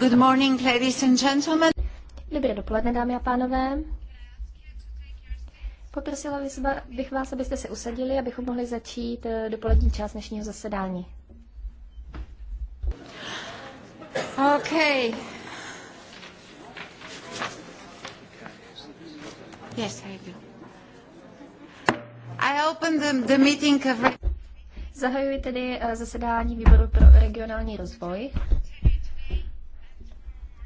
Good morning, ladies and gentlemen. Dobré dopoledne, dámy a pánové. Poprosila bych vás, abyste se usadili, abychom mohli začít eh, dopolední část dnešního zasedání. Ok. Yes, I do. I open the, the meeting of... Zahajuji tedy eh, zasedání výboru pro regionální rozvoj.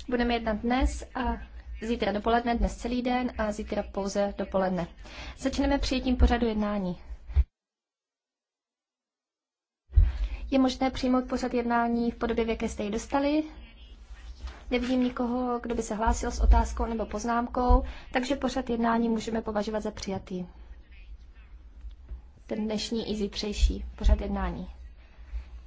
Budeme jednat dnes a zítra dopoledne, dnes celý den a zítra pouze dopoledne. Začneme přijetím pořadu jednání. Je možné přijmout pořad jednání v podobě, v jaké jste ji dostali. Nevidím nikoho, kdo by se hlásil s otázkou nebo poznámkou, takže pořad jednání můžeme považovat za přijatý. Ten dnešní i zítřejší pořad jednání.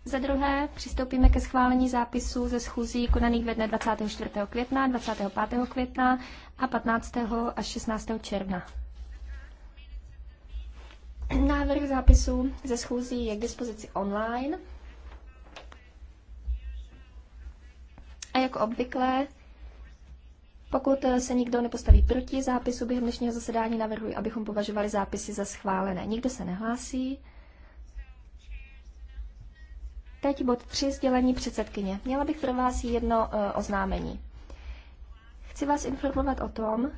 Za druhé přistoupíme ke schválení zápisů ze schůzí konaných ve dne 24. května, 25. května a 15. až 16. června. Návrh zápisů ze schůzí je k dispozici online. A jako obvykle, pokud se nikdo nepostaví proti zápisu během dnešního zasedání, navrhuji, abychom považovali zápisy za schválené. Nikdo se nehlásí. Teď bod 3, sdělení předsedkyně. Měla bych pro vás jedno e, oznámení. Chci vás informovat o tom,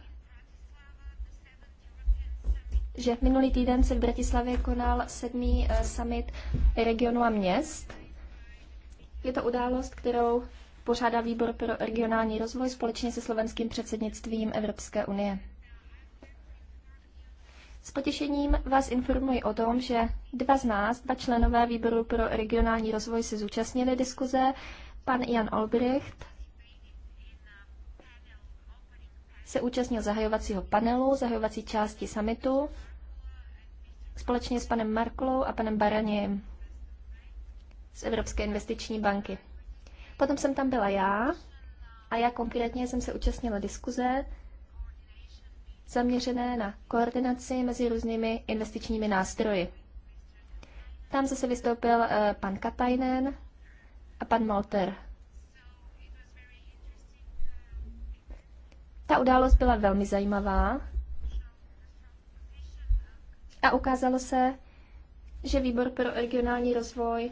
že minulý týden se v Bratislavě konal sedmý e, summit regionu a měst. Je to událost, kterou pořádá výbor pro regionální rozvoj společně se slovenským předsednictvím Evropské unie. S potěšením vás informuji o tom, že dva z nás, dva členové výboru pro regionální rozvoj se zúčastnili diskuze. Pan Jan Olbricht se účastnil zahajovacího panelu, zahajovací části summitu společně s panem Marklou a panem Baraněm z Evropské investiční banky. Potom jsem tam byla já a já konkrétně jsem se účastnila diskuze zaměřené na koordinaci mezi různými investičními nástroji. Tam zase vystoupil eh, pan Katajnen a pan Molter. Ta událost byla velmi zajímavá a ukázalo se, že Výbor pro regionální rozvoj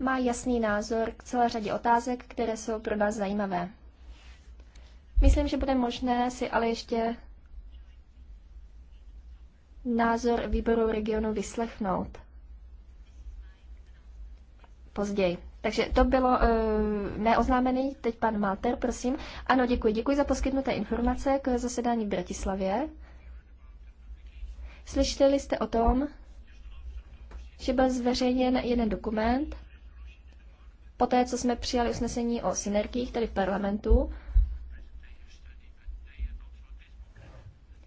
má jasný názor k celé řadě otázek, které jsou pro nás zajímavé. Myslím, že bude možné si ale ještě názor výboru regionu vyslechnout později. Takže to bylo uh, neoznámený, Teď pan Malter, prosím. Ano, děkuji. Děkuji za poskytnuté informace k zasedání v Bratislavě. Slyšeli jste o tom, že byl zveřejněn jeden dokument, poté co jsme přijali usnesení o synergiích tady v parlamentu,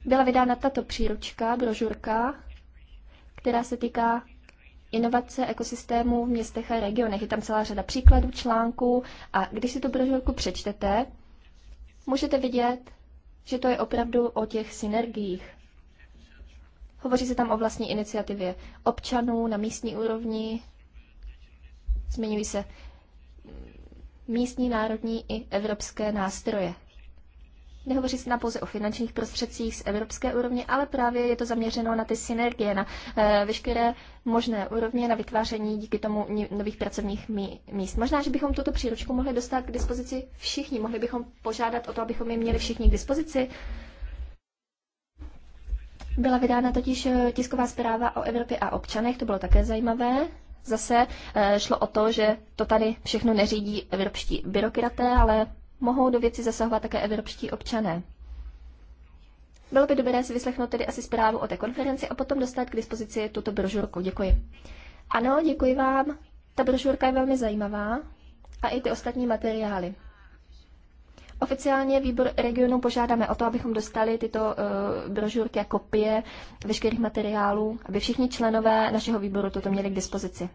byla vydána tato příručka, brožurka, která se týká inovace ekosystémů v městech a regionech. Je tam celá řada příkladů, článků a když si tu brožurku přečtete, můžete vidět, že to je opravdu o těch synergiích. Hovoří se tam o vlastní iniciativě občanů na místní úrovni, zmiňují se místní, národní i evropské nástroje. Nehovoří se na pouze o finančních prostředcích z evropské úrovně, ale právě je to zaměřeno na ty synergie, na e, veškeré možné úrovně, na vytváření díky tomu nových pracovních míst. Možná, že bychom tuto příručku mohli dostat k dispozici všichni. Mohli bychom požádat o to, abychom je měli všichni k dispozici. Byla vydána totiž eh, tisková zpráva o Evropě a občanech, to bylo také zajímavé. Zase eh, šlo o to, že to tady všechno neřídí evropští byrokraté, ale mohou do věci zasahovat také evropští občané. Bylo by dobré si vyslechnout tedy asi zprávu o té konferenci a potom dostat k dispozici tuto brožurku. Děkuji. Ano, děkuji vám. Ta brožurka je velmi zajímavá a i ty ostatní materiály. Oficiálně výbor regionu požádáme o to, abychom dostali tyto uh, brožurky a kopie veškerých materiálů, aby všichni členové našeho výboru toto měli k dispozici.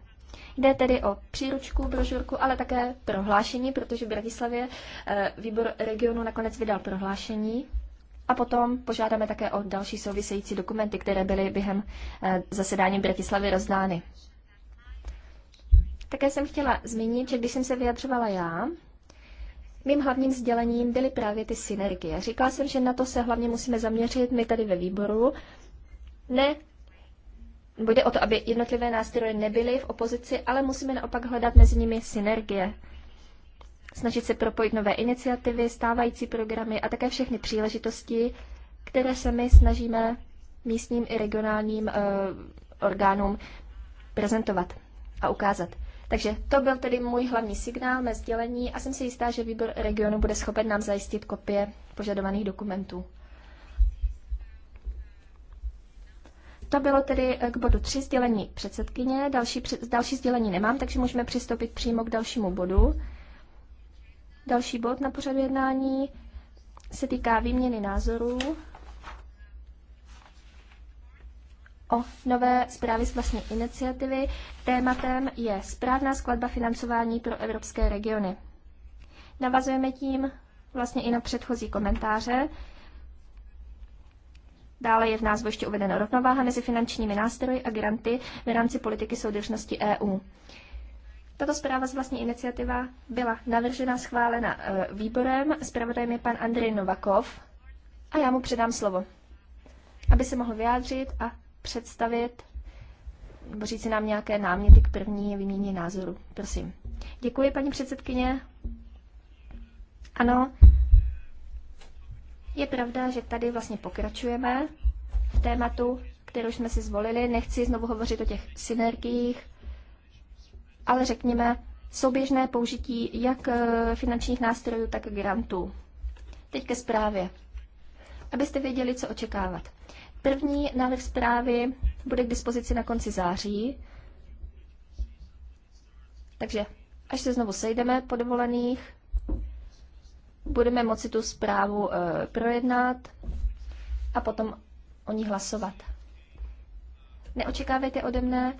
Jde tedy o příručku, brožurku, ale také prohlášení, protože v Bratislavě eh, výbor regionu nakonec vydal prohlášení. A potom požádáme také o další související dokumenty, které byly během eh, zasedání Bratislavy rozdány. Také jsem chtěla zmínit, že když jsem se vyjadřovala já, mým hlavním sdělením byly právě ty synergie. Říkala jsem, že na to se hlavně musíme zaměřit my tady ve výboru, ne bude o to, aby jednotlivé nástroje nebyly v opozici, ale musíme naopak hledat mezi nimi synergie. Snažit se propojit nové iniciativy, stávající programy a také všechny příležitosti, které se my snažíme místním i regionálním e, orgánům prezentovat a ukázat. Takže to byl tedy můj hlavní signál, mé sdělení a jsem si jistá, že výbor regionu bude schopen nám zajistit kopie požadovaných dokumentů. To bylo tedy eh, k bodu 3 sdělení předsedkyně. Další, další sdělení nemám, takže můžeme přistoupit přímo k dalšímu bodu. Další bod na pořadu jednání se týká výměny názorů o nové zprávy z vlastní iniciativy. Tématem je správná skladba financování pro evropské regiony. Navazujeme tím vlastně i na předchozí komentáře, Dále je v názvu ještě uvedena rovnováha mezi finančními nástroji a granty v rámci politiky soudržnosti EU. Tato zpráva z vlastní iniciativa byla navržena, schválena e, výborem. Zpravodajem je pan Andrej Novakov a já mu předám slovo, aby se mohl vyjádřit a představit nebo si nám nějaké náměty k první výměně názoru. Prosím. Děkuji, paní předsedkyně. Ano, je pravda, že tady vlastně pokračujeme v tématu, kterou jsme si zvolili. Nechci znovu hovořit o těch synergiích, ale řekněme souběžné použití jak eh, finančních nástrojů, tak grantů. Teď ke zprávě. Abyste věděli, co očekávat. První návrh zprávy bude k dispozici na konci září. Takže až se znovu sejdeme po dovolených, budeme moci tu zprávu e, projednat a potom o ní hlasovat. Neočekávejte ode mne,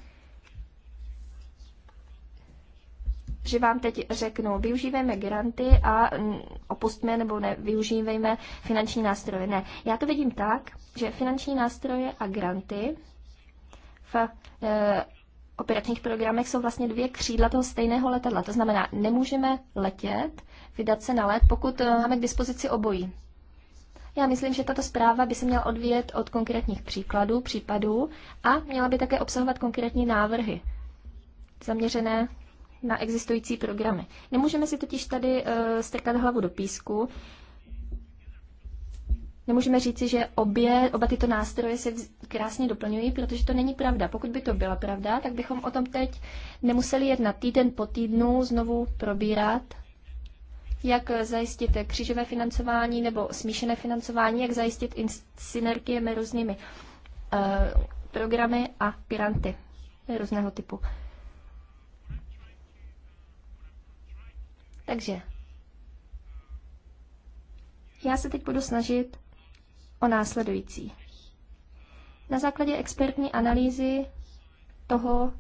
že vám teď řeknu, využívejme granty a mm, opustme nebo nevyužívejme finanční nástroje. Ne, já to vidím tak, že finanční nástroje a granty v e, operačních programech jsou vlastně dvě křídla toho stejného letadla. To znamená, nemůžeme letět, vydat se na let, pokud eh, máme k dispozici obojí. Já myslím, že tato zpráva by se měla odvíjet od konkrétních příkladů, případů a měla by také obsahovat konkrétní návrhy zaměřené na existující programy. Nemůžeme si totiž tady uh, strkat hlavu do písku. Nemůžeme říci, že obě, oba tyto nástroje se krásně doplňují, protože to není pravda. Pokud by to byla pravda, tak bychom o tom teď nemuseli jednat týden po týdnu znovu probírat jak zajistit křížové financování nebo smíšené financování, jak zajistit synergie mezi různými eh, programy a granty různého typu. Takže já se teď budu snažit o následující. Na základě expertní analýzy toho,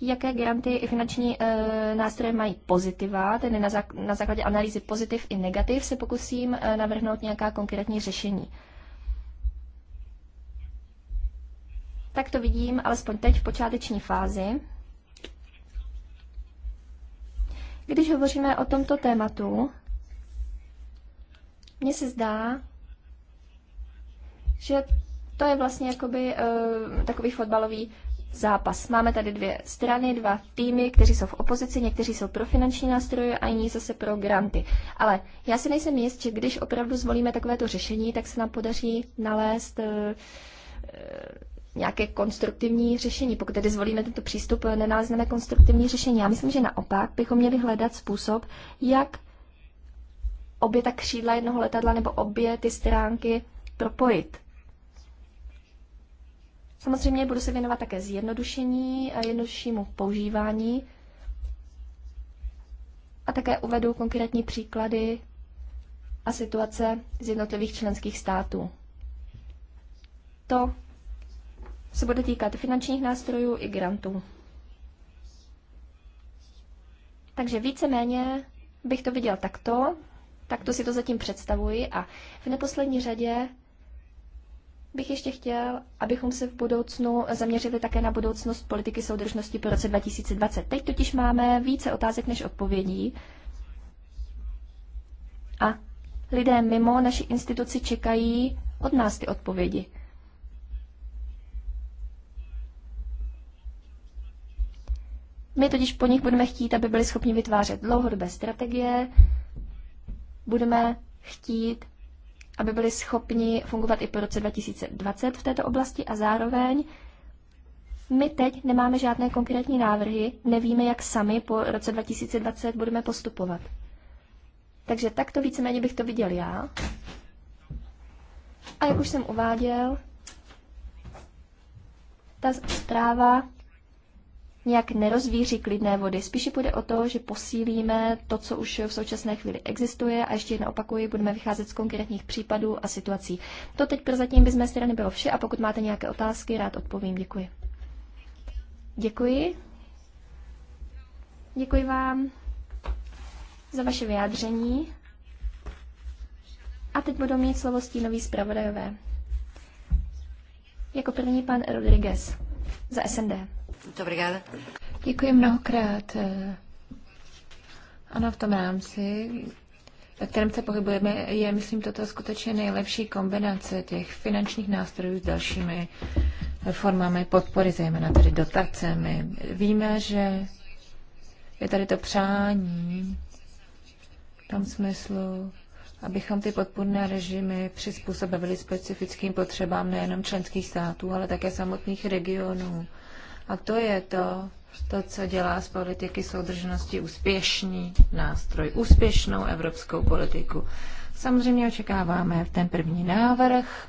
jaké granty i finanční e, nástroje mají pozitiva, tedy na, zák- na základě analýzy pozitiv i negativ se pokusím e, navrhnout nějaká konkrétní řešení. Tak to vidím, alespoň teď v počáteční fázi. Když hovoříme o tomto tématu, mně se zdá, že to je vlastně jakoby e, takový fotbalový zápas. Máme tady dvě strany, dva týmy, kteří jsou v opozici, někteří jsou pro finanční nástroje a jiní zase pro granty. Ale já si nejsem jist, že když opravdu zvolíme takovéto řešení, tak se nám podaří nalézt eh, eh, nějaké konstruktivní řešení. Pokud tedy zvolíme tento přístup, eh, nenalezneme konstruktivní řešení. Já myslím, že naopak bychom měli hledat způsob, jak obě ta křídla jednoho letadla nebo obě ty stránky propojit. Samozřejmě budu se věnovat také zjednodušení a jednoduššímu používání. A také uvedu konkrétní příklady a situace z jednotlivých členských států. To se bude týkat finančních nástrojů i grantů. Takže víceméně bych to viděl takto, takto si to zatím představuji a v neposlední řadě bych ještě chtěl, abychom se v budoucnu zaměřili také na budoucnost politiky soudržnosti po roce 2020. Teď totiž máme více otázek než odpovědí. A lidé mimo naši instituci čekají od nás ty odpovědi. My totiž po nich budeme chtít, aby byli schopni vytvářet dlouhodobé strategie, budeme chtít, aby byli schopni fungovat i po roce 2020 v této oblasti a zároveň my teď nemáme žádné konkrétní návrhy, nevíme, jak sami po roce 2020 budeme postupovat. Takže takto víceméně bych to viděl já. A jak už jsem uváděl, ta zpráva nějak nerozvíří klidné vody. Spíše půjde o to, že posílíme to, co už v současné chvíli existuje a ještě jedno opakuji, budeme vycházet z konkrétních případů a situací. To teď prozatím by z mé strany bylo vše a pokud máte nějaké otázky, rád odpovím. Děkuji. Děkuji. Děkuji vám za vaše vyjádření. A teď budou mít slovo stínový zpravodajové. Jako první pan Rodriguez za SND. Děkuji mnohokrát. Ano, v tom rámci, ve kterém se pohybujeme, je, myslím, toto skutečně nejlepší kombinace těch finančních nástrojů s dalšími formami podpory, zejména tedy dotacemi. Víme, že je tady to přání v tom smyslu, abychom ty podpůrné režimy přizpůsobili specifickým potřebám nejenom členských států, ale také samotných regionů. A to je to, to, co dělá z politiky soudržnosti úspěšný nástroj, úspěšnou evropskou politiku. Samozřejmě očekáváme ten první návrh,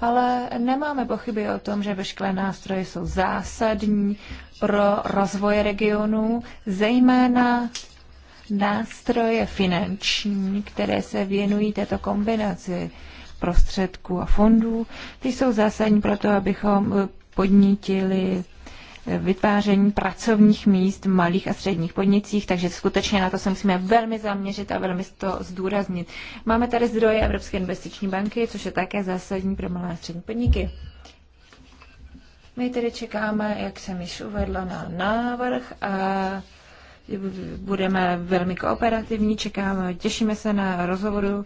ale nemáme pochyby o tom, že veškeré nástroje jsou zásadní pro rozvoj regionů, zejména nástroje finanční, které se věnují této kombinaci prostředků a fondů. Ty jsou zásadní pro to, abychom podnítili eh, vytváření pracovních míst v malých a středních podnicích, takže skutečně na to se musíme velmi zaměřit a velmi to zdůraznit. Máme tady zdroje Evropské investiční banky, což je také zásadní pro malé a střední podniky. My tedy čekáme, jak jsem již uvedla, na návrh a budeme velmi kooperativní, čekáme, těšíme se na rozhovoru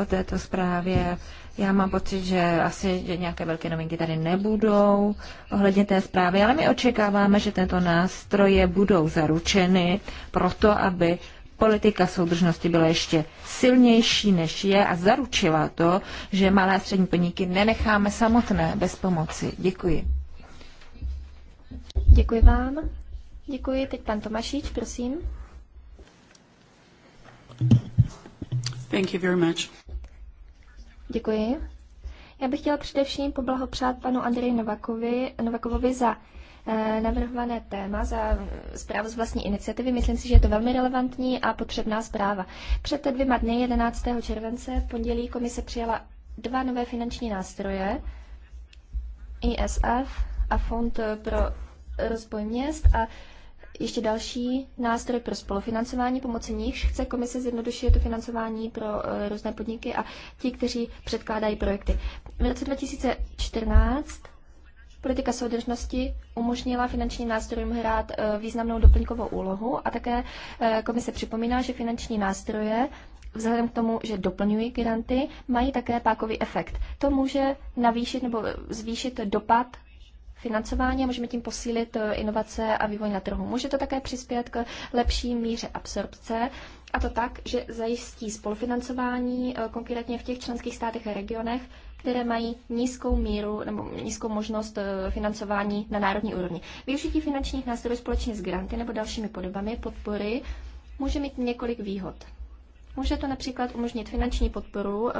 o této zprávě. Já mám pocit, že asi že nějaké velké novinky tady nebudou ohledně té zprávy, ale my očekáváme, že tento nástroje budou zaručeny proto, aby politika soudržnosti byla ještě silnější, než je a zaručila to, že malé a střední podniky nenecháme samotné bez pomoci. Děkuji. Děkuji vám. Děkuji. Teď pan Tomášič, prosím. Thank you very much. Děkuji. Já bych chtěla především poblahopřát panu Andreji Novakovi, Novakovovi za eh, navrhované téma, za eh, zprávu z vlastní iniciativy. Myslím si, že je to velmi relevantní a potřebná zpráva. Před dvěma dny, 11. července, v pondělí komise přijala dva nové finanční nástroje, ISF a Fond pro rozvoj měst a ještě další nástroj pro spolufinancování, pomocí nichž chce komise zjednodušit to financování pro e, různé podniky a ti, kteří předkládají projekty. V roce 2014 politika soudržnosti umožnila finančním nástrojům hrát e, významnou doplňkovou úlohu a také e, komise připomíná, že finanční nástroje vzhledem k tomu, že doplňují granty, mají také pákový efekt. To může navýšit nebo zvýšit dopad financování a můžeme tím posílit eh, inovace a vývoj na trhu. Může to také přispět k lepší míře absorpce a to tak, že zajistí spolufinancování eh, konkrétně v těch členských státech a regionech, které mají nízkou míru nebo nízkou možnost eh, financování na národní úrovni. Využití finančních nástrojů společně s granty nebo dalšími podobami podpory může mít několik výhod. Může to například umožnit finanční podporu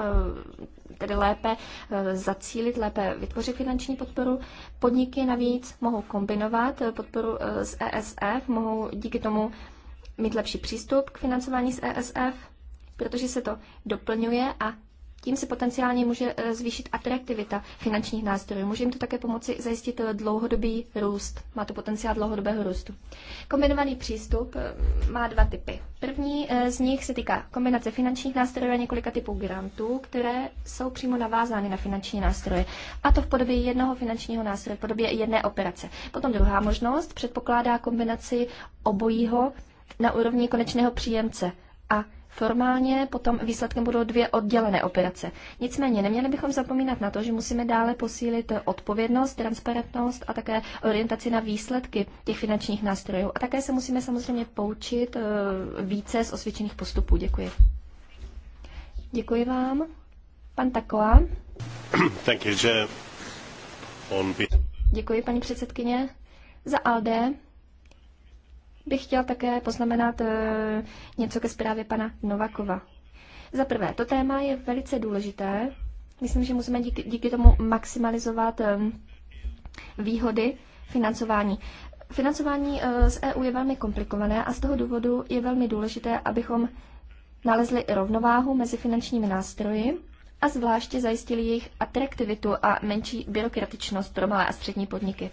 tedy lépe eh, zacílit, lépe vytvořit finanční podporu. Podniky navíc mohou kombinovat eh, podporu z eh, ESF, mohou díky tomu mít lepší přístup k financování z ESF, protože se to doplňuje a tím se potenciálně může eh, zvýšit atraktivita finančních nástrojů. Může jim to také pomoci zajistit eh, dlouhodobý růst. Má to potenciál dlouhodobého růstu. Kombinovaný přístup eh, má dva typy. První z nich se týká kombinace finančních nástrojů a několika typů grantů, které jsou přímo navázány na finanční nástroje. A to v podobě jednoho finančního nástroje, v podobě jedné operace. Potom druhá možnost předpokládá kombinaci obojího na úrovni konečného příjemce a Formálně potom výsledkem budou dvě oddělené operace. Nicméně neměli bychom zapomínat na to, že musíme dále posílit odpovědnost, transparentnost a také orientaci na výsledky těch finančních nástrojů. A také se musíme samozřejmě poučit eh, více z osvědčených postupů. Děkuji. Děkuji vám. Pan Takoa. Děkuji, paní předsedkyně. Za ALDE bych chtěl také poznamenat eh, něco ke zprávě pana Novakova. Za prvé, to téma je velice důležité. Myslím, že musíme díky, díky tomu maximalizovat eh, výhody financování. Financování eh, z EU je velmi komplikované a z toho důvodu je velmi důležité, abychom nalezli rovnováhu mezi finančními nástroji a zvláště zajistili jejich atraktivitu a menší byrokratičnost pro malé a střední podniky.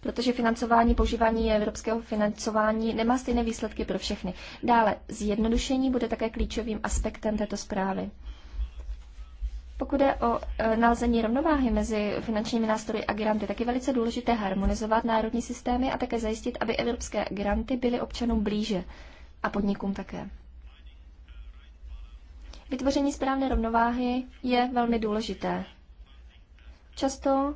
protože financování, používání evropského financování nemá stejné výsledky pro všechny. Dále, zjednodušení bude také klíčovým aspektem této zprávy. Pokud je o e, nalezení rovnováhy mezi finančními nástroji a granty, tak je velice důležité harmonizovat národní systémy a také zajistit, aby evropské granty byly občanům blíže a podnikům také. Vytvoření správné rovnováhy je velmi důležité. Často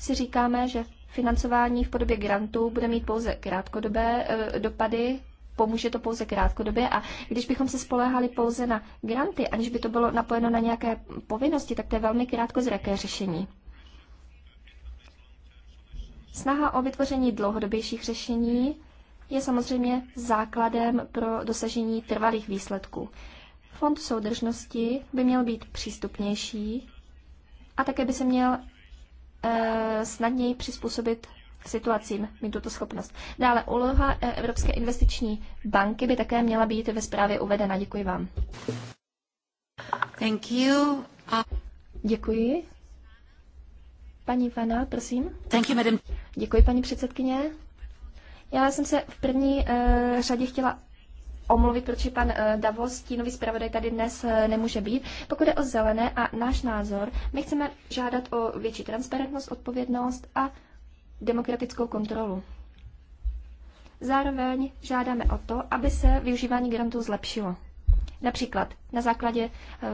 si říkáme, že financování v podobě grantů bude mít pouze krátkodobé eh, dopady, pomůže to pouze krátkodobě a když bychom se spoléhali pouze na granty, aniž by to bylo napojeno na nějaké povinnosti, tak to je velmi krátkozraké řešení. Snaha o vytvoření dlouhodobějších řešení je samozřejmě základem pro dosažení trvalých výsledků. Fond soudržnosti by měl být přístupnější a také by se měl Eh, snadněji přizpůsobit situacím, mít tuto schopnost. Dále úloha eh, Evropské investiční banky by také měla být ve zprávě uvedena. Děkuji vám. Thank you. Uh... Děkuji. Paní Vana, prosím. Thank you, madam. Děkuji, paní předsedkyně. Já jsem se v první uh, řadě chtěla omluvit, proč pan eh, Davos, stínový zpravodaj, tady dnes eh, nemůže být. Pokud je o zelené a náš názor, my chceme žádat o větší transparentnost, odpovědnost a demokratickou kontrolu. Zároveň žádáme o to, aby se využívání grantů zlepšilo. Například na základě eh,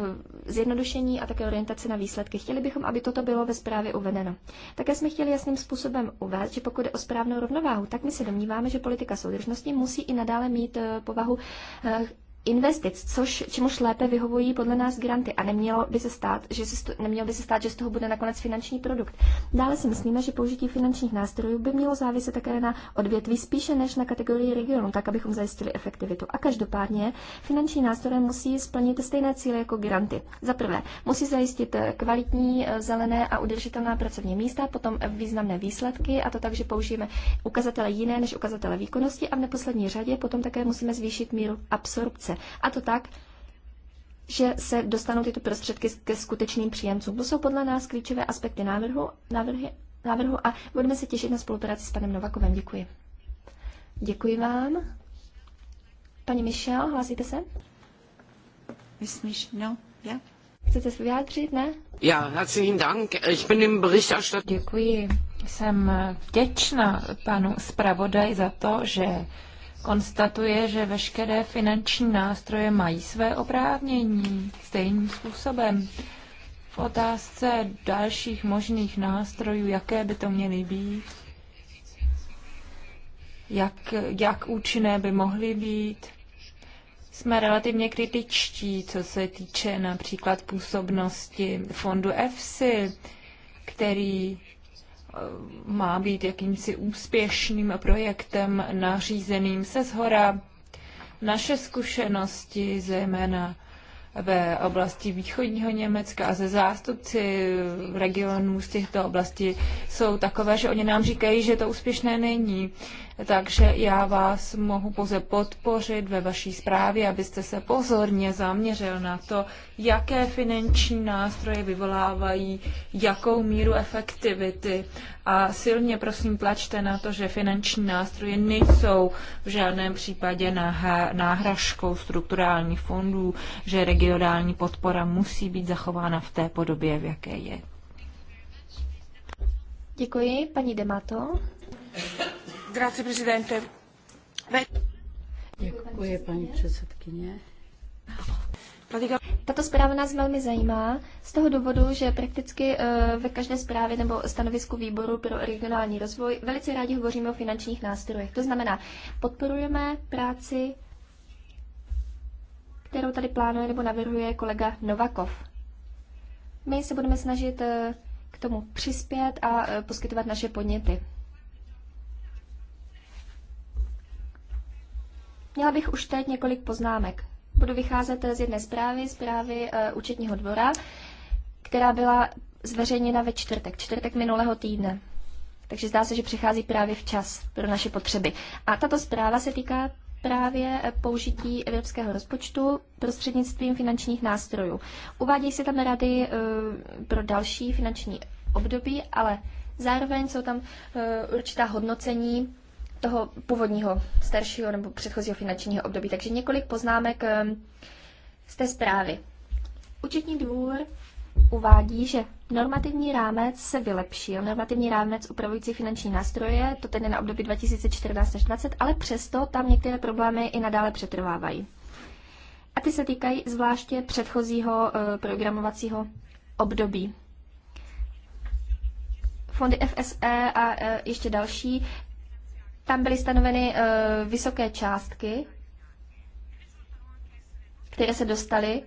zjednodušení a také orientace na výsledky. Chtěli bychom, aby toto bylo ve zprávě uvedeno. Také jsme chtěli jasným způsobem uvést, že pokud je o správnou rovnováhu, tak my se domníváme, že politika soudržnosti musí i nadále mít eh, povahu eh, investic, což, čemuž lépe vyhovují podle nás granty a nemělo by se stát, že se, nemělo by se stát, že z toho bude nakonec finanční produkt. Dále si myslíme, že použití finančních nástrojů by mělo záviset také na odvětví spíše než na kategorii regionu, tak abychom zajistili efektivitu. A každopádně finanční nástroje musí splnit stejné cíle jako granty. Za prvé, musí zajistit eh, kvalitní, eh, zelené a udržitelná pracovní místa, potom významné výsledky, a to tak, že použijeme ukazatele jiné než ukazatele výkonnosti a v neposlední řadě potom také musíme zvýšit míru absorpce. A to tak, že se dostanou tyto prostředky ke skutečným příjemcům. To jsou podle nás klíčové aspekty návrhu, návrhy, návrhu a budeme se těšit na spolupráci s panem Novakovem. Děkuji. Děkuji vám. Paní Michel, hlásíte se? No, yeah. Chcete se vyjádřit, ne? Já, herzlichen Dank. Ich bin im Berichterstatter. Děkuji. Jsem vděčná panu zpravodaj za to, že konstatuje, že veškeré finanční nástroje mají své oprávnění stejným způsobem. V otázce dalších možných nástrojů, jaké by to měly být, jak, jak účinné by mohly být, jsme relativně kritičtí, co se týče například působnosti fondu EFSI, který má být jakýmsi úspěšným projektem nařízeným se zhora. Naše zkušenosti, zejména ve oblasti východního Německa a ze zástupci regionů z těchto oblastí jsou takové, že oni nám říkají, že to úspěšné není takže já vás mohu pouze podpořit ve vaší zprávě, abyste se pozorně zaměřil na to, jaké finanční nástroje vyvolávají, jakou míru efektivity. A silně prosím tlačte na to, že finanční nástroje nejsou v žádném případě náhražkou strukturálních fondů, že regionální podpora musí být zachována v té podobě, v jaké je. Děkuji, paní Demato. Grazie, presidente. Děkuji, paní předsedkyně. Tato zpráva nás velmi zajímá z toho důvodu, že prakticky eh, ve každé zprávě nebo stanovisku výboru pro regionální rozvoj velice rádi hovoříme o finančních nástrojech. To znamená, podporujeme práci, kterou tady plánuje nebo navrhuje kolega Novakov. My se budeme snažit eh, k tomu přispět a eh, poskytovat naše podněty. Měla bych už teď několik poznámek. Budu vycházet z jedné zprávy, zprávy uh, účetního dvora, která byla zveřejněna ve čtvrtek, čtvrtek minulého týdne. Takže zdá se, že přichází právě včas pro naše potřeby. A tato zpráva se týká právě eh, použití evropského rozpočtu prostřednictvím finančních nástrojů. Uvádějí se tam rady uh, pro další finanční období, ale zároveň jsou tam uh, určitá hodnocení toho původního staršího nebo předchozího finančního období. Takže několik poznámek ehm, z té zprávy. Učetní dvůr uvádí, že normativní rámec se vylepšil, normativní rámec upravující finanční nástroje, to tedy na období 2014 až 2020, ale přesto tam některé problémy i nadále přetrvávají. A ty se týkají zvláště předchozího eh, programovacího období. Fondy FSE a eh, ještě další tam byly stanoveny eh, vysoké částky, které se dostaly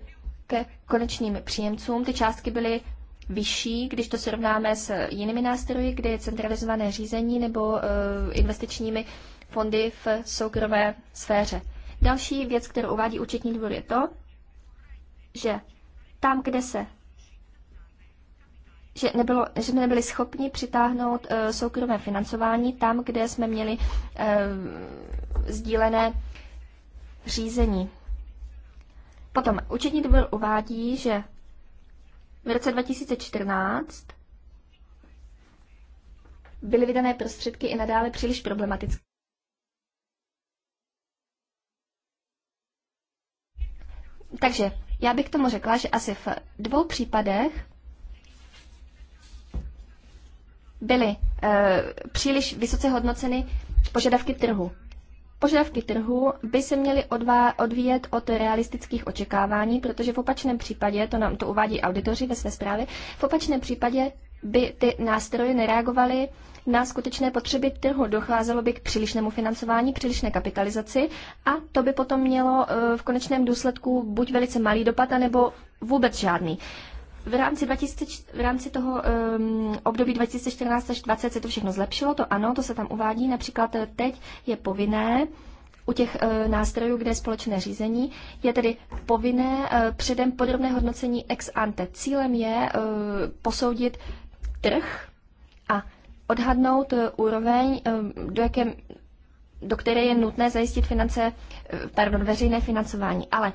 ke konečným příjemcům. Ty částky byly vyšší, když to srovnáme s jinými nástroji, kde je centralizované řízení nebo eh, investičními fondy v soukromé sféře. Další věc, kterou uvádí účetní dvůr, je to, že tam, kde se že, nebylo, že jsme nebyli schopni přitáhnout uh, soukromé financování tam, kde jsme měli uh, sdílené řízení. Potom účetní dvůr uvádí, že v roce 2014 byly vydané prostředky i nadále příliš problematické. Takže já bych tomu řekla, že asi v dvou případech byly e, příliš vysoce hodnoceny požadavky trhu. Požadavky trhu by se měly odvá, odvíjet od realistických očekávání, protože v opačném případě, to nám to uvádí auditoři ve své zprávě, v opačném případě by ty nástroje nereagovaly na skutečné potřeby trhu. Docházelo by k přílišnému financování, přílišné kapitalizaci a to by potom mělo eh, v konečném důsledku buď velice malý dopad, anebo vůbec žádný v rámci, 20, v rámci toho um, období 2014 až 2020 se to všechno zlepšilo, to ano, to se tam uvádí. Například eh, teď je povinné u těch uh, nástrojů, kde je společné řízení, je tedy povinné uh, předem podrobné hodnocení ex ante. Cílem je uh, posoudit trh a odhadnout úroveň, do, jaké, do které je nutné zajistit finance, pardon, veřejné financování. Ale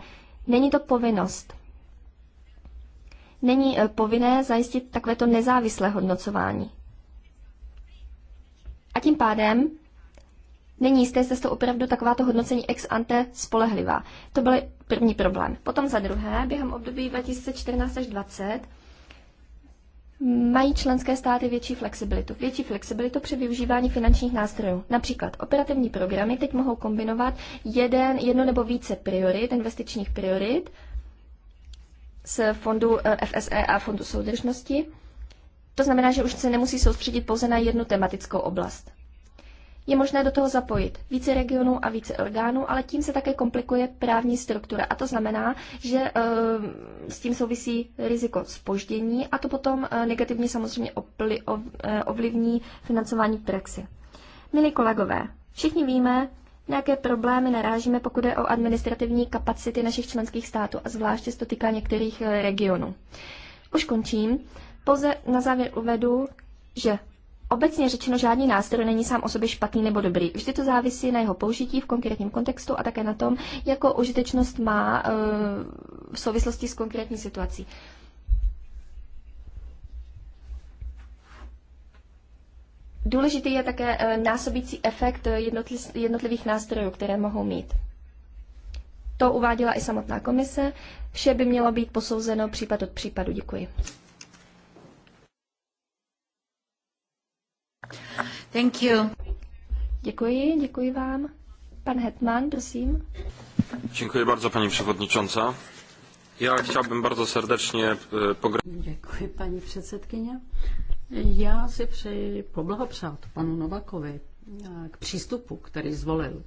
není to povinnost není eh, povinné zajistit takovéto nezávislé hodnocování. A tím pádem není jisté, jestli jsou opravdu takováto hodnocení ex ante spolehlivá. To byl první problém. Potom za druhé, během období 2014 až 2020 mají členské státy větší flexibilitu. Větší flexibilitu při využívání finančních nástrojů. Například operativní programy teď mohou kombinovat jeden, jedno nebo více priorit, investičních priorit, z fondu eh, FSE a fondu soudržnosti. To znamená, že už se nemusí soustředit pouze na jednu tematickou oblast. Je možné do toho zapojit více regionů a více orgánů, ale tím se také komplikuje právní struktura. A to znamená, že e, s tím souvisí riziko spoždění a to potom e, negativně samozřejmě ovlivní financování v praxi. Milí kolegové, všichni víme, na jaké problémy narážíme, pokud je o administrativní kapacity našich členských států a zvláště se to týká některých eh, regionů. Už končím. Pouze na závěr uvedu, že Obecně řečeno, žádný nástroj není sám o sobě špatný nebo dobrý. Vždy to závisí na jeho použití v konkrétním kontextu a také na tom, jakou užitečnost má eh, v souvislosti s konkrétní situací. Důležitý je také eh, násobící efekt eh, jednotlivých nástrojů, které mohou mít. To uváděla i samotná komise. Vše by mělo být posouzeno případ od případu. Děkuji. Thank you. Děkuji, děkuji vám. Pan Hetman, prosím. Dziękuję bardzo Pani Przewodnicząca. Já chciałbym bardzo serdecznie e, pogratulować. Děkuji Pani předsedkyně. Já si přeji poblahopřát panu Novakovi eh, k přístupu, který zvolil.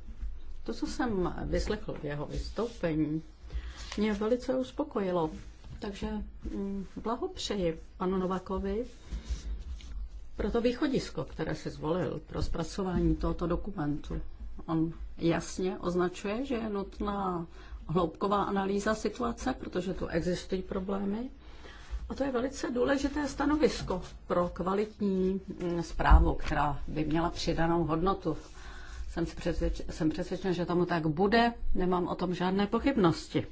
To, co jsem vyslechl v jeho vystoupení, mě velice uspokojilo. Takže mm, blahopřeji panu Novakovi pro to východisko, které si zvolil pro zpracování tohoto dokumentu. On jasně označuje, že je nutná hloubková analýza situace, protože tu existují problémy a to je velice důležité stanovisko pro kvalitní mm, zprávu, která by měla přidanou hodnotu. Jsem, přesvědč, jsem přesvědčen, že tomu tak bude, nemám o tom žádné pochybnosti.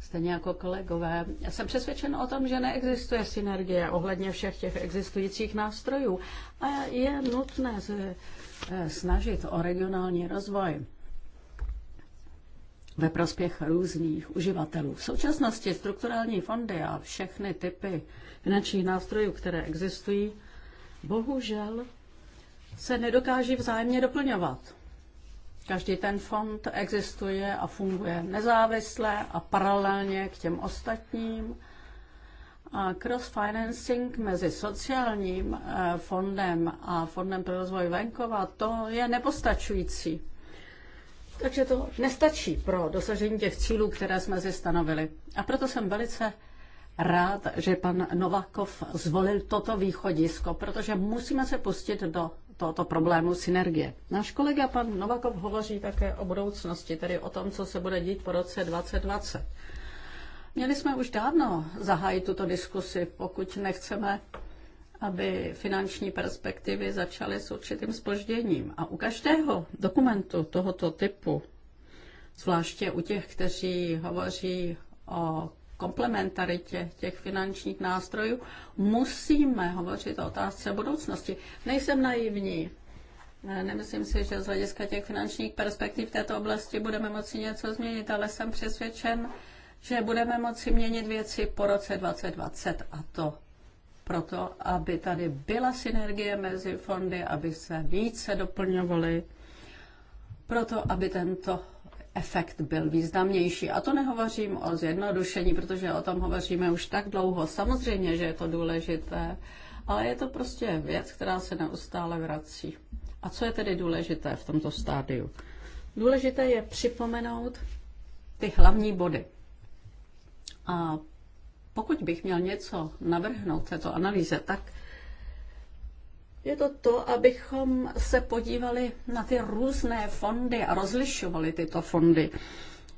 Stejně jako kolegové, já jsem přesvědčen o tom, že neexistuje synergie ohledně všech těch existujících nástrojů a je nutné se eh, snažit o regionální rozvoj ve prospěch různých uživatelů. V současnosti strukturální fondy a všechny typy finančních nástrojů, které existují, bohužel se nedokáží vzájemně doplňovat. Každý ten fond existuje a funguje nezávisle a paralelně k těm ostatním. A cross-financing mezi sociálním eh, fondem a fondem pro rozvoj venkova, to je nepostačující. Takže to nestačí pro dosažení těch cílů, které jsme si stanovili. A proto jsem velice rád, že pan Novakov zvolil toto východisko, protože musíme se pustit do tohoto problému synergie. Náš kolega pan Novakov hovoří také o budoucnosti, tedy o tom, co se bude dít po roce 2020. Měli jsme už dávno zahájit tuto diskusi, pokud nechceme aby finanční perspektivy začaly s určitým spožděním. A u každého dokumentu tohoto typu, zvláště u těch, kteří hovoří o komplementaritě těch finančních nástrojů, musíme hovořit o otázce budoucnosti. Nejsem naivní. Nemyslím si, že z hlediska těch finančních perspektiv v této oblasti budeme moci něco změnit, ale jsem přesvědčen, že budeme moci měnit věci po roce 2020 a to proto, aby tady byla synergie mezi fondy, aby se více doplňovaly, proto, aby tento efekt byl významnější. A to nehovořím o zjednodušení, protože o tom hovoříme už tak dlouho. Samozřejmě, že je to důležité, ale je to prostě věc, která se neustále vrací. A co je tedy důležité v tomto stádiu? Důležité je připomenout ty hlavní body. A pokud bych měl něco navrhnout této analýze, tak je to to, abychom se podívali na ty různé fondy a rozlišovali tyto fondy.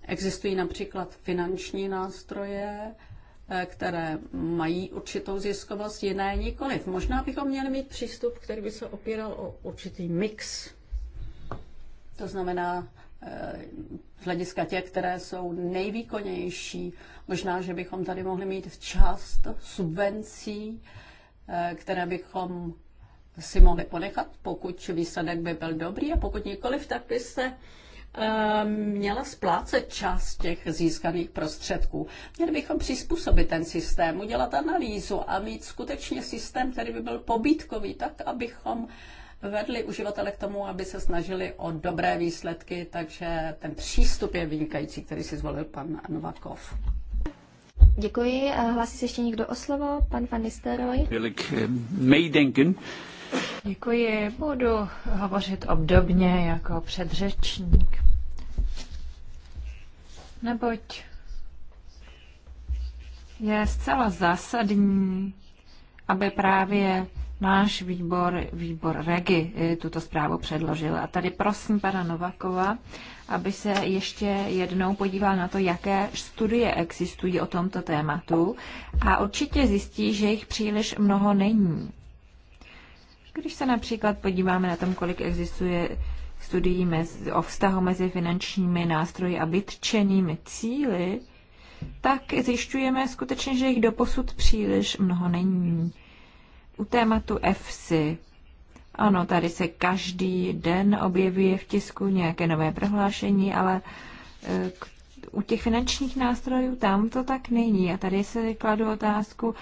Existují například finanční nástroje, eh, které mají určitou ziskovost, jiné nikoliv. Možná bychom měli mít přístup, který by se opíral o určitý mix. To znamená, Eh, z hlediska těch, které jsou nejvýkonnější. Možná, že bychom tady mohli mít část subvencí, eh, které bychom si mohli ponechat, pokud výsledek by byl dobrý a pokud nikoliv, tak by se eh, měla splácet část těch získaných prostředků. Měli bychom přizpůsobit ten systém, udělat analýzu a mít skutečně systém, který by byl pobítkový, tak abychom vedli uživatele k tomu, aby se snažili o dobré výsledky, takže ten přístup je vynikající, který si zvolil pan Novakov. Děkuji. Hlásí se ještě někdo o slovo? Pan Van Nistelrooy? Eh, Děkuji. Budu hovořit obdobně jako předřečník. Neboť je zcela zásadní, aby právě náš výbor, výbor REGI, eh, tuto zprávu předložil. A tady prosím pana Novakova, aby se ještě jednou podíval na to, jaké studie existují o tomto tématu a určitě zjistí, že jich příliš mnoho není. Když se například podíváme na tom, kolik existuje studií mezi, o vztahu mezi finančními nástroji a vytčenými cíly, tak zjišťujeme skutečně, že jich doposud příliš mnoho není. U tématu EFSI. Ano, tady se každý den objevuje v tisku nějaké nové prohlášení, ale e, k, u těch finančních nástrojů tam to tak není. A tady se kladu otázku,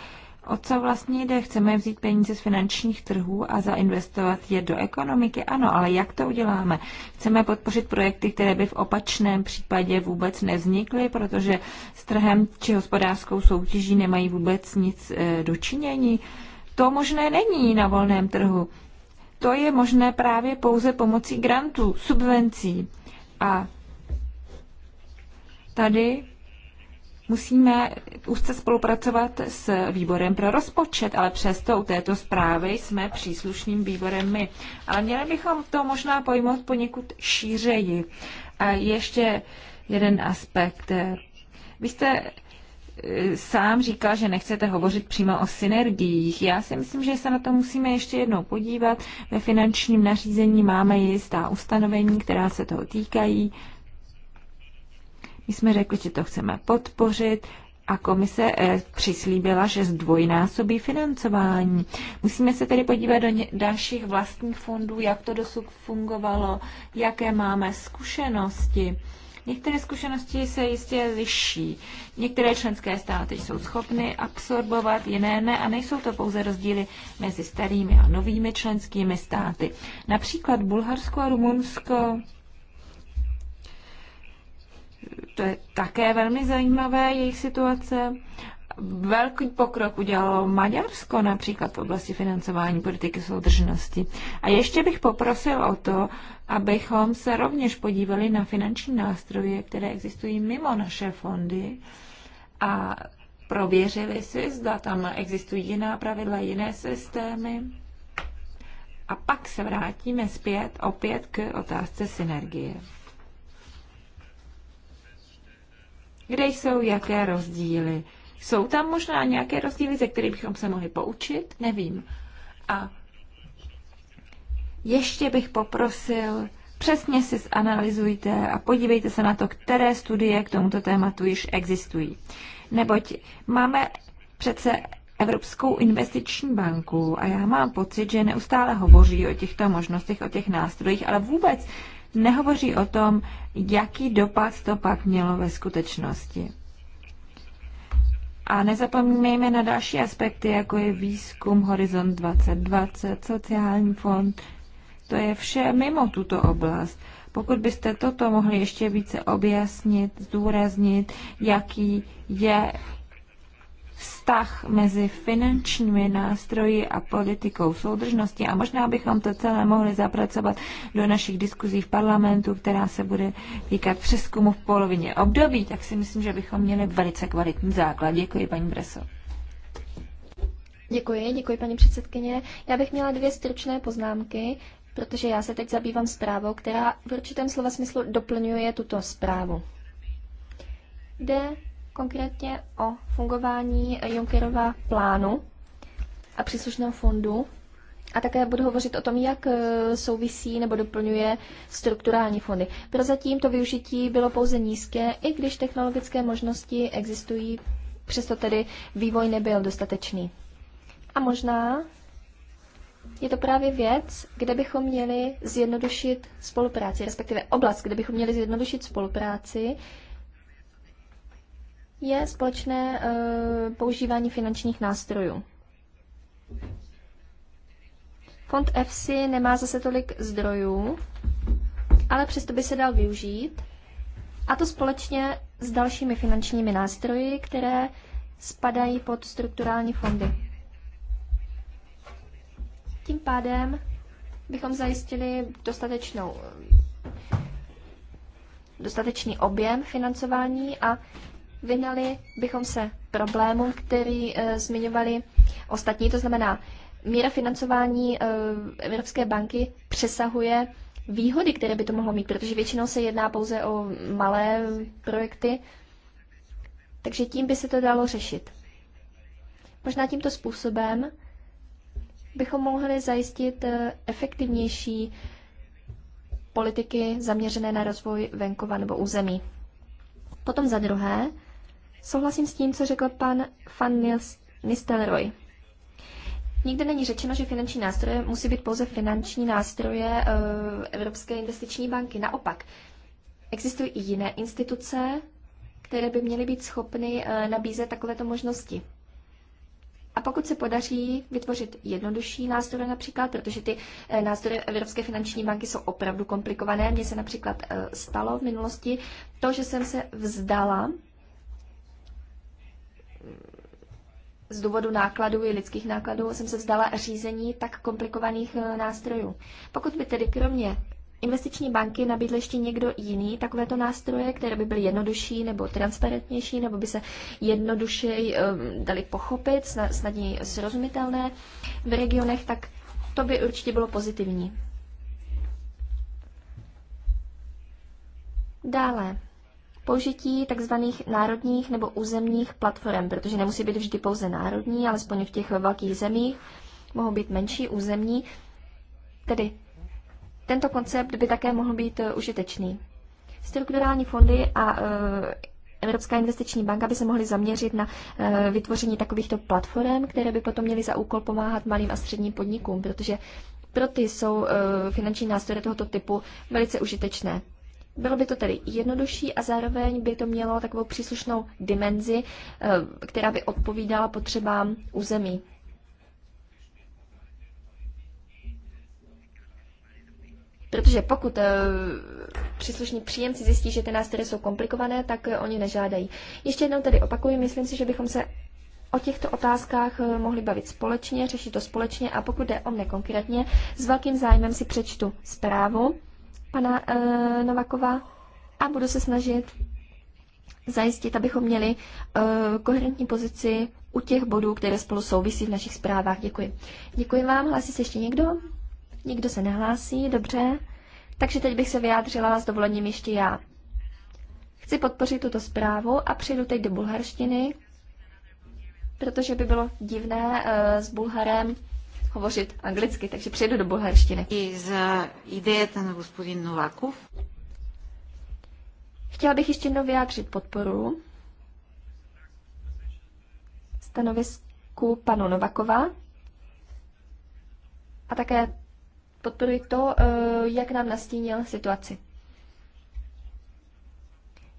o co vlastně jde. Chceme vzít peníze z finančních trhů a zainvestovat je do ekonomiky. Ano, ale jak to uděláme? Chceme podpořit projekty, které by v opačném případě vůbec nevznikly, protože s trhem či hospodářskou soutěží nemají vůbec nic e, dočinění. To možné není na volném trhu. To je možné právě pouze pomocí grantů, subvencí. A tady musíme úzce spolupracovat s výborem pro rozpočet, ale přesto u této zprávy jsme příslušným výborem my. Ale měli bychom to možná pojmout poněkud šířeji. A ještě jeden aspekt. Vy jste sám říkal, že nechcete hovořit přímo o synergiích. Já si myslím, že se na to musíme ještě jednou podívat. Ve finančním nařízení máme jistá ustanovení, která se toho týkají. My jsme řekli, že to chceme podpořit a komise eh, přislíbila, že zdvojnásobí financování. Musíme se tedy podívat do dalších vlastních fondů, jak to dosud fungovalo, jaké máme zkušenosti Některé zkušenosti se jistě liší. Některé členské státy jsou schopny absorbovat, jiné ne a nejsou to pouze rozdíly mezi starými a novými členskými státy. Například Bulharsko a Rumunsko to je také velmi zajímavé, jejich situace. Velký pokrok udělalo Maďarsko například v oblasti financování politiky soudržnosti. A ještě bych poprosil o to, abychom se rovněž podívali na finanční nástroje, které existují mimo naše fondy a prověřili si, zda tam existují jiná pravidla, jiné systémy. A pak se vrátíme zpět opět k otázce synergie. Kde jsou jaké rozdíly? Jsou tam možná nějaké rozdíly, ze kterých bychom se mohli poučit? Nevím. A ještě bych poprosil, přesně si zanalizujte a podívejte se na to, které studie k tomuto tématu již existují. Neboť máme přece Evropskou investiční banku a já mám pocit, že neustále hovoří o těchto možnostech, o těch nástrojích, ale vůbec nehovoří o tom, jaký dopad to pak mělo ve skutečnosti. A nezapomínejme na další aspekty, jako je výzkum Horizont 2020, sociální fond. To je vše mimo tuto oblast. Pokud byste toto mohli ještě více objasnit, zdůraznit, jaký je vztah mezi finančními nástroji a politikou soudržnosti a možná bychom to celé mohli zapracovat do našich diskuzí v parlamentu, která se bude týkat přeskumu v polovině období, tak si myslím, že bychom měli velice kvalitní základ. Děkuji, paní Breso. Děkuji, děkuji paní předsedkyně. Já bych měla dvě stručné poznámky, protože já se teď zabývám zprávou, která v určitém slova smyslu doplňuje tuto zprávu. Jde konkrétně o fungování Junckerova plánu a příslušného fondu. A také budu hovořit o tom, jak eh, souvisí nebo doplňuje strukturální fondy. Prozatím to využití bylo pouze nízké, i když technologické možnosti existují, přesto tedy vývoj nebyl dostatečný. A možná je to právě věc, kde bychom měli zjednodušit spolupráci, respektive oblast, kde bychom měli zjednodušit spolupráci je společné eh, používání finančních nástrojů. Fond FC nemá zase tolik zdrojů, ale přesto by se dal využít. A to společně s dalšími finančními nástroji, které spadají pod strukturální fondy. Tím pádem bychom zajistili dostatečnou, dostatečný objem financování a vyhnali bychom se problémům, který e, zmiňovali ostatní, to znamená, míra financování e, Evropské banky přesahuje výhody, které by to mohlo mít, protože většinou se jedná pouze o malé projekty, takže tím by se to dalo řešit. Možná tímto způsobem bychom mohli zajistit eh, efektivnější politiky zaměřené na rozvoj venkova nebo území. Potom za druhé, Souhlasím s tím, co řekl pan Van Nils, Nistelroy. Nikde není řečeno, že finanční nástroje musí být pouze finanční nástroje eh, Evropské investiční banky. Naopak, existují i jiné instituce, které by měly být schopny eh, nabízet takovéto možnosti. A pokud se podaří vytvořit jednodušší nástroje například, protože ty eh, nástroje Evropské finanční banky jsou opravdu komplikované, mně se například stalo v minulosti to, že jsem se vzdala z důvodu nákladů i lidských nákladů jsem se vzdala řízení tak komplikovaných eh, nástrojů. Pokud by tedy kromě investiční banky nabídl ještě někdo jiný takovéto nástroje, které by byly jednodušší nebo transparentnější, nebo by se jednodušeji ehm, dali pochopit, snadněji srozumitelné v regionech, tak to by určitě bylo pozitivní. Dále, použití tzv. národních nebo územních platform, protože nemusí být vždy pouze národní, alespoň v těch velkých zemích mohou být menší územní. Tedy tento koncept by také mohl být eh, užitečný. Strukturální fondy a eh, Evropská investiční banka by se mohly zaměřit na eh, vytvoření takovýchto platform, které by potom měly za úkol pomáhat malým a středním podnikům, protože pro ty jsou finanční nástroje tohoto typu velice užitečné. Bylo by to tedy jednodušší a zároveň by to mělo takovou příslušnou dimenzi, eh, která by odpovídala potřebám území. Protože pokud eh, příslušní příjemci zjistí, že ty nástroje jsou komplikované, tak eh, oni nežádají. Ještě jednou tedy opakuji, myslím si, že bychom se o těchto otázkách mohli bavit společně, řešit to společně a pokud jde o mne konkrétně, s velkým zájmem si přečtu zprávu pana uh, Novakova a budu se snažit zajistit, abychom měli uh, koherentní pozici u těch bodů, které spolu souvisí v našich zprávách. Děkuji. Děkuji vám. Hlásí se ještě někdo? Nikdo se nehlásí, dobře. Takže teď bych se vyjádřila s dovolením ještě já. Chci podpořit tuto zprávu a přijdu teď do bulharštiny, protože by bylo divné uh, s Bulharem hovořit anglicky, takže přejdu do bulharštiny. I za idejeta na gospodin Novakov. Chtěla bych ještě jednou vyjádřit podporu stanovisku panu Novakova a také podporuji to, eh, jak nám nastínil situaci.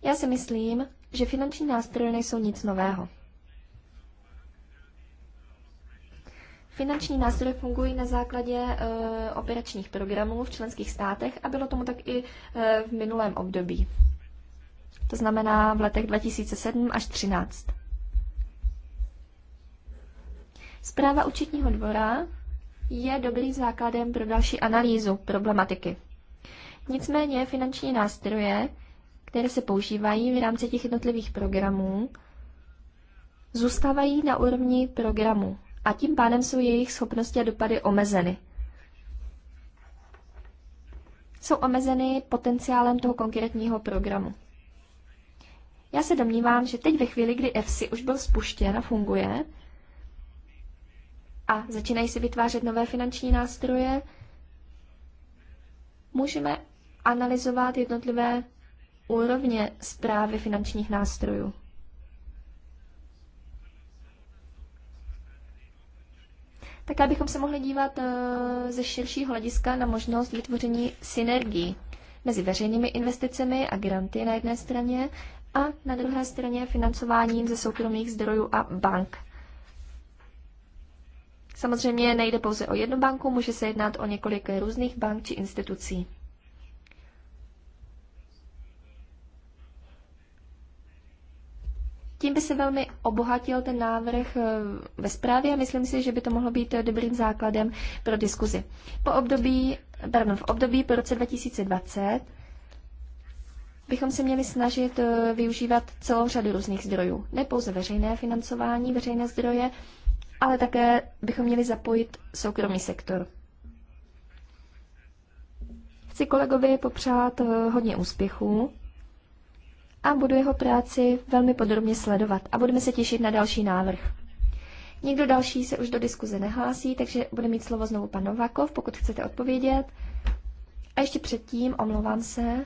Já si myslím, že finanční nástroje nejsou nic nového. Finanční nástroje fungují na základě eh, operačních programů v členských státech a bylo tomu tak i eh, v minulém období. To znamená v letech 2007 až 2013. Zpráva účetního dvora je dobrým základem pro další analýzu problematiky. Nicméně finanční nástroje, které se používají v rámci těch jednotlivých programů, zůstávají na úrovni programu a tím pádem jsou jejich schopnosti a dopady omezeny. Jsou omezeny potenciálem toho konkrétního programu. Já se domnívám, že teď ve chvíli, kdy EFSI už byl spuštěn a funguje a začínají se vytvářet nové finanční nástroje, můžeme analyzovat jednotlivé úrovně zprávy finančních nástrojů. tak abychom se mohli dívat eh, ze širšího hlediska na možnost vytvoření synergií mezi veřejnými investicemi a granty na jedné straně a na druhé straně financováním ze soukromých zdrojů a bank. Samozřejmě nejde pouze o jednu banku, může se jednat o několik různých bank či institucí. Tím by se velmi obohatil ten návrh eh, ve zprávě a myslím si, že by to mohlo být eh, dobrým základem pro diskuzi. Po období, pardon, v období po roce 2020 bychom se měli snažit eh, využívat celou řadu různých zdrojů. Ne pouze veřejné financování, veřejné zdroje, ale také bychom měli zapojit soukromý sektor. Chci kolegovi popřát hodně úspěchů a budu jeho práci velmi podrobně sledovat a budeme se těšit na další návrh. Nikdo další se už do diskuze nehlásí, takže bude mít slovo znovu pan Novakov, pokud chcete odpovědět. A ještě předtím, omlouvám se,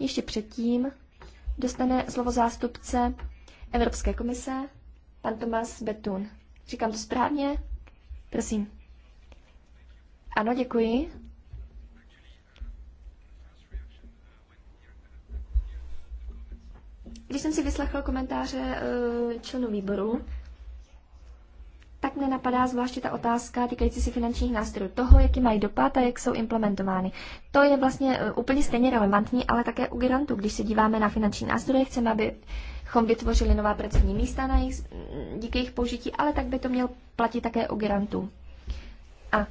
ještě předtím dostane slovo zástupce Evropské komise, pan Tomas Betun. Říkám to správně? Prosím. Ano, děkuji. Když jsem si vyslechl komentáře eh, členů výboru, tak mě napadá zvláště ta otázka týkající se finančních nástrojů, toho, jaký mají dopad a jak jsou implementovány. To je vlastně eh, úplně stejně relevantní, ale také u grantů. Když se díváme na finanční nástroje, chceme, abychom vytvořili nová pracovní místa na jejich, díky jejich použití, ale tak by to měl platit také u grantů. A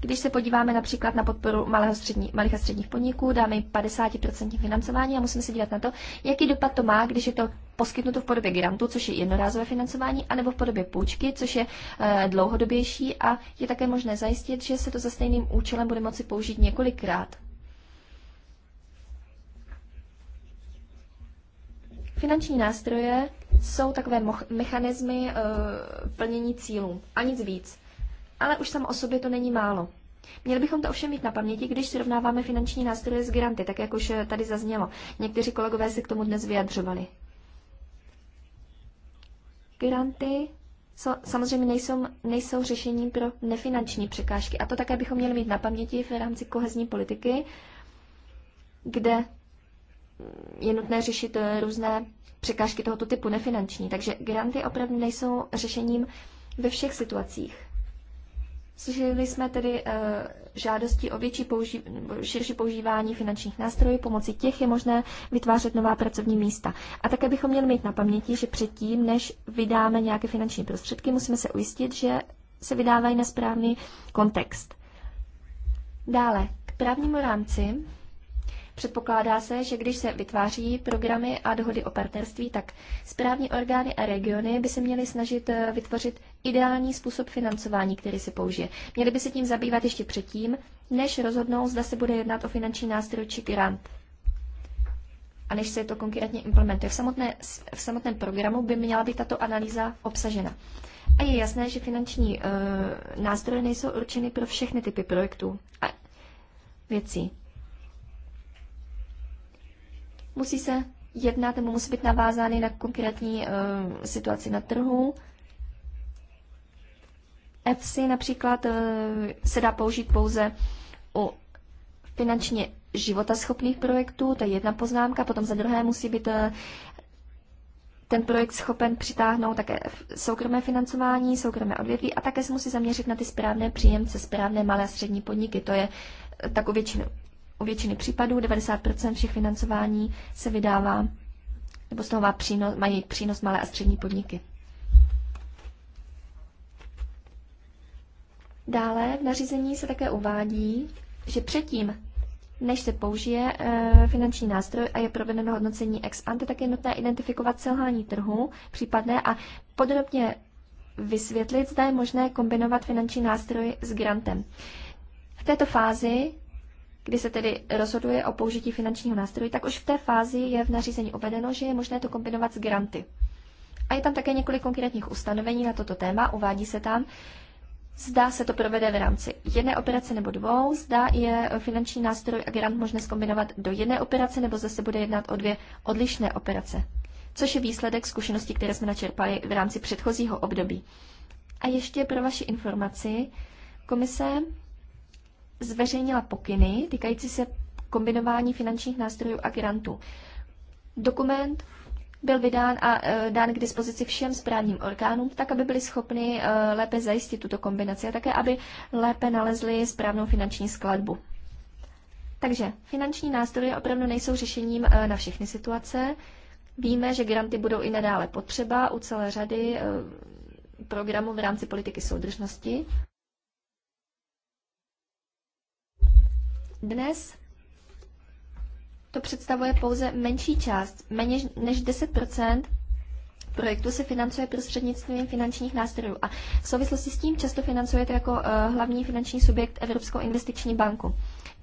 když se podíváme například na podporu malého střední, malých a středních podniků, dáme jim 50% financování a musíme se dívat na to, jaký dopad to má, když je to poskytnuto v podobě grantu, což je jednorázové financování, anebo v podobě půjčky, což je e, dlouhodobější a je také možné zajistit, že se to za stejným účelem bude moci použít několikrát. Finanční nástroje jsou takové mechanismy e, plnění cílů a nic víc ale už samo o sobě to není málo. Měli bychom to ovšem mít na paměti, když srovnáváme finanční nástroje s granty, tak jak už eh, tady zaznělo. Někteří kolegové se k tomu dnes vyjadřovali. Granty samozřejmě nejsou, nejsou řešením pro nefinanční překážky. A to také bychom měli mít na paměti v rámci kohezní politiky, kde je nutné řešit eh, různé překážky tohoto typu nefinanční. Takže granty opravdu nejsou řešením ve všech situacích. Slyšeli jsme tedy uh, žádosti o větší použi- širší používání finančních nástrojů, pomocí těch je možné vytvářet nová pracovní místa. A také bychom měli mít na paměti, že předtím, než vydáme nějaké finanční prostředky, musíme se ujistit, že se vydávají na správný kontext. Dále, k právnímu rámci Předpokládá se, že když se vytváří programy a dohody o partnerství, tak správní orgány a regiony by se měly snažit eh, vytvořit ideální způsob financování, který se použije. Měly by se tím zabývat ještě předtím, než rozhodnou, zda se bude jednat o finanční nástroj či grant. A než se to konkrétně implementuje. V, samotné, v samotném programu by měla být tato analýza obsažena. A je jasné, že finanční e, nástroje nejsou určeny pro všechny typy projektů a věcí. Musí se jednat nebo musí být navázány na konkrétní uh, situaci na trhu. EFSI například uh, se dá použít pouze u finančně životaschopných projektů, to je jedna poznámka, potom za druhé musí být eh, ten projekt schopen přitáhnout také soukromé financování, soukromé odvětví a také se musí zaměřit na ty správné příjemce, správné malé a střední podniky. To je u většinu u většiny případů 90% všech financování se vydává, nebo z toho má přínos, mají přínos malé a střední podniky. Dále v nařízení se také uvádí, že předtím, než se použije e, finanční nástroj a je provedeno hodnocení ex ante, tak je nutné identifikovat selhání trhu případné a podrobně vysvětlit, zda je možné kombinovat finanční nástroj s grantem. V této fázi kdy se tedy rozhoduje o použití finančního nástroje, tak už v té fázi je v nařízení uvedeno, že je možné to kombinovat s granty. A je tam také několik konkrétních ustanovení na toto téma, uvádí se tam, zda se to provede v rámci jedné operace nebo dvou, zda je finanční nástroj a grant možné skombinovat do jedné operace, nebo zase bude jednat o dvě odlišné operace, což je výsledek zkušeností, které jsme načerpali v rámci předchozího období. A ještě pro vaši informaci, komise zveřejnila pokyny týkající se kombinování finančních nástrojů a grantů. Dokument byl vydán a e, dán k dispozici všem správním orgánům, tak aby byli schopni e, lépe zajistit tuto kombinaci a také, aby lépe nalezli správnou finanční skladbu. Takže finanční nástroje opravdu nejsou řešením e, na všechny situace. Víme, že granty budou i nadále potřeba u celé řady programů v rámci politiky soudržnosti. Dnes to představuje pouze menší část, méně než 10 projektu se financuje prostřednictvím finančních nástrojů a v souvislosti s tím často financujete jako uh, hlavní finanční subjekt Evropskou investiční banku.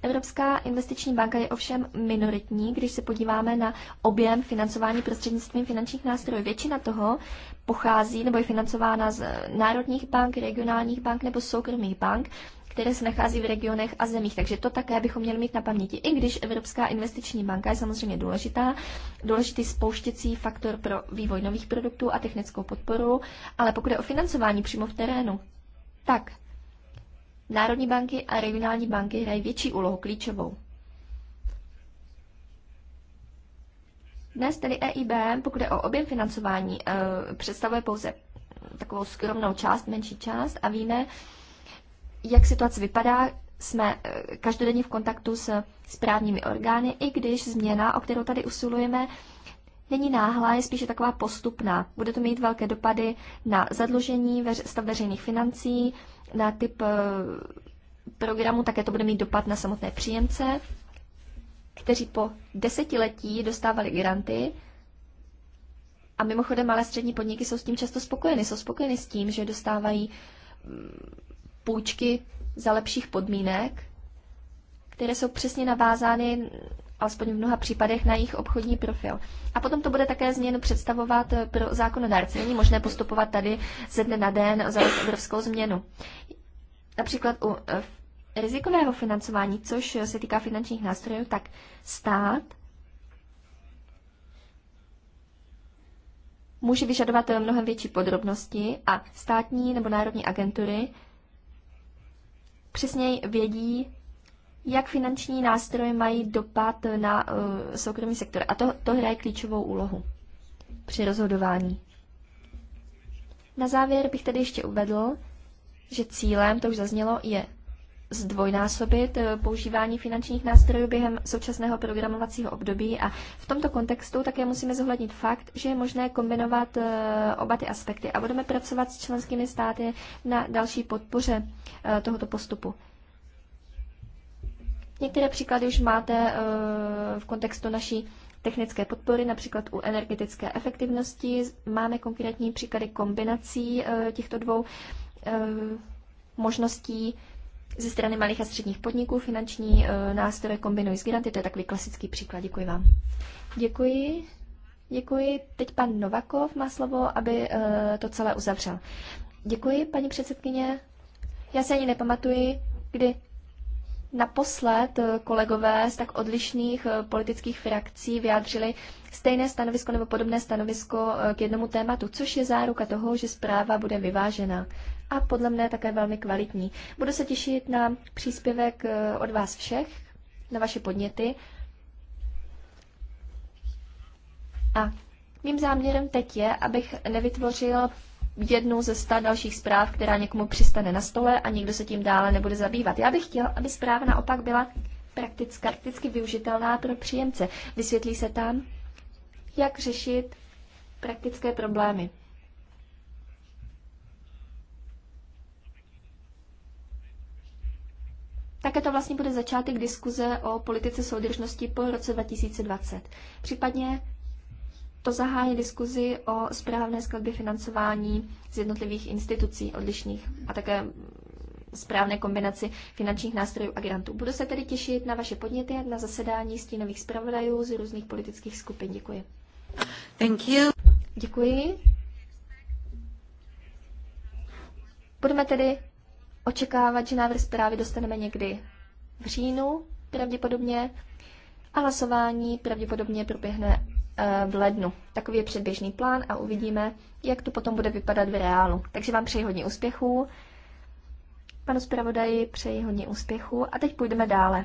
Evropská investiční banka je ovšem minoritní, když se podíváme na objem financování prostřednictvím finančních nástrojů. Většina toho pochází nebo je financována z eh, národních bank, regionálních bank nebo soukromých bank které se nachází v regionech a zemích. Takže to také bychom měli mít na paměti. I když Evropská investiční banka je samozřejmě důležitá, důležitý spouštěcí faktor pro vývoj nových produktů a technickou podporu, ale pokud je o financování přímo v terénu, tak národní banky a regionální banky hrají větší úlohu, klíčovou. Dnes tedy EIB, pokud je o objem financování, eh, představuje pouze takovou skromnou část, menší část a víme, jak situace vypadá, jsme eh, každodenně v kontaktu s správními orgány, i když změna, o kterou tady usilujeme, není náhlá, je spíše taková postupná. Bude to mít velké dopady na zadlužení, stav veřejných financí, na typ eh, programu, také to bude mít dopad na samotné příjemce, kteří po desetiletí dostávali granty. A mimochodem malé střední podniky jsou s tím často spokojeny. Jsou spokojeny s tím, že dostávají mm, půjčky za lepších podmínek, které jsou přesně navázány, alespoň v mnoha případech, na jejich obchodní profil. A potom to bude také změnu představovat pro zákonodárce. Není možné postupovat tady ze dne na den za obrovskou změnu. Například u eh, rizikového financování, což se týká finančních nástrojů, tak stát může vyžadovat mnohem větší podrobnosti a státní nebo národní agentury přesněji vědí, jak finanční nástroje mají dopad na uh, soukromý sektor. A to, to hraje klíčovou úlohu při rozhodování. Na závěr bych tedy ještě uvedl, že cílem, to už zaznělo, je zdvojnásobit eh, používání finančních nástrojů během současného programovacího období a v tomto kontextu také musíme zohlednit fakt, že je možné kombinovat eh, oba ty aspekty a budeme pracovat s členskými státy na další podpoře eh, tohoto postupu. Některé příklady už máte v kontextu naší technické podpory, například u energetické efektivnosti. Máme konkrétní příklady kombinací těchto dvou možností ze strany malých a středních podniků. Finanční eh, nástroje kombinují s granty, to je takový klasický příklad. Děkuji vám. Děkuji. Děkuji. Teď pan Novakov má slovo, aby eh, to celé uzavřel. Děkuji, paní předsedkyně. Já se ani nepamatuji, kdy naposled eh, kolegové z tak odlišných politických frakcí vyjádřili stejné stanovisko nebo podobné stanovisko k jednomu tématu, což je záruka toho, že zpráva bude vyvážena a podle mne také velmi kvalitní. Budu se těšit na příspěvek eh, od vás všech, na vaše podněty. A mým záměrem teď je, abych nevytvořil jednu ze sta dalších zpráv, která někomu přistane na stole a nikdo se tím dále nebude zabývat. Já bych chtěl, aby zpráva naopak byla praktická, prakticky využitelná pro příjemce. Vysvětlí se tam, jak řešit praktické problémy. Také to vlastně bude začátek diskuze o politice soudržnosti po roce 2020. Případně to zahájí diskuzi o správné skladbě financování z jednotlivých institucí odlišných a také správné kombinaci finančních nástrojů a grantů. Budu se tedy těšit na vaše podněty na zasedání stínových zpravodajů z různých politických skupin. Děkuji. Thank you. Děkuji. Budeme tedy očekávat, že návrh zprávy dostaneme někdy v říjnu, pravděpodobně, a hlasování pravděpodobně proběhne eh, v lednu. Takový je předběžný plán a uvidíme, jak to potom bude vypadat v reálu. Takže vám přeji hodně úspěchů. Panu zpravodaji přeji hodně úspěchů a teď půjdeme dále.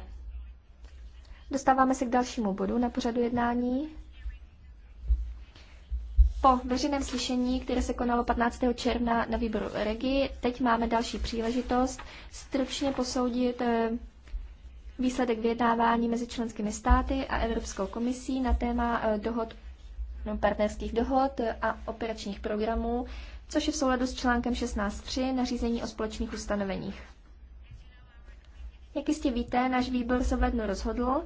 Dostáváme se k dalšímu bodu na pořadu jednání po veřejném slyšení, které se konalo 15. června na výboru Regi, teď máme další příležitost stručně posoudit eh, výsledek vyjednávání mezi členskými státy a Evropskou komisí na téma eh, dohod, no, partnerských dohod a operačních programů, což je v souladu s článkem 16.3 nařízení o společných ustanoveních. Jak jistě víte, náš výbor se v lednu rozhodl,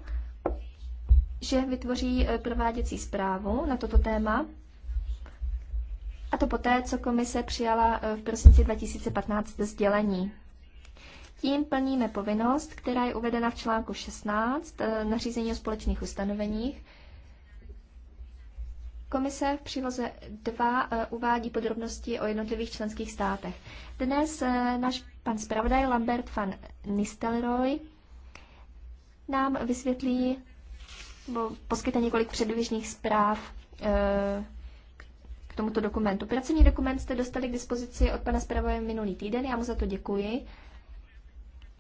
že vytvoří eh, prováděcí zprávu na toto téma a to poté, co komise přijala eh, v prosinci 2015 sdělení. Tím plníme povinnost, která je uvedena v článku 16 eh, nařízení o společných ustanoveních. Komise v příloze 2 eh, uvádí podrobnosti o jednotlivých členských státech. Dnes náš pan zpravodaj Lambert van Nistelrooy nám vysvětlí, poskytne několik předběžných zpráv tomuto dokumentu. Pracovní dokument jste dostali k dispozici od pana zpravoje minulý týden, já mu za to děkuji.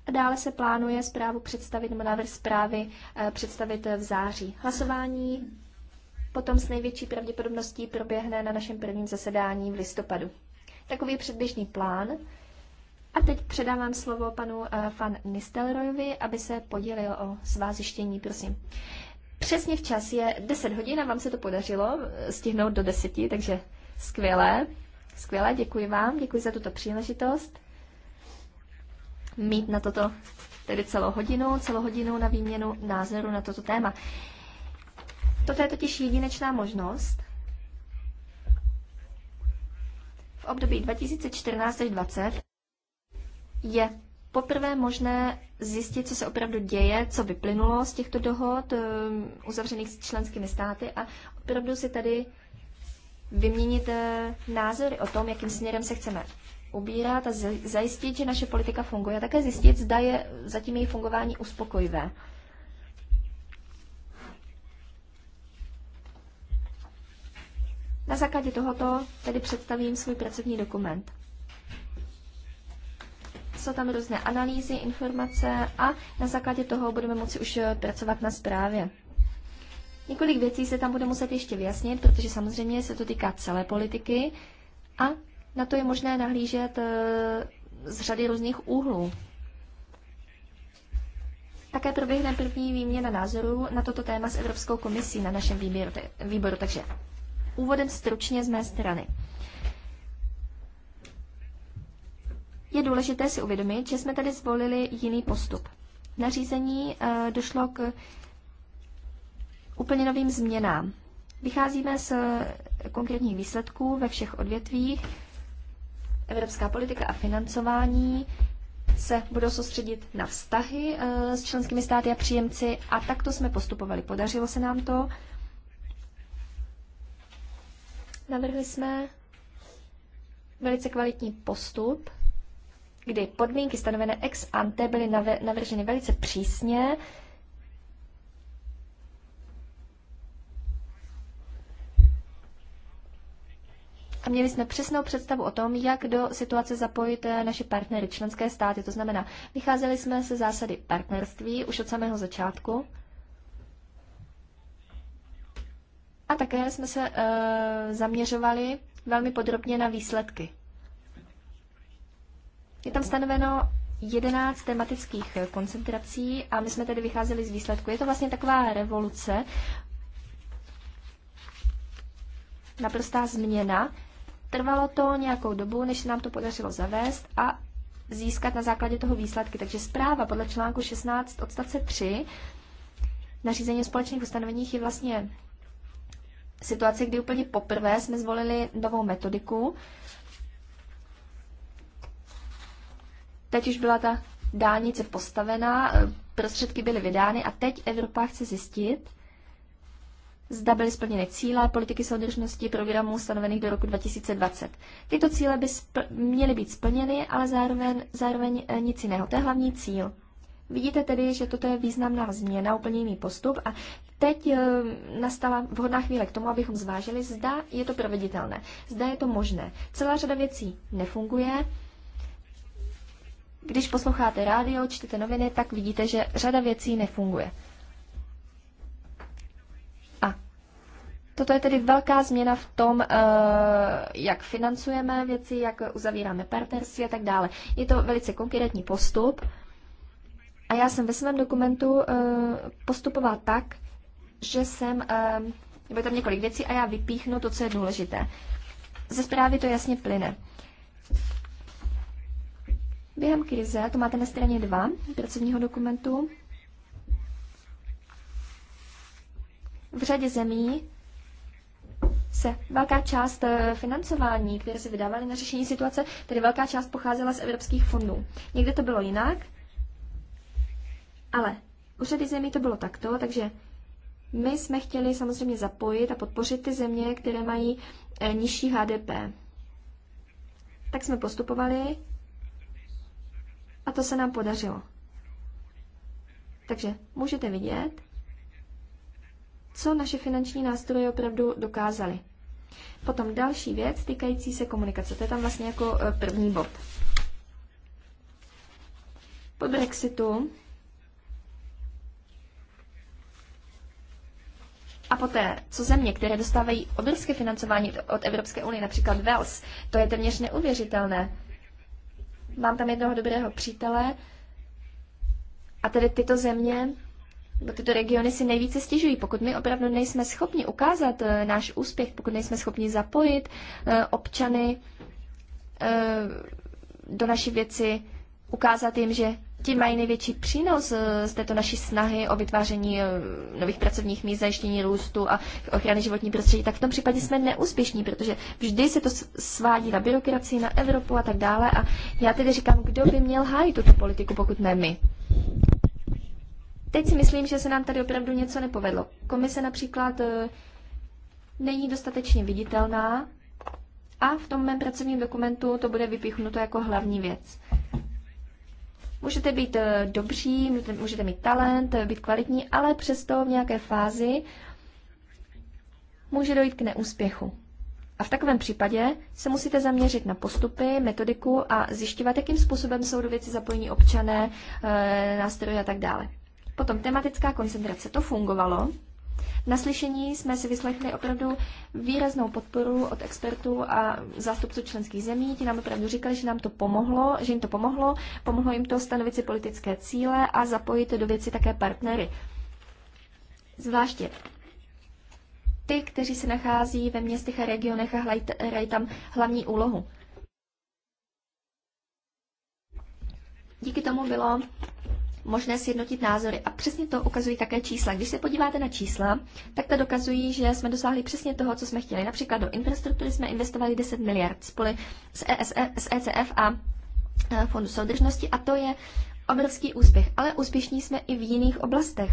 A dále se plánuje zprávu představit, nebo návrh zprávy eh, představit v září. Hlasování potom s největší pravděpodobností proběhne na našem prvním zasedání v listopadu. Takový předběžný plán. A teď předávám slovo panu uh, eh, Fan Nistelrojovi, aby se podělil o svá zjištění, prosím přesně včas. Je 10 hodin a vám se to podařilo eh, stihnout do 10, takže skvělé. Skvělé, děkuji vám, děkuji za tuto příležitost. Mít na toto tedy celou hodinu, celou hodinu na výměnu názoru na toto téma. Toto je totiž jedinečná možnost. V období 2014 až 2020 je poprvé možné zjistit, co se opravdu děje, co vyplynulo z těchto dohod eh, uzavřených s členskými státy a opravdu si tady vyměnit eh, názory o tom, jakým směrem se chceme ubírat a zajistit, že naše politika funguje a také zjistit, zda je zatím její fungování uspokojivé. Na základě tohoto tedy představím svůj pracovní dokument. Jsou tam různé analýzy, informace a na základě toho budeme moci už eh, pracovat na zprávě. Několik věcí se tam bude muset ještě vyjasnit, protože samozřejmě se to týká celé politiky a na to je možné nahlížet eh, z řady různých úhlů. Také proběhne první výměna názorů na toto téma s Evropskou komisí na našem výběru, výboru, takže úvodem stručně z mé strany. je důležité si uvědomit, že jsme tady zvolili jiný postup. V nařízení eh, došlo k úplně novým změnám. Vycházíme z eh, konkrétních výsledků ve všech odvětvích. Evropská politika a financování se budou soustředit na vztahy eh, s členskými státy a příjemci a takto jsme postupovali. Podařilo se nám to. Navrhli jsme velice kvalitní postup kdy podmínky stanovené ex ante byly navrženy velice přísně. A měli jsme přesnou představu o tom, jak do situace zapojit eh, naše partnery, členské státy. To znamená, vycházeli jsme se zásady partnerství už od samého začátku. A také jsme se e, zaměřovali velmi podrobně na výsledky. Je tam stanoveno 11 tematických koncentrací a my jsme tedy vycházeli z výsledku. Je to vlastně taková revoluce, naprostá změna. Trvalo to nějakou dobu, než se nám to podařilo zavést a získat na základě toho výsledky. Takže zpráva podle článku 16 odstavce 3 nařízení o společných ustanoveních je vlastně situace, kdy úplně poprvé jsme zvolili novou metodiku, Teď už byla ta dálnice postavená, e, prostředky byly vydány a teď Evropa chce zjistit, zda byly splněny cíle politiky soudržnosti programů stanovených do roku 2020. Tyto cíle by měly být splněny, ale zároveň, zároveň e, nic jiného. To je hlavní cíl. Vidíte tedy, že toto je významná změna, úplně jiný postup a teď e, nastala vhodná chvíle k tomu, abychom zvážili, zda je to proveditelné, zda je to možné. Celá řada věcí nefunguje, když posloucháte rádio, čtete noviny, tak vidíte, že řada věcí nefunguje. A toto je tedy velká změna v tom, eh, jak financujeme věci, jak uzavíráme partnerství a tak dále. Je to velice konkrétní postup. A já jsem ve svém dokumentu eh, postupoval tak, že jsem, nebo eh, tam několik věcí a já vypíchnu to, co je důležité. Ze zprávy to jasně plyne. Během krize, to máte na straně 2 pracovního dokumentu, v řadě zemí se velká část eh, financování, které se vydávaly na řešení situace, tedy velká část pocházela z evropských fondů. Někde to bylo jinak, ale u řady zemí to bylo takto, takže my jsme chtěli samozřejmě zapojit a podpořit ty země, které mají eh, nižší HDP. Tak jsme postupovali a to se nám podařilo. Takže můžete vidět, co naše finanční nástroje opravdu dokázaly. Potom další věc týkající se komunikace. To je tam vlastně jako e, první bod. Po Brexitu A poté, co země, které dostávají obrovské financování od Evropské unie, například Wales, to je téměř neuvěřitelné mám tam jednoho dobrého přítele a tedy tyto země nebo tyto regiony si nejvíce stěžují. Pokud my opravdu nejsme schopni ukázat eh, náš úspěch, pokud nejsme schopni zapojit eh, občany eh, do naší věci, ukázat jim, že ti mají největší přínos eh, z této naší snahy o vytváření eh, nových pracovních míst, zajištění růstu a ochrany životní prostředí, tak v tom případě jsme neúspěšní, protože vždy se to svádí na byrokracii, na Evropu a tak dále. A já tedy říkám, kdo by měl hájit tuto politiku, pokud ne my. Teď si myslím, že se nám tady opravdu něco nepovedlo. Komise například eh, není dostatečně viditelná a v tom mém pracovním dokumentu to bude vypíchnuto jako hlavní věc. Můžete být eh, dobří, můžete mít talent, být kvalitní, ale přesto v nějaké fázi může dojít k neúspěchu. A v takovém případě se musíte zaměřit na postupy, metodiku a zjišťovat, jakým způsobem jsou do věci zapojení občané, eh, nástroje a tak dále. Potom tematická koncentrace, to fungovalo. Na slyšení jsme si vyslechli opravdu výraznou podporu od expertů a zástupců členských zemí. Ti nám opravdu říkali, že nám to pomohlo, že jim to pomohlo, pomohlo jim to stanovit si politické cíle a zapojit do věci také partnery. Zvláště ty, kteří se nachází ve městech a regionech a hrají tam hlavní úlohu. Díky tomu bylo možné sjednotit názory. A přesně to ukazují také čísla. Když se podíváte na čísla, tak to dokazují, že jsme dosáhli přesně toho, co jsme chtěli. Například do infrastruktury jsme investovali 10 miliard spolu s, e s ECF e a e, Fondu soudržnosti a to je obrovský úspěch. Ale úspěšní jsme i v jiných oblastech.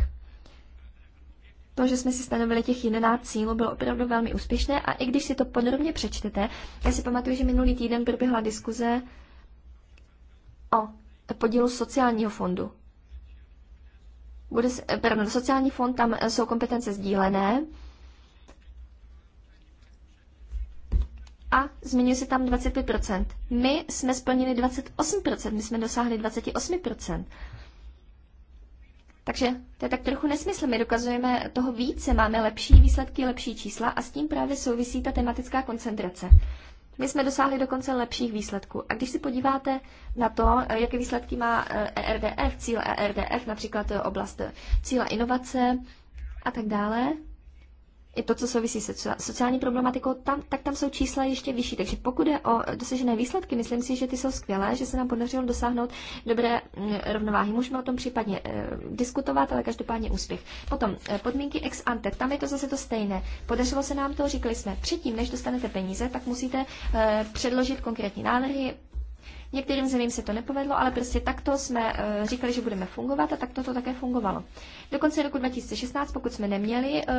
To, že jsme si stanovili těch 11 cílů, bylo opravdu velmi úspěšné a i když si to podrobně přečtete, já si pamatuju, že minulý týden proběhla diskuze o podílu sociálního fondu bude, eh, pardon, sociální fond, tam eh, jsou kompetence sdílené. A zmiňuje se tam 25%. My jsme splnili 28%, my jsme dosáhli 28%. Takže to je tak trochu nesmysl. My dokazujeme toho více, máme lepší výsledky, lepší čísla a s tím právě souvisí ta tematická koncentrace. My jsme dosáhli dokonce lepších výsledků. A když si podíváte na to, jaké výsledky má ERDF, e cíl ERDF, například e, oblast e, cíle inovace a tak dále, i to, co souvisí se sociální problematikou, tam, tak tam jsou čísla ještě vyšší. Takže pokud je o dosažené výsledky, myslím si, že ty jsou skvělé, že se nám podařilo dosáhnout dobré mm, rovnováhy. Můžeme o tom případně eh, diskutovat, ale každopádně úspěch. Potom eh, podmínky ex ante, tam je to zase to stejné. Podařilo se nám to, říkali jsme, předtím, než dostanete peníze, tak musíte eh, předložit konkrétní návrhy, Některým zemím se to nepovedlo, ale prostě takto jsme eh, říkali, že budeme fungovat a takto to také fungovalo. Dokonce roku 2016, pokud jsme neměli eh,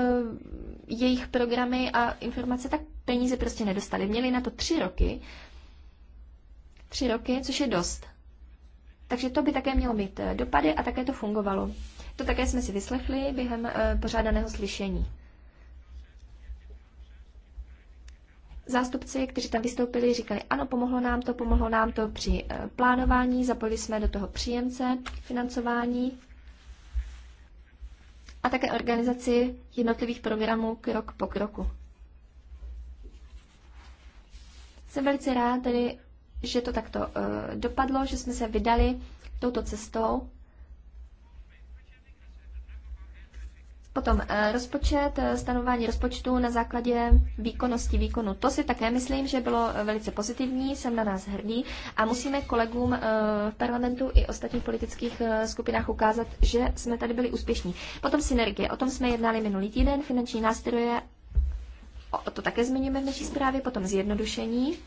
jejich programy a informace, tak peníze prostě nedostali. Měli na to tři roky, tři roky, což je dost. Takže to by také mělo mít eh, dopady a také to fungovalo. To také jsme si vyslechli během pořádaného slyšení. Zástupci, kteří tam vystoupili, říkali, ano, pomohlo nám to, pomohlo nám to při eh, plánování, zapojili jsme do toho příjemce financování a také organizaci jednotlivých programů krok po kroku. Jsem velice rád tedy, že to takto uh, dopadlo, že jsme se vydali touto cestou Potom eh, rozpočet, eh, stanování rozpočtu na základě výkonnosti výkonu. To si také myslím, že bylo eh, velice pozitivní, jsem na nás hrdý a musíme kolegům v parlamentu i ostatních politických skupinách ukázat, že jsme tady byli úspěšní. Potom synergie, o tom jsme jednali minulý týden, finanční nástroje, o to také zmíníme v naší zprávě, potom zjednodušení.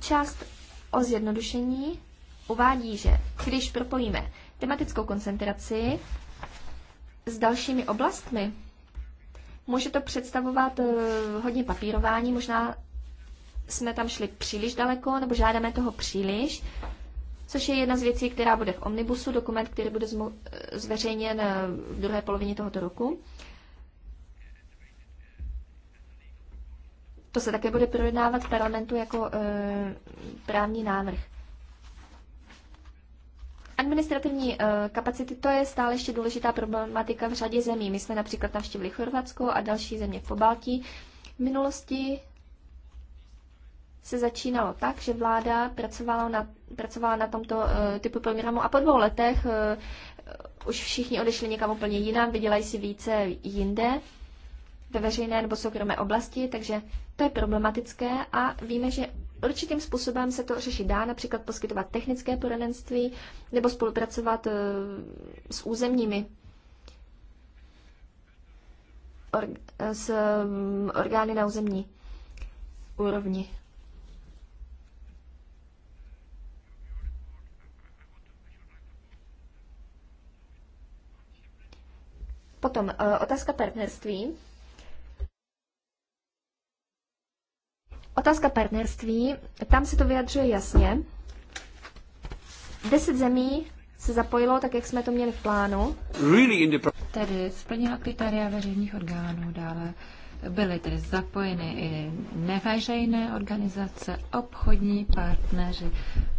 Část o zjednodušení uvádí, že když propojíme tematickou koncentraci s dalšími oblastmi. Může to představovat eh, hodně papírování, možná jsme tam šli příliš daleko, nebo žádáme toho příliš, což je jedna z věcí, která bude v Omnibusu, dokument, který bude eh, zveřejněn eh, v druhé polovině tohoto roku. To se také bude projednávat v parlamentu jako e, právní návrh. Administrativní eh, kapacity, to je stále ještě důležitá problematika v řadě zemí. My jsme například navštívili Chorvatsko a další země v Pobaltí. V minulosti se začínalo tak, že vláda pracovala na, pracovala na tomto eh, typu programu a po dvou letech eh, už všichni odešli někam úplně jinam, vydělají si více jinde ve veřejné nebo soukromé oblasti, takže to je problematické a víme, že Určitým způsobem se to řešit dá, například poskytovat technické poradenství nebo spolupracovat eh, s územními or, eh, s mm, orgány na územní úrovni. Potom eh, otázka partnerství. Otázka partnerství, tam se to vyjadřuje jasně. Deset zemí se zapojilo tak, jak jsme to měli v plánu. Really the... Tedy splnila kritéria veřejných orgánů, dále byly tedy zapojeny i neveřejné organizace, obchodní partneři,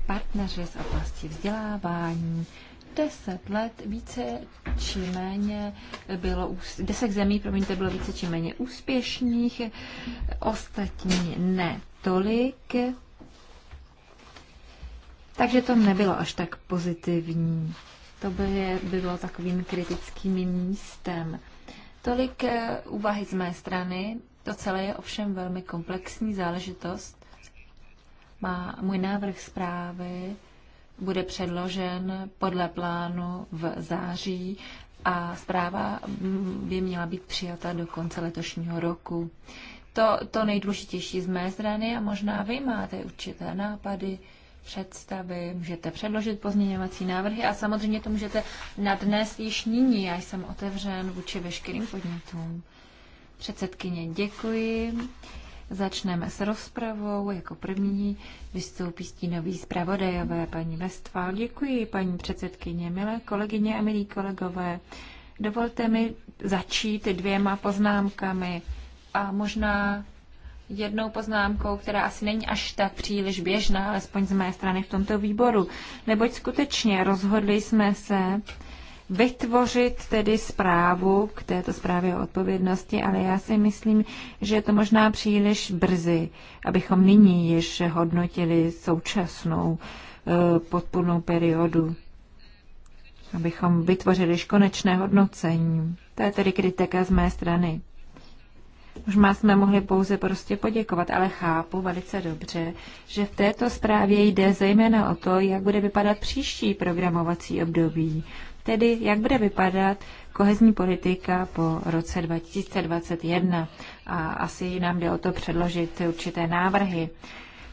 partneři z oblasti vzdělávání, deset let více či méně bylo, deset zemí, promiňte, bylo více či méně úspěšných, ostatní ne tolik. Takže to nebylo až tak pozitivní. To by, by bylo takovým kritickým místem. Tolik eh, úvahy z mé strany. To celé je ovšem velmi komplexní záležitost. Má můj návrh zprávy bude předložen podle plánu v září a zpráva by měla být přijata do konce letošního roku. To, to nejdůležitější z mé strany a možná vy máte určité nápady, představy, můžete předložit pozměňovací návrhy a samozřejmě to můžete nadnést již nyní. Já jsem otevřen vůči veškerým podnětům. Předsedkyně, děkuji. Začneme s rozpravou. Jako první vystoupí stínový zpravodajové paní vestva Děkuji, paní předsedkyně, milé kolegyně a milí kolegové. Dovolte mi začít dvěma poznámkami a možná jednou poznámkou, která asi není až tak příliš běžná, alespoň z mé strany v tomto výboru. Neboť skutečně rozhodli jsme se, vytvořit tedy zprávu k této zprávě o odpovědnosti, ale já si myslím, že je to možná příliš brzy, abychom nyní již hodnotili současnou eh, podpůrnou periodu, abychom vytvořili již konečné hodnocení. To je tedy kritika z mé strany. Možná jsme mohli pouze prostě poděkovat, ale chápu velice dobře, že v této zprávě jde zejména o to, jak bude vypadat příští programovací období tedy jak bude vypadat kohezní politika po roce 2021. A asi nám jde o to předložit určité návrhy.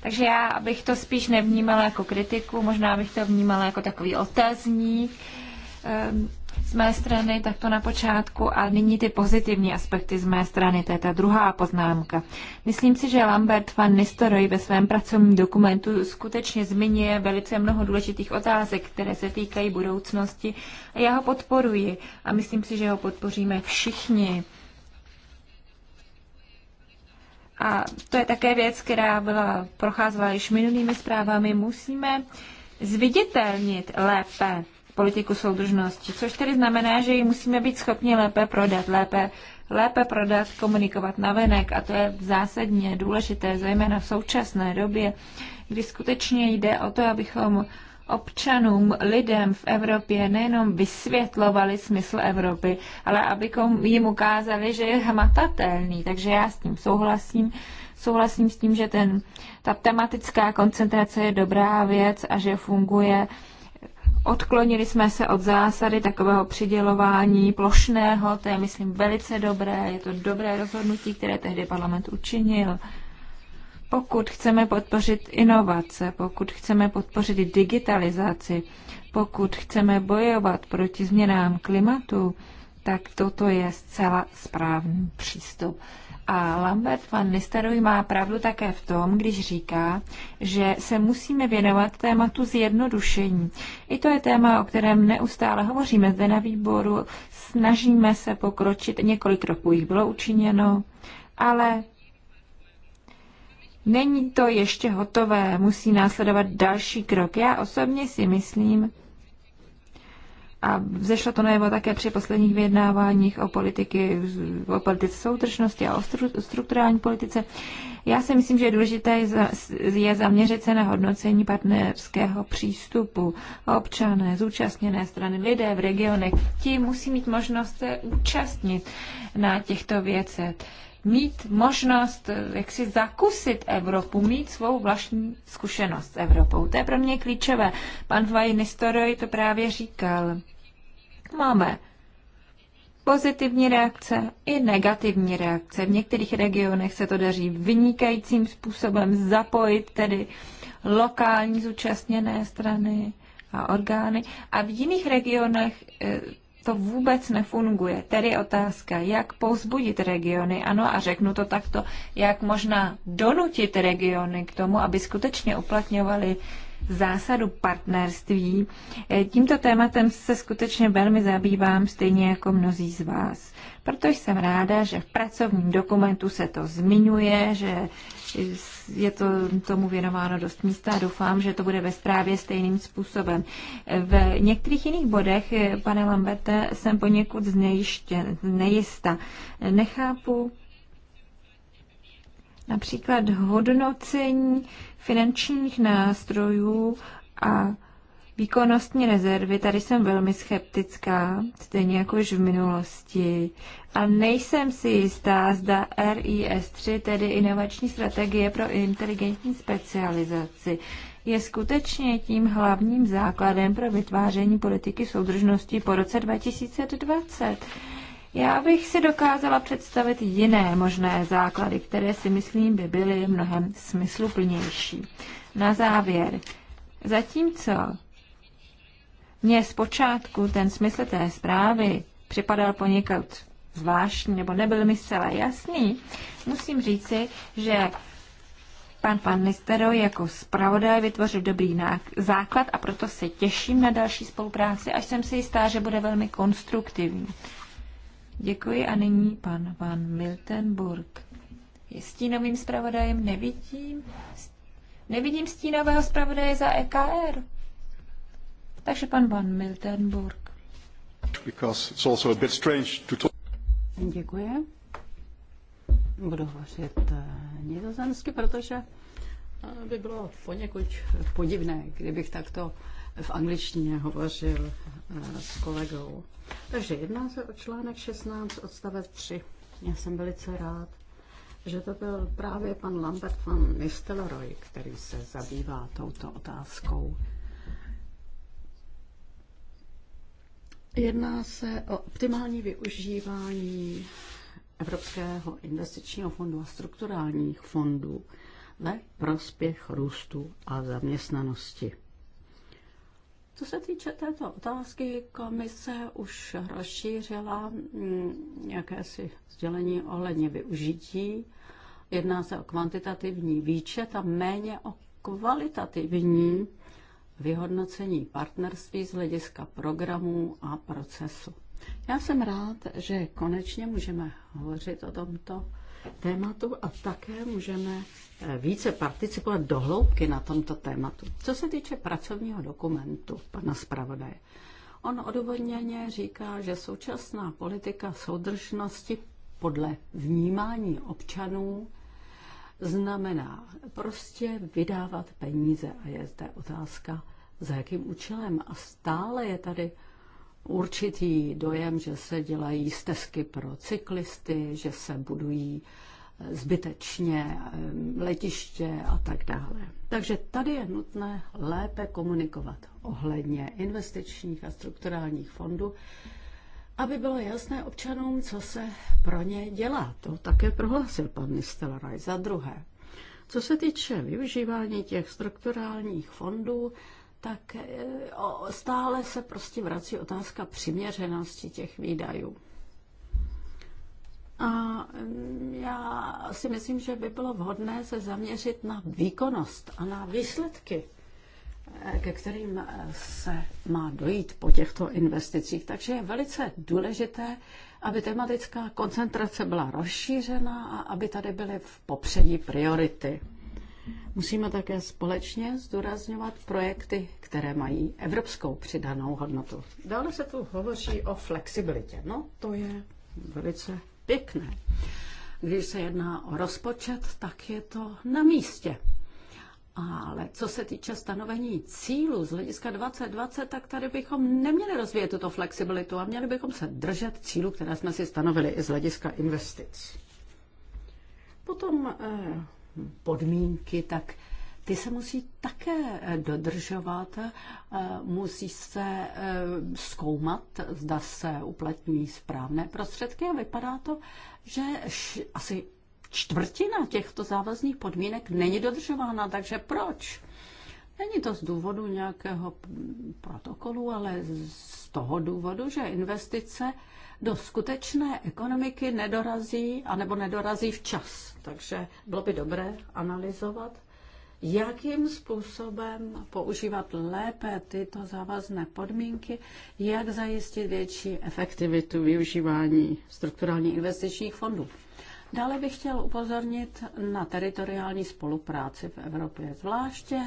Takže já bych to spíš nevnímala jako kritiku, možná bych to vnímala jako takový otazník. Ehm, z mé strany takto na počátku a nyní ty pozitivní aspekty z mé strany, to je ta druhá poznámka. Myslím si, že Lambert van Nistelrooy ve svém pracovním dokumentu skutečně zmiňuje velice mnoho důležitých otázek, které se týkají budoucnosti a já ho podporuji a myslím si, že ho podpoříme všichni. A to je také věc, která byla, procházela již minulými zprávami. Musíme zviditelnit lépe politiku soudržnosti, což tedy znamená, že ji musíme být schopni lépe prodat, lépe, lépe prodat, komunikovat na venek a to je zásadně důležité, zejména v současné době, kdy skutečně jde o to, abychom občanům, lidem v Evropě nejenom vysvětlovali smysl Evropy, ale abychom jim ukázali, že je hmatatelný. Takže já s tím souhlasím. Souhlasím s tím, že ten, ta tematická koncentrace je dobrá věc a že funguje Odklonili jsme se od zásady takového přidělování plošného, to je, myslím, velice dobré, je to dobré rozhodnutí, které tehdy parlament učinil. Pokud chceme podpořit inovace, pokud chceme podpořit digitalizaci, pokud chceme bojovat proti změnám klimatu, tak toto je zcela správný přístup. A Lambert van Nistelrooy má pravdu také v tom, když říká, že se musíme věnovat tématu zjednodušení. I to je téma, o kterém neustále hovoříme zde na výboru, snažíme se pokročit, několik kroků jich bylo učiněno, ale není to ještě hotové, musí následovat další krok. Já osobně si myslím, a vzešlo to najevo také při posledních vyjednáváních o, politiky, o politice soudržnosti a o stru, strukturální politice. Já si myslím, že je důležité je zaměřit se na hodnocení partnerského přístupu. Občané, zúčastněné strany, lidé v regionech, ti musí mít možnost se účastnit na těchto věcech mít možnost jak si zakusit Evropu, mít svou vlastní zkušenost s Evropou. To je pro mě klíčové. Pan Vajnistoroj to právě říkal máme pozitivní reakce i negativní reakce. V některých regionech se to daří vynikajícím způsobem zapojit tedy lokální zúčastněné strany a orgány a v jiných regionech eh, to vůbec nefunguje. Tedy otázka, jak povzbudit regiony, ano, a řeknu to takto, jak možná donutit regiony k tomu, aby skutečně uplatňovali zásadu partnerství. Eh, tímto tématem se skutečně velmi zabývám, stejně jako mnozí z vás. Proto jsem ráda, že v pracovním dokumentu se to zmiňuje, že je to tomu věnováno dost místa a doufám, že to bude ve zprávě stejným způsobem. Eh, v některých jiných bodech, eh, pane Lambete, jsem poněkud znejiště, nejista. Nechápu například hodnocení finančních nástrojů a výkonnostní rezervy, tady jsem velmi skeptická, stejně jako už v minulosti. A nejsem si jistá, zda RIS3, tedy inovační strategie pro inteligentní specializaci, je skutečně tím hlavním základem pro vytváření politiky soudržnosti po roce 2020. Já bych si dokázala představit jiné možné základy, které si myslím by byly mnohem smysluplnější. Na závěr, zatímco mně zpočátku ten smysl té zprávy připadal poněkud zvláštní, nebo nebyl mi zcela jasný, musím říci, že pan pan Nistero jako zpravodaj vytvořil dobrý základ a proto se těším na další spolupráci, až jsem si jistá, že bude velmi konstruktivní. Děkuji a nyní pan Van Miltenburg. Je stínovým zpravodajem nevidím. Nevidím stínového zpravodaje za EKR. Takže pan Van Miltenburg. it's also a bit to talk. Děkuji. Budu hovořit eh, nizozemsky, protože eh, by bylo poněkud podivné, kdybych takto v angličtině hovořil Eh, s kolegou. Takže jedná se o článek 16 odstavec 3. Já jsem velice rád, že to byl právě pan Lambert van Nistelrooy, který se zabývá touto otázkou. Jedná se o optimální využívání Evropského investičního fondu a strukturálních fondů ve prospěch růstu a zaměstnanosti. Co se týče této otázky, komise už rozšířila mm, si sdělení ohledně využití. Jedná se o kvantitativní výčet a méně o kvalitativní vyhodnocení partnerství z hlediska programů a procesu. Já jsem rád, že konečně můžeme hovořit o tomto tématu a také můžeme Eh, více participovat hloubky na tomto tématu. Co se týče pracovního dokumentu pana zpravodaje, on odůvodněně říká, že současná politika soudržnosti podle vnímání občanů znamená prostě vydávat peníze a je zde otázka, za jakým účelem. A stále je tady určitý dojem, že se dělají stezky pro cyklisty, že se budují uh, zbytečně eh, letiště a tak dále. Takže tady je nutné lépe komunikovat ohledně investičních a strukturálních fondů, aby bylo jasné občanům, co se pro ně dělá. To také prohlásil pan Nistelrooy. Za druhé, co se týče využívání těch strukturálních fondů, tak eh, stále se prostě vrací otázka přiměřenosti těch výdajů. A já si myslím, že by bylo vhodné se zaměřit na výkonnost a na výsledky, eh, ke kterým eh, se má dojít po těchto investicích. Takže je velice důležité, aby tematická koncentrace byla rozšířena a aby tady byly v popředí priority. Musíme také společně zdůrazňovat projekty, které mají evropskou přidanou hodnotu. Dále se tu hovoří o flexibilitě. No, to je velice pěkné. Když se jedná o rozpočet, tak je to na místě. Ale co se týče stanovení cílu z hlediska 2020, tak tady bychom neměli rozvíjet tuto flexibilitu a měli bychom se držet cílu, které jsme si stanovili i z hlediska investic. Potom eh, podmínky, tak ty se musí také eh, dodržovat, eh, musí se eh, zkoumat, zda se uplatňují správné prostředky a vypadá to, že asi čtvrtina těchto závazných podmínek není dodržována, takže proč? Není to z důvodu nějakého protokolu, ale z toho důvodu, že investice do skutečné ekonomiky nedorazí anebo nedorazí včas. Takže bylo by dobré analyzovat jakým způsobem používat lépe tyto závazné podmínky, jak zajistit větší efektivitu využívání strukturálních investičních fondů. Dále bych chtěl upozornit na teritoriální spolupráci v Evropě, zvláště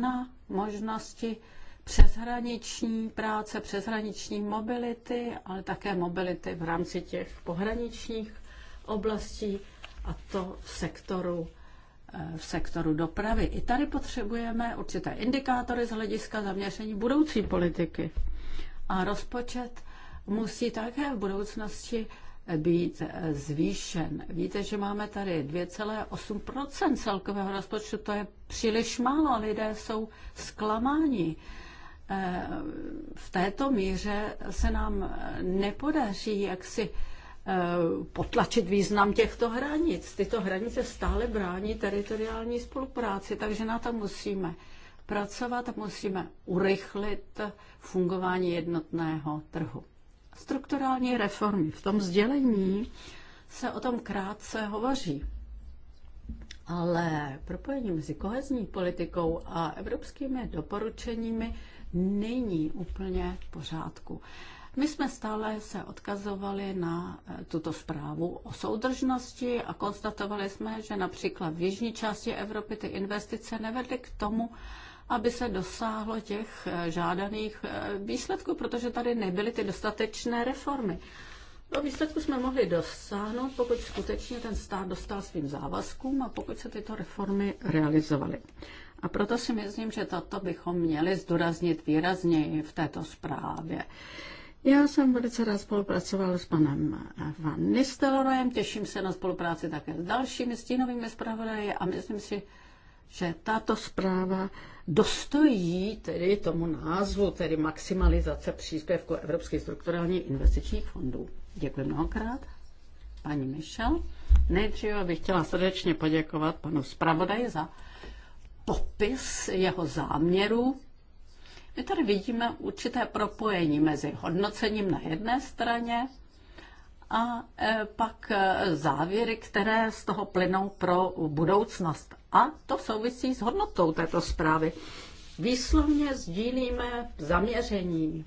na možnosti přeshraniční práce, přeshraniční mobility, ale také mobility v rámci těch pohraničních oblastí a to v sektoru Eh, v sektoru dopravy. I tady potřebujeme určité indikátory z hlediska zaměření budoucí politiky. A rozpočet musí také v budoucnosti být eh, zvýšen. Víte, že máme tady 2,8 celkového rozpočtu, to je příliš málo, lidé jsou zklamáni. Eh, v této míře se nám nepodaří jak si Eh, potlačit význam těchto hranic. Tyto hranice stále brání teritoriální spolupráci, takže na to musíme pracovat, musíme urychlit fungování jednotného trhu. Strukturální reformy. V tom sdělení se o tom krátce hovoří. Ale propojení mezi kohezní politikou a evropskými doporučeními není úplně v pořádku. My jsme stále se odkazovali na eh, tuto zprávu o soudržnosti a konstatovali jsme, že například v jižní části Evropy ty investice nevedly k tomu, aby se dosáhlo těch eh, žádaných eh, výsledků, protože tady nebyly ty dostatečné reformy. Do výsledku jsme mohli dosáhnout, pokud skutečně ten stát dostal svým závazkům a pokud se tyto reformy realizovaly. A proto si myslím, že toto bychom měli zdůraznit výrazněji v této zprávě. Já jsem velice rád spolupracoval s panem eh, Van Nistelrojem, těším se na spolupráci také s dalšími stínovými zpravodaji a myslím si, že tato zpráva dostojí tedy tomu názvu, tedy maximalizace příspěvku Evropských strukturálních investičních fondů. Děkuji mnohokrát, paní Michel. Nejdříve bych chtěla srdečně poděkovat panu zpravodaji za popis jeho záměru my tady vidíme určité propojení mezi hodnocením na jedné straně a e, pak e, závěry, které z toho plynou pro budoucnost. A to souvisí s hodnotou této zprávy. Výslovně sdílíme zaměření,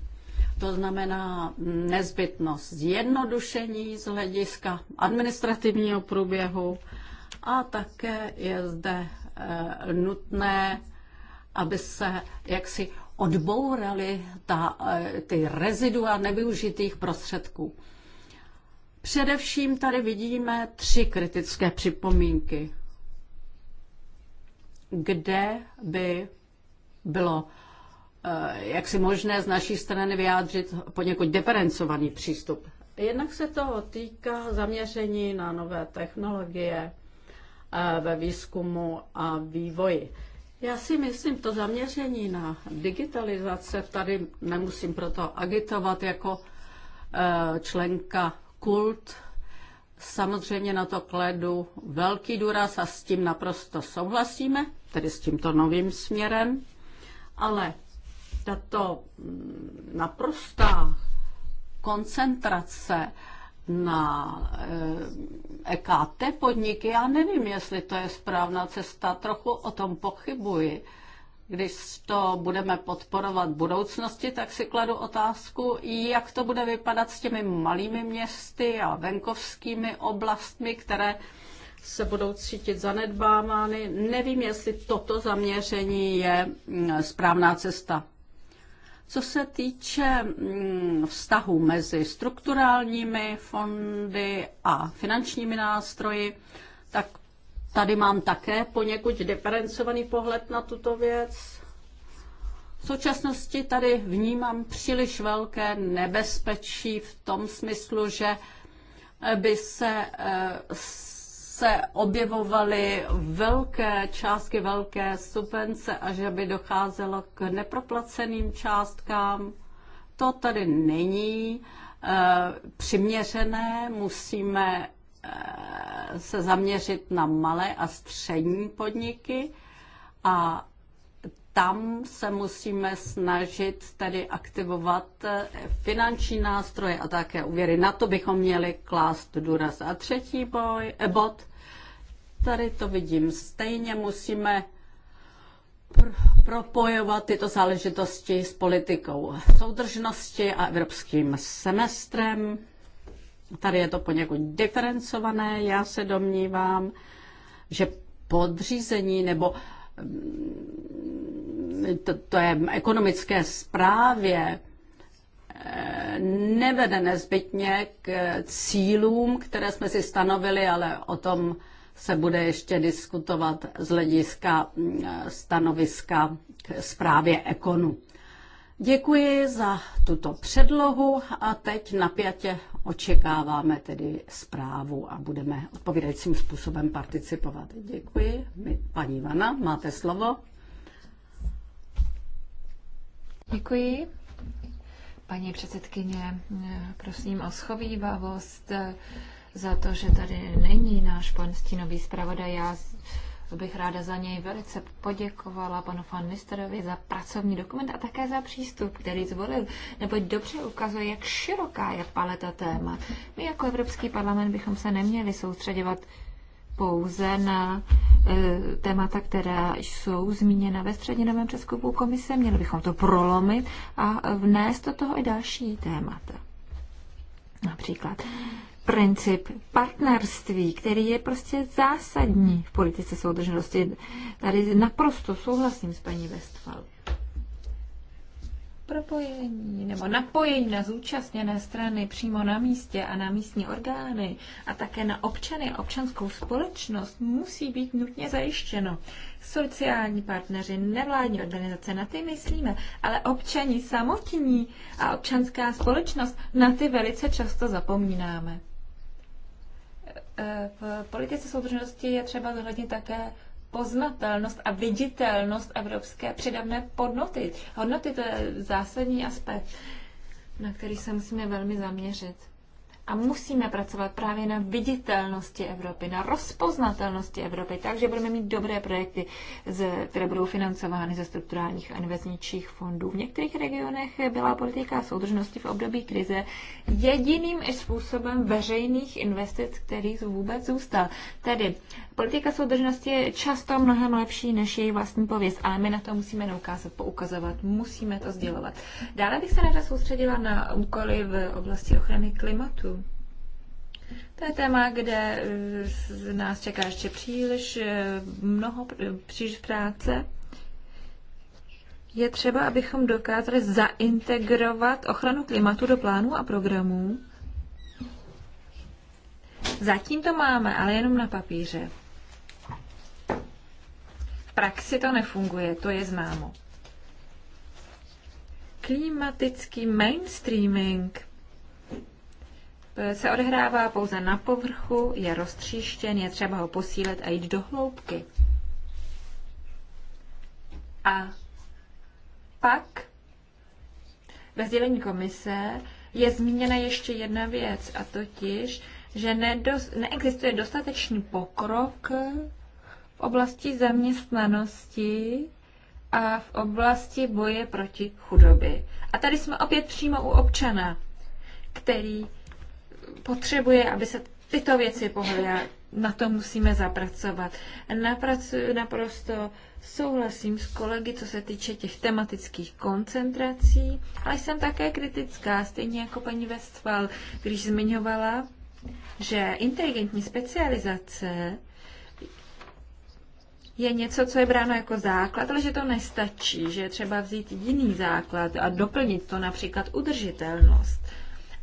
to znamená nezbytnost zjednodušení z hlediska administrativního průběhu a také je zde e, nutné, aby se jaksi odbourali ta, e, ty rezidua nevyužitých prostředků. Především tady vidíme tři kritické připomínky, kde by bylo e, jak si možné z naší strany vyjádřit poněkud diferencovaný přístup. Jednak se to týká zaměření na nové technologie e, ve výzkumu a vývoji. Já si myslím, to zaměření na digitalizace, tady nemusím proto agitovat jako eh, členka kult, samozřejmě na to kledu velký důraz a s tím naprosto souhlasíme, tedy s tímto novým směrem, ale tato mm, naprostá koncentrace na EKT eh, e podniky. Já nevím, jestli to je správná cesta, trochu o tom pochybuji. Když to budeme podporovat v budoucnosti, tak si kladu otázku, jak to bude vypadat s těmi malými městy a venkovskými oblastmi, které se budou cítit zanedbávány. Nevím, jestli toto zaměření je mm, správná cesta. Co se týče mm, vztahu mezi strukturálními fondy a finančními nástroji, tak tady mám také poněkud diferencovaný pohled na tuto věc. V současnosti tady vnímám příliš velké nebezpečí v tom smyslu, že by se eh, se objevovaly velké částky, velké subvence a že by docházelo k neproplaceným částkám. To tady není eh, přiměřené, musíme eh, se zaměřit na malé a střední podniky a tam se musíme snažit tedy aktivovat eh, finanční nástroje a také úvěry. Na to bychom měli klást důraz. A třetí boj, eh, bod, tady to vidím stejně, musíme pr- propojovat tyto záležitosti s politikou soudržnosti a evropským semestrem. Tady je to poněkud diferencované, já se domnívám, že podřízení nebo mm, to, to je ekonomické zprávě, eh, nevede nezbytně k cílům, které jsme si stanovili, ale o tom se bude ještě diskutovat z hlediska eh, stanoviska k zprávě ekonu. Děkuji za tuto předlohu a teď napjatě očekáváme tedy zprávu a budeme odpovídajícím způsobem participovat. Děkuji. Paní Vana, máte slovo. Děkuji. Paní předsedkyně, prosím o schovývavost za to, že tady není náš pan stínový zpravodaj. Já bych ráda za něj velice poděkovala panu fan Ministerovi za pracovní dokument a také za přístup, který zvolil, neboť dobře ukazuje, jak široká je paleta témat. My jako Evropský parlament bychom se neměli soustředovat pouze na e, témata, která jsou zmíněna ve střednědobém přeskupu komise. Měli bychom to prolomit a vnést do toho i další témata. Například princip partnerství, který je prostě zásadní v politice soudržnosti. Tady naprosto souhlasím s paní Westfal propojení nebo napojení na zúčastněné strany přímo na místě a na místní orgány a také na občany a občanskou společnost musí být nutně zajištěno. Sociální partneři, nevládní organizace, na ty myslíme, ale občani samotní a občanská společnost, na ty velice často zapomínáme. E, v politice soudržnosti je třeba zohlednit také poznatelnost a viditelnost evropské předavné podnoty. Hodnoty to je zásadní aspekt, na který se musíme velmi zaměřit. A musíme pracovat právě na viditelnosti Evropy, na rozpoznatelnosti Evropy, takže budeme mít dobré projekty, které budou financovány ze strukturálních a investičních fondů. V některých regionech byla politika soudržnosti v období krize jediným způsobem veřejných investic, který vůbec zůstal. Tedy politika soudržnosti je často mnohem lepší než její vlastní pověst, ale my na to musíme ukázat, poukazovat, musíme to sdělovat. Dále bych se ráda soustředila na úkoly v oblasti ochrany klimatu. To je téma, kde eh, nás čeká ještě příliš eh, mnoho, eh, příliš práce. Je třeba, abychom dokázali zaintegrovat ochranu klimatu do plánů a programů. Zatím to máme, ale jenom na papíře. V praxi to nefunguje, to je známo. Klimatický mainstreaming se odehrává pouze na povrchu, je roztříštěn, je třeba ho posílit a jít do hloubky. A pak ve sdělení komise je zmíněna ještě jedna věc, a totiž, že nedos, neexistuje dostatečný pokrok v oblasti zaměstnanosti a v oblasti boje proti chudobě. A tady jsme opět přímo u občana, který potřebuje, aby se tyto věci pohly a na to musíme zapracovat. Napracuju naprosto souhlasím s kolegy, co se týče těch tematických koncentrací, ale jsem také kritická, stejně jako paní Westphal, když zmiňovala, že inteligentní specializace je něco, co je bráno jako základ, ale že to nestačí, že je třeba vzít jiný základ a doplnit to například udržitelnost.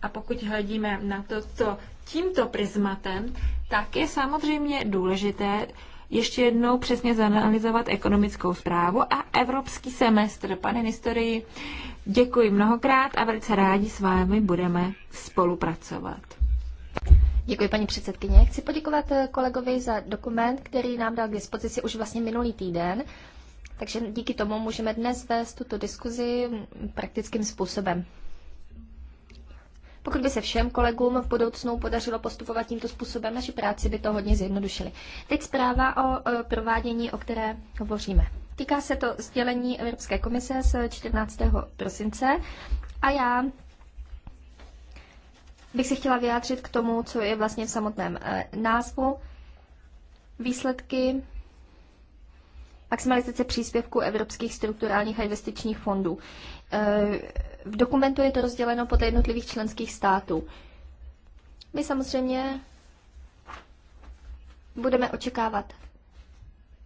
A pokud hledíme na to, co tímto prismatem, tak je samozřejmě důležité ještě jednou přesně zanalizovat ekonomickou zprávu a evropský semestr. Pane historii, děkuji mnohokrát a velice rádi s vámi budeme spolupracovat. Děkuji, paní předsedkyně. Chci poděkovat eh, kolegovi za dokument, který nám dal k dispozici už vlastně minulý týden. Takže díky tomu můžeme dnes vést tuto diskuzi praktickým způsobem. Pokud by se všem kolegům v budoucnu podařilo postupovat tímto způsobem, naši práci by to hodně zjednodušili. Teď zpráva o e, provádění, o které hovoříme. Týká se to sdělení Evropské komise z 14. prosince a já bych se chtěla vyjádřit k tomu, co je vlastně v samotném e, názvu. Výsledky maximalizace příspěvku evropských strukturálních a investičních fondů. E, v dokumentu je to rozděleno podle jednotlivých členských států. My samozřejmě budeme očekávat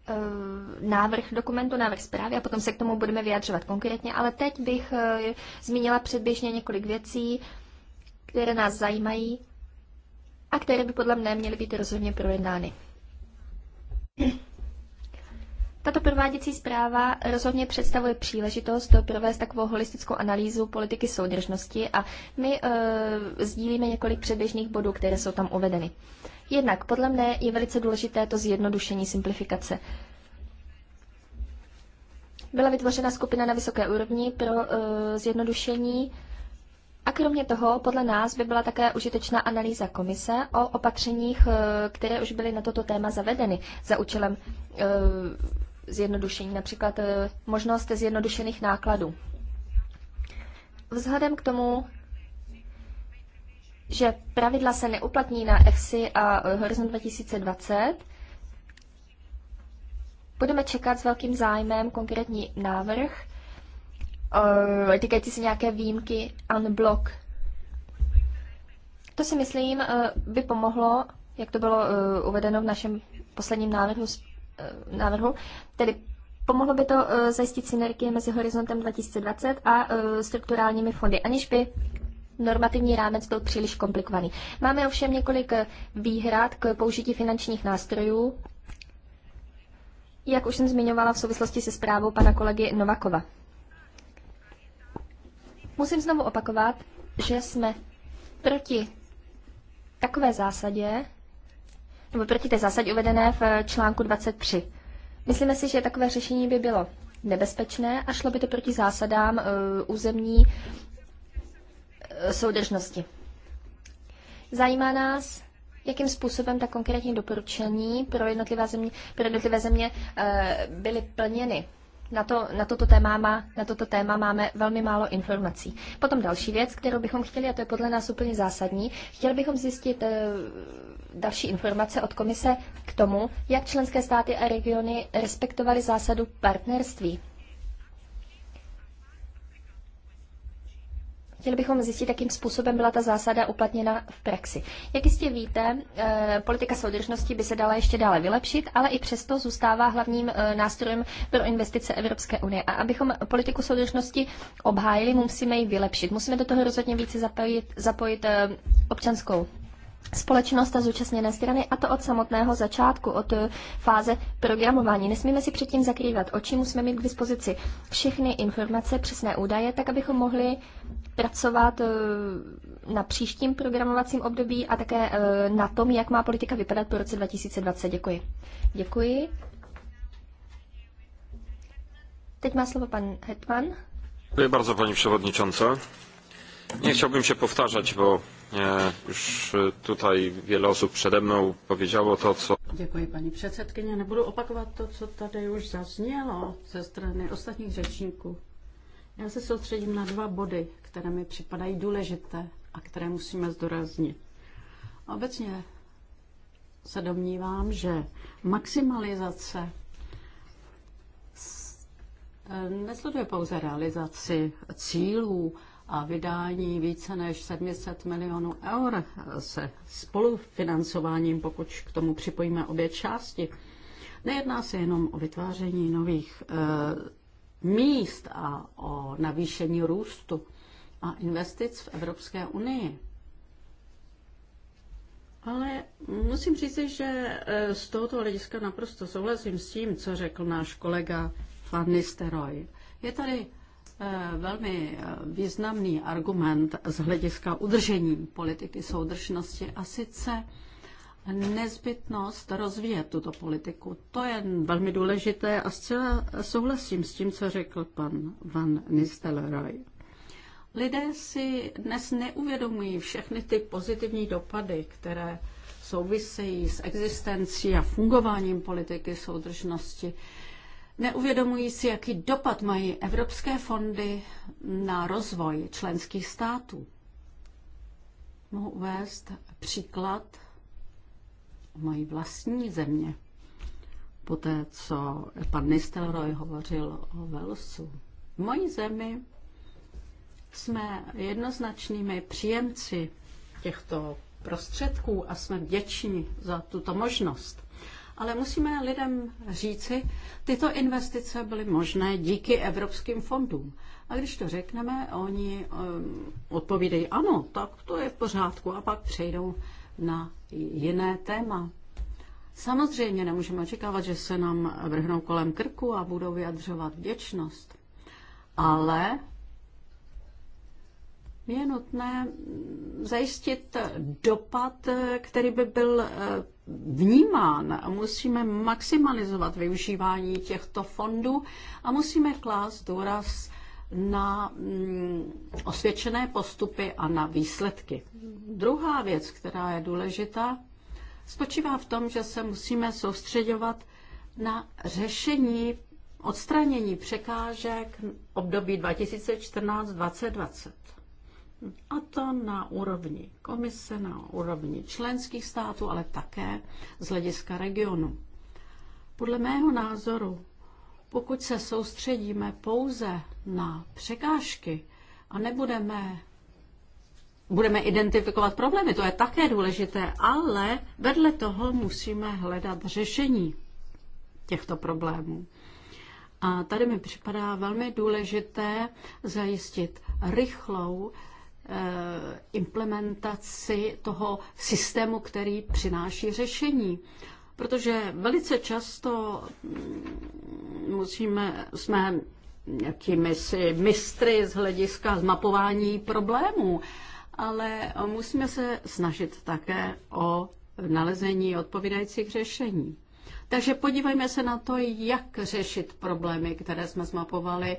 eh, návrh dokumentu, návrh zprávy a potom se k tomu budeme vyjadřovat konkrétně, ale teď bych eh, zmínila předběžně několik věcí, které nás zajímají a které by podle mne měly být rozhodně projednány. Tato prováděcí zpráva rozhodně představuje příležitost provést takovou holistickou analýzu politiky soudržnosti a my e, sdílíme několik předběžných bodů, které jsou tam uvedeny. Jednak podle mne je velice důležité to zjednodušení simplifikace. Byla vytvořena skupina na vysoké úrovni pro e, zjednodušení a kromě toho, podle nás by byla také užitečná analýza komise o opatřeních, eh, které už byly na toto téma zavedeny za účelem zjednodušení, například eh, možnost zjednodušených nákladů. Vzhledem k tomu, že pravidla se neuplatní na EFSI a eh, Horizon 2020, budeme čekat s velkým zájmem konkrétní návrh eh, týkající se nějaké výjimky unblock. To si myslím by pomohlo, jak to bylo uvedeno v našem posledním návrhu Eh, návrhu. Tedy pomohlo by to eh, zajistit synergie mezi horizontem 2020 a eh, strukturálními fondy, aniž by normativní rámec byl příliš komplikovaný. Máme ovšem několik výhrad k použití finančních nástrojů, jak už jsem zmiňovala v souvislosti se zprávou pana kolegy Novakova. Musím znovu opakovat, že jsme proti takové zásadě, nebo proti té zásadě uvedené v eh, článku 23. Myslíme si, že takové řešení by bylo nebezpečné a šlo by to proti zásadám uh, územní uh, soudržnosti. Zajímá nás, jakým způsobem ta konkrétní doporučení pro jednotlivé země, pro jednotlivé země uh, byly plněny na, to, na, toto téma má, na toto téma máme velmi málo informací. Potom další věc, kterou bychom chtěli, a to je podle nás úplně zásadní, chtěli bychom zjistit e, další informace od komise k tomu, jak členské státy a regiony respektovaly zásadu partnerství. Chtěli bychom zjistit, jakým způsobem byla ta zásada uplatněna v praxi. Jak jistě víte, eh, politika soudržnosti by se dala ještě dále vylepšit, ale i přesto zůstává hlavním eh, nástrojem pro investice Evropské unie. A abychom politiku soudržnosti obhájili, musíme ji vylepšit. Musíme do toho rozhodně více zapojit, zapojit eh, občanskou společnost a zúčastněné strany, a to od samotného začátku, od eh, fáze programování. Nesmíme si předtím zakrývat oči, musíme mít k dispozici všechny informace, přesné údaje, tak abychom mohli pracovat eh, na příštím programovacím období a také eh, na tom, jak má politika vypadat po roce 2020. Děkuji. Děkuji. Teď má slovo pan Hetman. Děkuji bardzo, paní przewodnicząca. Nie chciałbym się powtarzać, bo už tutaj wiele osób przede mną powiedziało to, co... Děkuji, paní předsedkyně. Nebudu opakovat to, co tady už zaznělo ze strany ostatních řečníků. Já se soustředím na dva body, které mi připadají důležité a které musíme zdoraznit. Obecně se domnívám, že maximalizace nesleduje pouze realizaci cílů a vydání více než 700 milionů eur se spolufinancováním, pokud k tomu připojíme obě části. Nejedná se jenom o vytváření nových e, míst a o navýšení růstu a investic v Evropské unii. Ale musím říct, že eh, z tohoto hlediska naprosto souhlasím s tím, co řekl náš kolega Van Nisteroy. Je tady Eh, velmi eh, významný argument z hlediska udržení politiky soudržnosti a sice nezbytnost rozvíjet tuto politiku. To je velmi důležité a zcela souhlasím s tím, co řekl pan Van Nistelrooy. Lidé si dnes neuvědomují všechny ty pozitivní dopady, které souvisejí s existencí a fungováním politiky soudržnosti. Neuvědomují si, jaký dopad mají evropské fondy na rozvoj členských států. Mohu uvést příklad mojí vlastní země. Poté, co pan Nistelroj hovořil o Velsu. V mojí zemi jsme jednoznačnými příjemci těchto prostředků a jsme vděční za tuto možnost ale musíme lidem říci, tyto investice byly možné díky evropským fondům. A když to řekneme, oni um, odpovídají ano, tak to je v pořádku a pak přejdou na jiné téma. Samozřejmě nemůžeme očekávat, že se nám vrhnou kolem krku a budou vyjadřovat vděčnost, ale je nutné mm, zajistit dopad, eh, který by byl eh, vnímán. Musíme maximalizovat využívání těchto fondů a musíme klást důraz na mm, osvědčené postupy a na výsledky. Druhá věc, která je důležitá, spočívá v tom, že se musíme soustředovat na řešení odstranění překážek období 2014-2020. A to na úrovni komise, na úrovni členských států, ale také z hlediska regionu. Podle mého názoru, pokud se soustředíme pouze na překážky a nebudeme budeme identifikovat problémy, to je také důležité, ale vedle toho musíme hledat řešení těchto problémů. A tady mi připadá velmi důležité zajistit rychlou Eh, implementaci toho systému, který přináší řešení. Protože velice často mm, musíme, jsme jakými si mistry z hlediska zmapování problémů, ale musíme se snažit také o nalezení odpovídajících řešení. Takže podívejme se na to, jak řešit problémy, které jsme zmapovali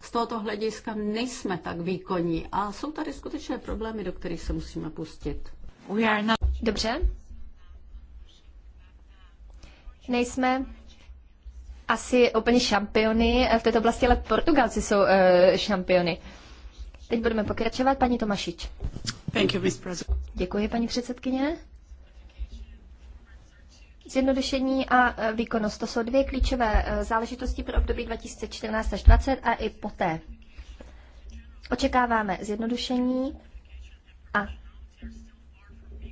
z tohoto hlediska nejsme tak výkonní a jsou tady skutečné problémy, do kterých se musíme pustit. Dobře. Nejsme asi úplně šampiony v této oblasti, ale Portugalci jsou uh, šampiony. Teď budeme pokračovat, paní Tomašič. Děkuji, paní předsedkyně. Zjednodušení a e, výkonnost, to jsou dvě klíčové e, záležitosti pro období 2014 až 2020 a i poté. Očekáváme zjednodušení a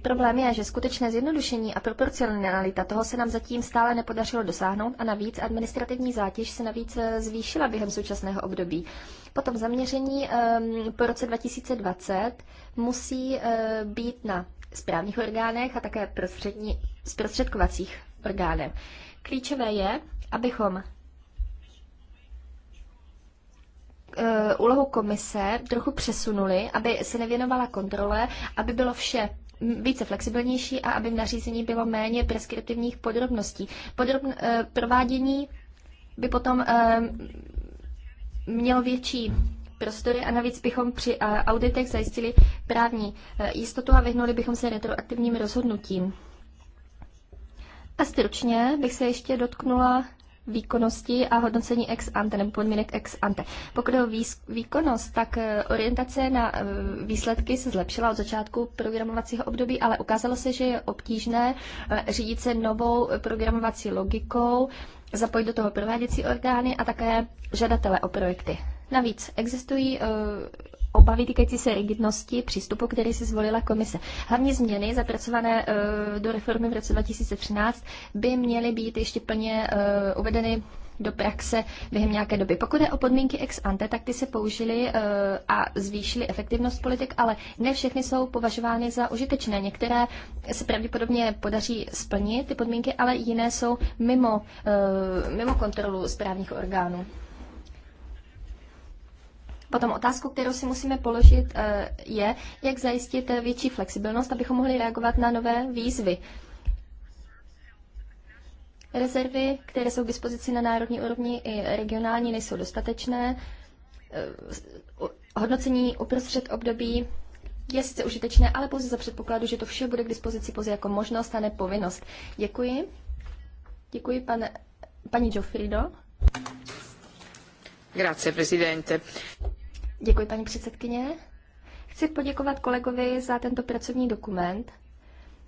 Problém je, že skutečné zjednodušení a proporcionalita toho se nám zatím stále nepodařilo dosáhnout a navíc administrativní zátěž se navíc e, zvýšila během současného období. Potom zaměření ehm, po roce 2020 musí být na správních orgánech a také prostřední, zprostředkovacích orgánů. Klíčové je, abychom e, úlohu komise trochu přesunuli, aby se nevěnovala kontrole, aby bylo vše více flexibilnější a aby v nařízení bylo méně preskriptivních podrobností. Podrobn, eh, provádění by potom eh, mělo větší prostory a navíc bychom při eh, auditech zajistili právní eh, jistotu a vyhnuli bychom se retroaktivním rozhodnutím. A stručně bych se ještě dotknula výkonnosti a hodnocení ex ante nebo podmínek ex ante. Pokud je o výkonnost, tak eh, orientace na eh, výsledky se zlepšila od začátku programovacího období, ale ukázalo se, že je obtížné eh, řídit se novou programovací logikou, zapojit do toho prováděcí orgány a také žadatele o projekty. Navíc existují obavy týkající se rigidnosti přístupu, který si zvolila komise. Hlavní změny zapracované e, do reformy v roce 2013 by měly být ještě plně e, uvedeny do praxe během nějaké doby. Pokud je o podmínky ex ante, tak ty se použily e, a zvýšily efektivnost politik, ale ne všechny jsou považovány za užitečné. Některé se pravděpodobně podaří splnit ty podmínky, ale jiné jsou mimo, mimo kontrolu správních orgánů. Potom otázku, kterou si musíme položit, eh, je, jak zajistit eh, větší flexibilnost, abychom mohli reagovat na nové výzvy. Rezervy, které jsou k dispozici na národní úrovni i regionální, nejsou dostatečné. Eh, hodnocení uprostřed období je sice užitečné, ale pouze za předpokladu, že to vše bude k dispozici pouze jako možnost a ne povinnost. Děkuji. Děkuji, pane, paní Joffrido. Grazie, presidente. Děkuji, paní předsedkyně. Chci poděkovat kolegovi za tento pracovní dokument,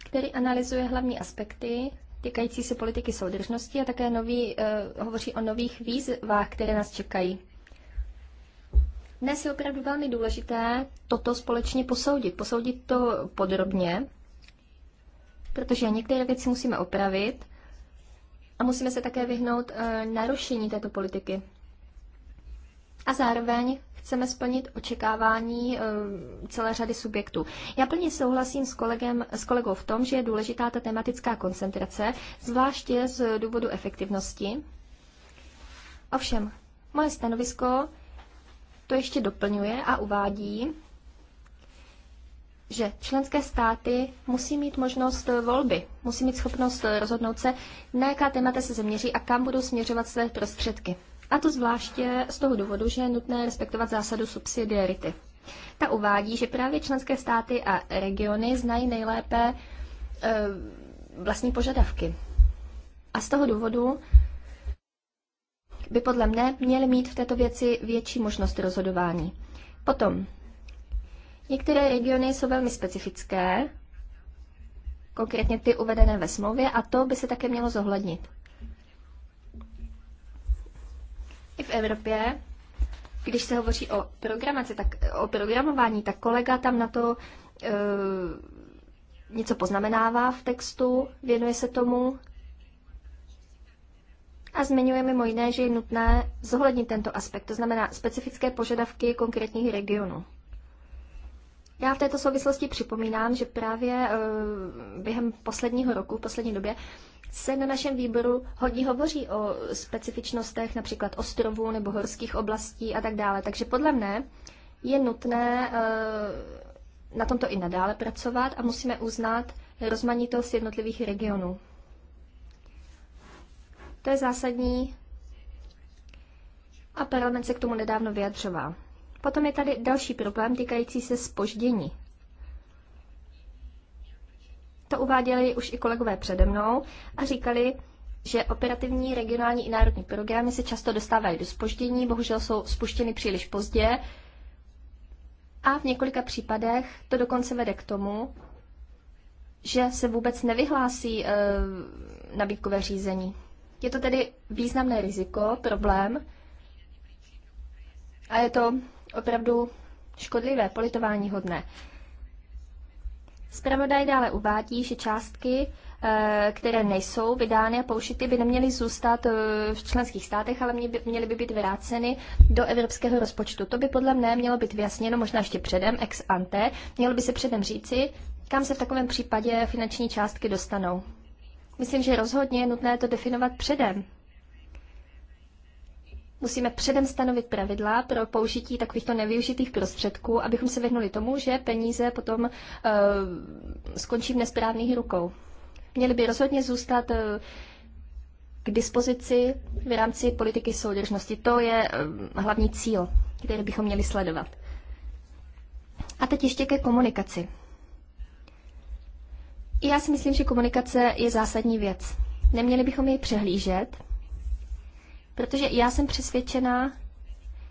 který analyzuje hlavní aspekty týkající se politiky soudržnosti a také nový, uh, hovoří o nových výzvách, které nás čekají. Dnes je opravdu velmi důležité toto společně posoudit. Posoudit to podrobně, protože některé věci musíme opravit a musíme se také vyhnout eh, narušení této politiky. A zároveň chceme splnit očekávání eh, celé řady subjektů. Já plně souhlasím s, kolegem, s kolegou v tom, že je důležitá ta tematická koncentrace, zvláště z důvodu efektivnosti. Ovšem, moje stanovisko to ještě doplňuje a uvádí, že členské státy musí mít možnost volby, musí mít schopnost rozhodnout se, na jaká témata se zaměří a kam budou směřovat své prostředky. A to zvláště z toho důvodu, že je nutné respektovat zásadu subsidiarity. Ta uvádí, že právě členské státy a regiony znají nejlépe e, vlastní požadavky. A z toho důvodu by podle mne měly mít v této věci větší možnost rozhodování. Potom, některé regiony jsou velmi specifické, konkrétně ty uvedené ve smlouvě, a to by se také mělo zohlednit. i v Evropě, když se hovoří o programaci, tak o programování, tak kolega tam na to e, něco poznamenává v textu, věnuje se tomu a zmiňuje mimo jiné, že je nutné zohlednit tento aspekt, to znamená specifické požadavky konkrétních regionů. Já v této souvislosti připomínám, že právě e, během posledního roku, poslední době, se na našem výboru hodně hovoří o specifičnostech například ostrovů nebo horských oblastí a tak dále. Takže podle mne je nutné eh, na tomto i nadále pracovat a musíme uznat rozmanitost jednotlivých regionů. To je zásadní a parlament se k tomu nedávno vyjadřoval. Potom je tady další problém týkající se spoždění to uváděli už i kolegové přede mnou a říkali, že operativní, regionální i národní programy se často dostávají do spoždění, bohužel jsou spuštěny příliš pozdě a v několika případech to dokonce vede k tomu, že se vůbec nevyhlásí e, nabídkové řízení. Je to tedy významné riziko, problém a je to opravdu škodlivé, politování hodné. Spravodaj dále uvádí, že částky, eh, které nejsou vydány a použity, by neměly zůstat eh, v členských státech, ale měly by být vráceny do evropského rozpočtu. To by podle mne mělo být vyjasněno možná ještě předem, ex ante. Mělo by se předem říci, kam se v takovém případě finanční částky dostanou. Myslím, že rozhodně je nutné to definovat předem. Musíme předem stanovit pravidla pro použití takovýchto nevyužitých prostředků, abychom se vyhnuli tomu, že peníze potom uh, skončí v nesprávných rukou. Měly by rozhodně zůstat uh, k dispozici v rámci politiky soudržnosti. To je uh, hlavní cíl, který bychom měli sledovat. A teď ještě ke komunikaci. Já si myslím, že komunikace je zásadní věc. Neměli bychom ji přehlížet, Protože já jsem přesvědčená,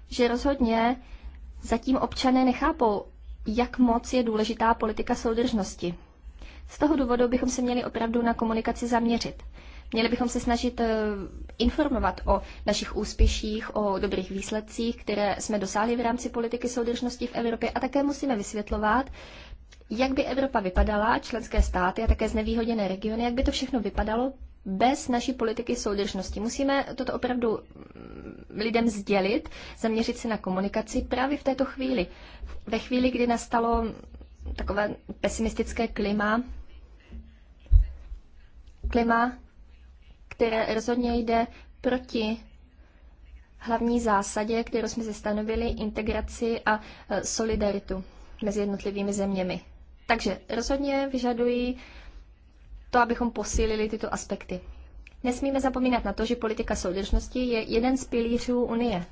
že rozhodně zatím občané nechápou, jak moc je důležitá politika soudržnosti. Z toho důvodu bychom se měli opravdu na komunikaci zaměřit. Měli bychom se snažit eh, informovat o našich úspěších, o dobrých výsledcích, které jsme dosáhli v rámci politiky soudržnosti v Evropě a také musíme vysvětlovat, jak by Evropa vypadala, členské státy a také znevýhodněné regiony, jak by to všechno vypadalo, bez naší politiky soudržnosti. Musíme toto opravdu lidem sdělit, zaměřit se na komunikaci právě v této chvíli. Ve chvíli, kdy nastalo takové pesimistické klima, klima, které rozhodně jde proti hlavní zásadě, kterou jsme se stanovili, integraci a e, solidaritu mezi jednotlivými zeměmi. Takže rozhodně vyžadují to, abychom posílili tyto aspekty. Nesmíme zapomínat na to, že politika soudržnosti je jeden z pilířů Unie.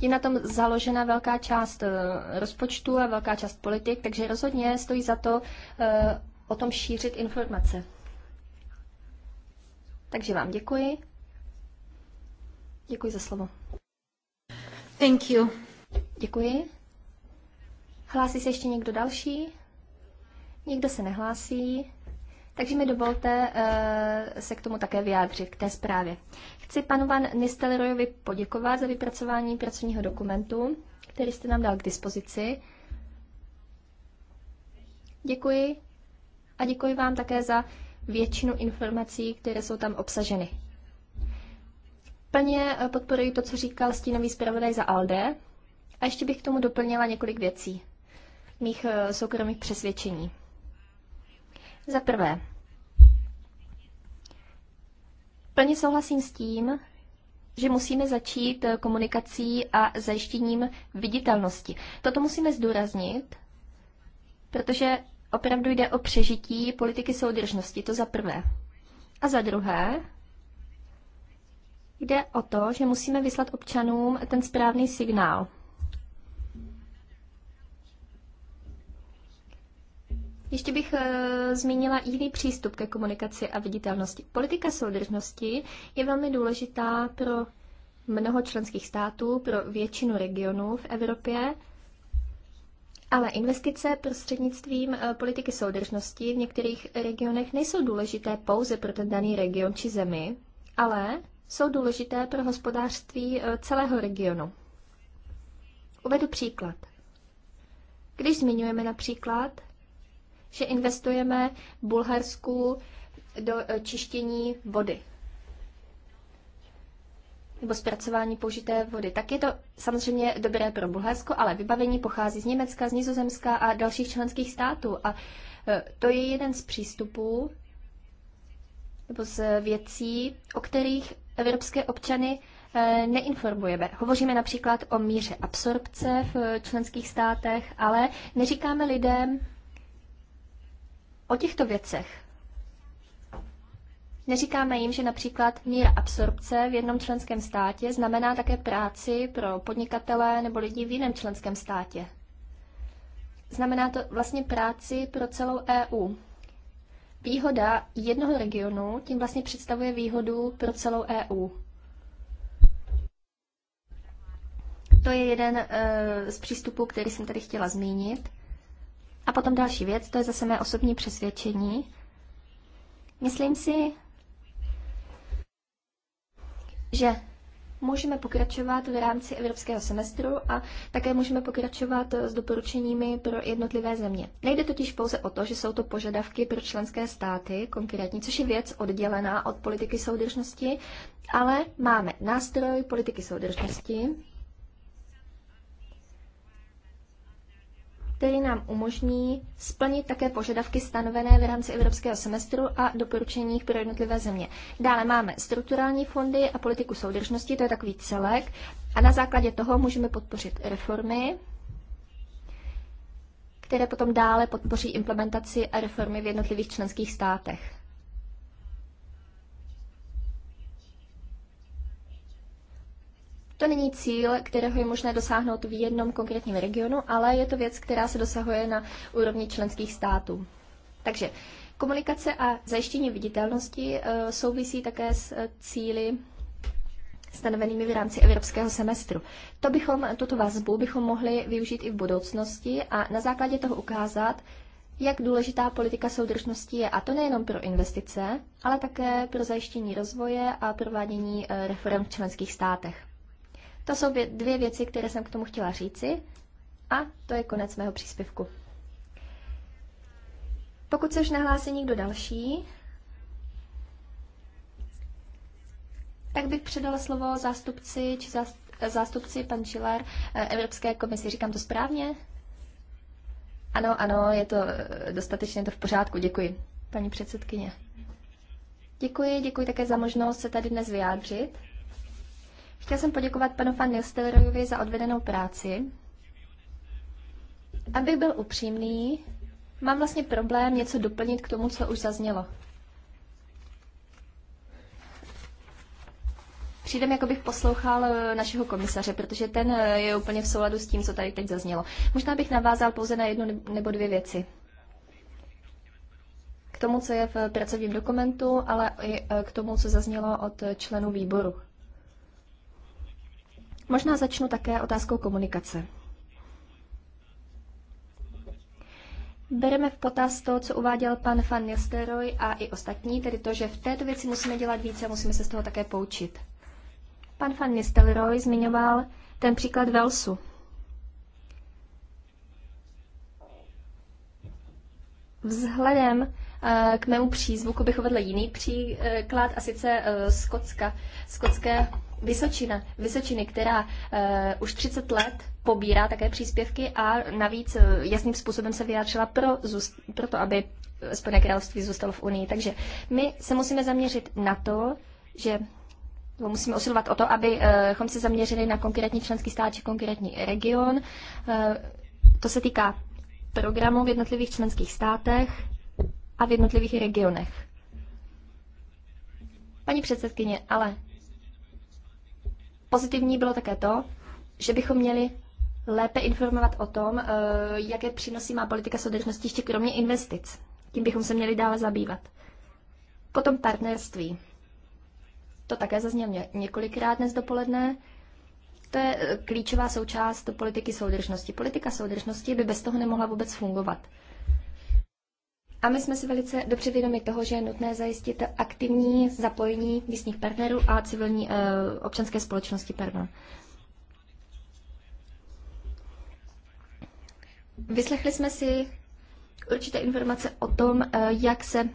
Je na tom založena velká část eh, rozpočtu a velká část politik, takže rozhodně stojí za to eh, o tom šířit informace. Takže vám děkuji. Děkuji za slovo. Thank you. Děkuji. Hlásí se ještě někdo další? Nikdo se nehlásí, takže mi dovolte uh, se k tomu také vyjádřit, k té zprávě. Chci panu Van Nistelrojovi poděkovat za vypracování pracovního dokumentu, který jste nám dal k dispozici. Děkuji a děkuji vám také za většinu informací, které jsou tam obsaženy. Plně eh, podporuji to, co říkal stínový zpravodaj za ALDE a ještě bych k tomu doplnila několik věcí mých eh, soukromých přesvědčení. Za prvé, plně souhlasím s tím, že musíme začít eh, komunikací a zajištěním viditelnosti. Toto musíme zdůraznit, protože opravdu jde o přežití politiky soudržnosti, to za prvé. A za druhé, jde o to, že musíme vyslat občanům ten správný signál. Ještě bych eh, zmínila jiný přístup ke komunikaci a viditelnosti. Politika soudržnosti je velmi důležitá pro mnoho členských států, pro většinu regionů v Evropě, ale investice prostřednictvím eh, politiky soudržnosti v některých regionech nejsou důležité pouze pro ten daný region či zemi, ale jsou důležité pro hospodářství eh, celého regionu. Uvedu příklad. Když zmiňujeme například že investujeme v Bulharsku do eh, čištění vody nebo zpracování použité vody. Tak je to samozřejmě dobré pro Bulharsko, ale vybavení pochází z Německa, z Nizozemska a dalších členských států. A eh, to je jeden z přístupů nebo z věcí, o kterých evropské občany eh, neinformujeme. Hovoříme například o míře absorpce v členských státech, ale neříkáme lidem, o těchto věcech. Neříkáme jim, že například míra absorpce v jednom členském státě znamená také práci pro podnikatele nebo lidi v jiném členském státě. Znamená to vlastně práci pro celou EU. Výhoda jednoho regionu tím vlastně představuje výhodu pro celou EU. To je jeden eh, z přístupů, který jsem tady chtěla zmínit. A potom další věc, to je zase mé osobní přesvědčení. Myslím si, že můžeme pokračovat v rámci evropského semestru a také můžeme pokračovat s doporučeními pro jednotlivé země. Nejde totiž pouze o to, že jsou to požadavky pro členské státy konkrétní, což je věc oddělená od politiky soudržnosti, ale máme nástroj politiky soudržnosti, který nám umožní splnit také požadavky stanovené v rámci evropského semestru a doporučeních pro jednotlivé země. Dále máme strukturální fondy a politiku soudržnosti, to je takový celek, a na základě toho můžeme podpořit reformy, které potom dále podpoří implementaci a reformy v jednotlivých členských státech. To není cíl, kterého je možné dosáhnout v jednom konkrétním regionu, ale je to věc, která se dosahuje na úrovni členských států. Takže komunikace a zajištění viditelnosti eh, souvisí také s eh, cíly stanovenými v rámci evropského semestru. To bychom, tuto vazbu bychom mohli využít i v budoucnosti a na základě toho ukázat, jak důležitá politika soudržnosti je, a to nejenom pro investice, ale také pro zajištění rozvoje a provádění eh, reform v členských státech. To jsou dvě věci, které jsem k tomu chtěla říci a to je konec mého příspěvku. Pokud se už nahlásí někdo další, tak bych předala slovo zástupci či zástupci pan Čilar eh, Evropské komisi. Říkám to správně? Ano, ano, je to eh, dostatečně to v pořádku. Děkuji, paní předsedkyně. Děkuji, děkuji také za možnost se tady dnes vyjádřit. Chtěl jsem poděkovat panu Van Nistelrooyovi za odvedenou práci. Abych byl upřímný, mám vlastně problém něco doplnit k tomu, co už zaznělo. Přijdem, jako bych poslouchal eh, našeho komisaře, protože ten eh, je úplně v souladu s tím, co tady teď zaznělo. Možná bych navázal pouze na jednu nebo dvě věci. K tomu, co je v pracovním dokumentu, ale i eh, k tomu, co zaznělo od členů výboru. Možná začnu také otázkou komunikace. Bereme v potaz to, co uváděl pan Van Nistelrooy a i ostatní, tedy to, že v této věci musíme dělat více, musíme se z toho také poučit. Pan Van Nistelrooy zmiňoval ten příklad Velsu. Vzhledem k mému přízvuku bych uvedla jiný příklad, a sice e, Skotska, skotské Vysočina, Vysočiny, která e, už 30 let pobírá také příspěvky a navíc e, jasným způsobem se vyjádřila pro, pro to, aby Spojené království zůstalo v Unii. Takže my se musíme zaměřit na to, že musíme usilovat o to, abychom se zaměřili na konkrétní členský stát či konkrétní region. To se týká programů v jednotlivých členských státech, a v jednotlivých regionech. Paní předsedkyně, ale pozitivní bylo také to, že bychom měli lépe informovat o tom, eh, jaké přínosy má politika soudržnosti ještě kromě investic. Tím bychom se měli dále zabývat. Potom partnerství. To také zaznělo několikrát dnes dopoledne. To je eh, klíčová součást politiky soudržnosti. Politika soudržnosti by bez toho nemohla vůbec fungovat. A my jsme si velice dobře vědomi toho, že je nutné zajistit aktivní zapojení místních partnerů a civilní e, občanské společnosti. Pardon. Vyslechli jsme si určité informace o tom, eh, jak se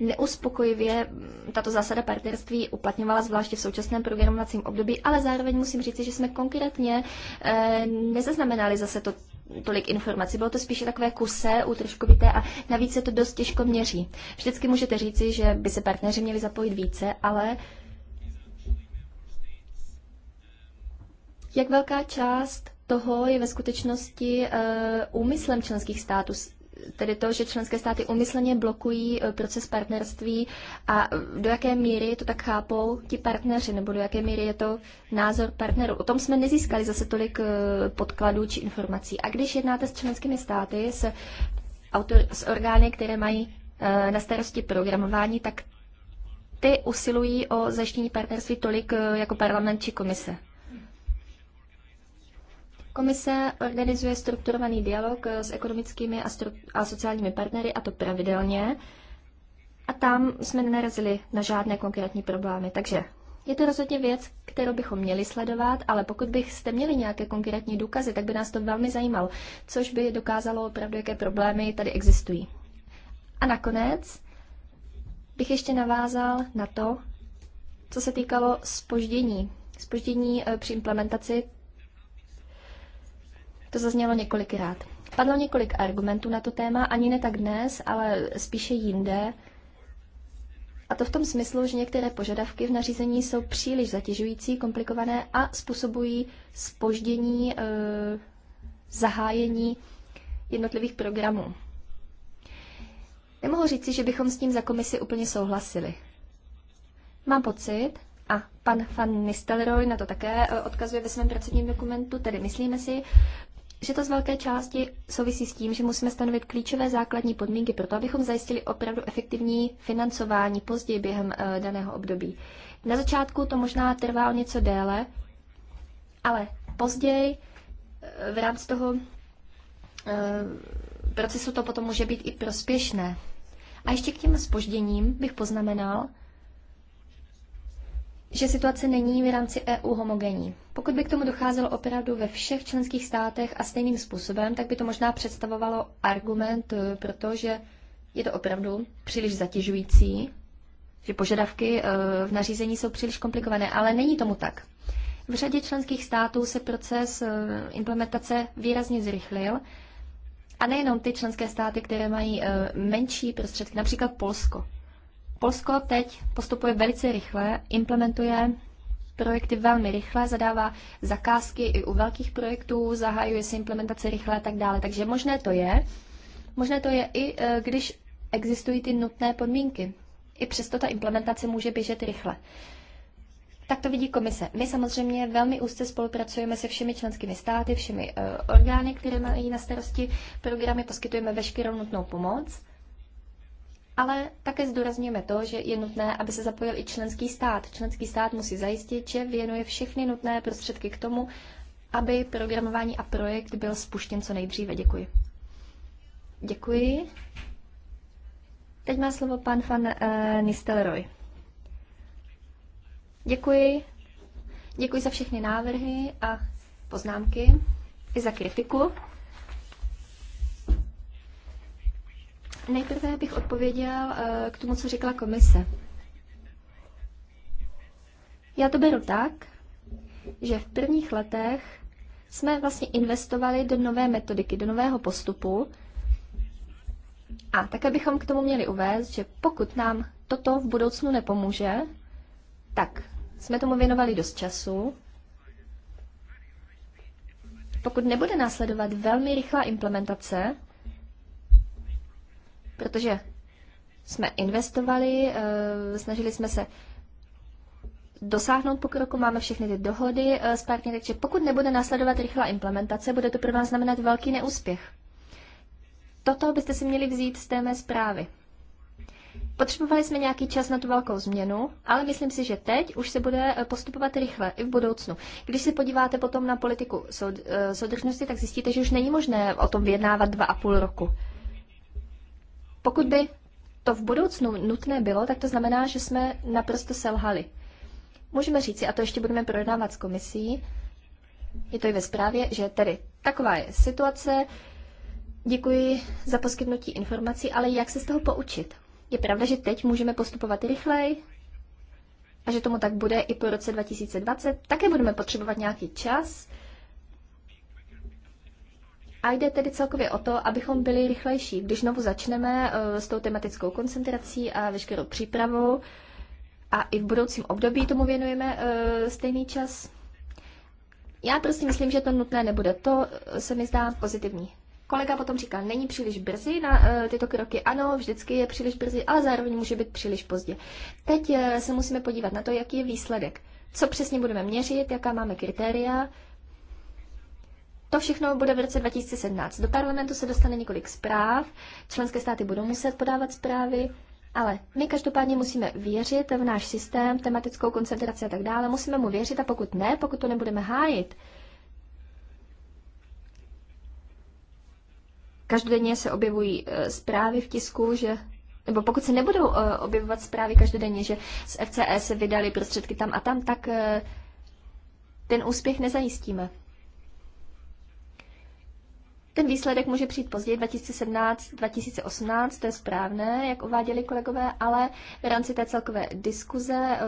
neuspokojivě tato zásada partnerství uplatňovala zvláště v současném programovacím období, ale zároveň musím říct, že jsme konkrétně eh, nezaznamenali zase to tolik informací. Bylo to spíše takové kuse, útržkovité a navíc se to dost těžko měří. Vždycky můžete říci, že by se partneři měli zapojit více, ale jak velká část toho je ve skutečnosti uh, úmyslem členských států? tedy to, že členské státy umyslně blokují eh, proces partnerství a do jaké míry to tak chápou ti partneři, nebo do jaké míry je to názor partnerů. O tom jsme nezískali zase tolik eh, podkladů či informací. A když jednáte s členskými státy, s, autor, s orgány, které mají eh, na starosti programování, tak ty usilují o zajištění partnerství tolik jako parlament či komise. Komise organizuje strukturovaný dialog eh, s ekonomickými a, a sociálními partnery, a to pravidelně. A tam jsme nenarazili na žádné konkrétní problémy. Takže je to rozhodně věc, kterou bychom měli sledovat, ale pokud byste měli nějaké konkrétní důkazy, tak by nás to velmi zajímalo, což by dokázalo opravdu, jaké problémy tady existují. A nakonec bych ještě navázal na to, co se týkalo spoždění. Spoždění eh, při implementaci to zaznělo několikrát. Padlo několik argumentů na to téma, ani ne tak dnes, ale spíše jinde. A to v tom smyslu, že některé požadavky v nařízení jsou příliš zatěžující, komplikované a způsobují spoždění e, zahájení jednotlivých programů. Nemohu říci, že bychom s tím za komisi úplně souhlasili. Mám pocit, a pan Van Nistelrooy na to také e, odkazuje ve svém pracovním dokumentu, tedy myslíme si, že to z velké části souvisí s tím, že musíme stanovit klíčové základní podmínky pro to, abychom zajistili opravdu efektivní financování později během eh, daného období. Na začátku to možná trvá o něco déle, ale později eh, v rámci toho eh, procesu to potom může být i prospěšné. A ještě k těm spožděním bych poznamenal, že situace není v rámci EU homogenní. Pokud by k tomu docházelo opravdu ve všech členských státech a stejným způsobem, tak by to možná představovalo argument, eh, protože je to opravdu příliš zatěžující, že požadavky eh, v nařízení jsou příliš komplikované, ale není tomu tak. V řadě členských států se proces eh, implementace výrazně zrychlil a nejenom ty členské státy, které mají menší prostředky, například Polsko. Polsko teď postupuje velice rychle, implementuje projekty velmi rychle, zadává zakázky i u velkých projektů, zahajuje se implementace rychle a tak dále. Takže možné to je. Možné to je i, eh, když existují ty nutné podmínky. I přesto ta implementace může běžet rychle. Tak to vidí komise. My samozřejmě velmi úzce spolupracujeme se všemi členskými státy, všemi eh, orgány, které mají na starosti programy, poskytujeme veškerou nutnou pomoc ale také zdůrazněme to, že je nutné, aby se zapojil i členský stát. Členský stát musí zajistit, že věnuje všechny nutné prostředky k tomu, aby programování a projekt byl spuštěn co nejdříve. Děkuji. Děkuji. Teď má slovo pan van uh, Nistelrooy. Děkuji. Děkuji za všechny návrhy a poznámky i za kritiku. Nejprve bych odpověděl eh, k tomu, co říkala komise. Já to beru tak, že v prvních letech jsme vlastně investovali do nové metodiky, do nového postupu. A také bychom k tomu měli uvést, že pokud nám toto v budoucnu nepomůže, tak jsme tomu věnovali dost času. Pokud nebude následovat velmi rychlá implementace, protože jsme investovali, eh, snažili jsme se dosáhnout pokroku, máme všechny ty dohody eh, s partnery, takže pokud nebude následovat rychlá implementace, bude to pro vás znamenat velký neúspěch. Toto byste si měli vzít z té mé zprávy. Potřebovali jsme nějaký čas na tu velkou změnu, ale myslím si, že teď už se bude eh, postupovat rychle i v budoucnu. Když se podíváte potom na politiku soudržnosti, tak zjistíte, že už není možné o tom vyjednávat dva a půl roku. Pokud by to v budoucnu nutné bylo, tak to znamená, že jsme naprosto selhali. Můžeme říci, a to ještě budeme projednávat s komisí, je to i ve zprávě, že tedy taková je situace, děkuji za poskytnutí informací, ale jak se z toho poučit? Je pravda, že teď můžeme postupovat rychleji a že tomu tak bude i po roce 2020. Také budeme potřebovat nějaký čas, a jde tedy celkově o to, abychom byli rychlejší. Když znovu začneme eh, s tou tematickou koncentrací a veškerou přípravou a i v budoucím období tomu věnujeme eh, stejný čas, já prostě myslím, že to nutné nebude. To eh, se mi zdá pozitivní. Kolega potom říká, není příliš brzy na uh, tyto kroky. Ano, vždycky je příliš brzy, ale zároveň může být příliš pozdě. Teď uh, se musíme podívat na to, jaký je výsledek. Co přesně budeme měřit, jaká máme kritéria, to všechno bude v roce 2017. Do parlamentu se dostane několik zpráv, členské státy budou muset podávat zprávy, ale my každopádně musíme věřit v náš systém, tematickou koncentraci a tak dále. Musíme mu věřit a pokud ne, pokud to nebudeme hájit, Každodenně se objevují e, zprávy v tisku, že nebo pokud se nebudou e, objevovat zprávy každodenně, že z FCE se vydali prostředky tam a tam, tak e, ten úspěch nezajistíme. Ten výsledek může přijít později, 2017, 2018, to je správné, jak uváděli kolegové, ale v rámci té celkové diskuze, eh,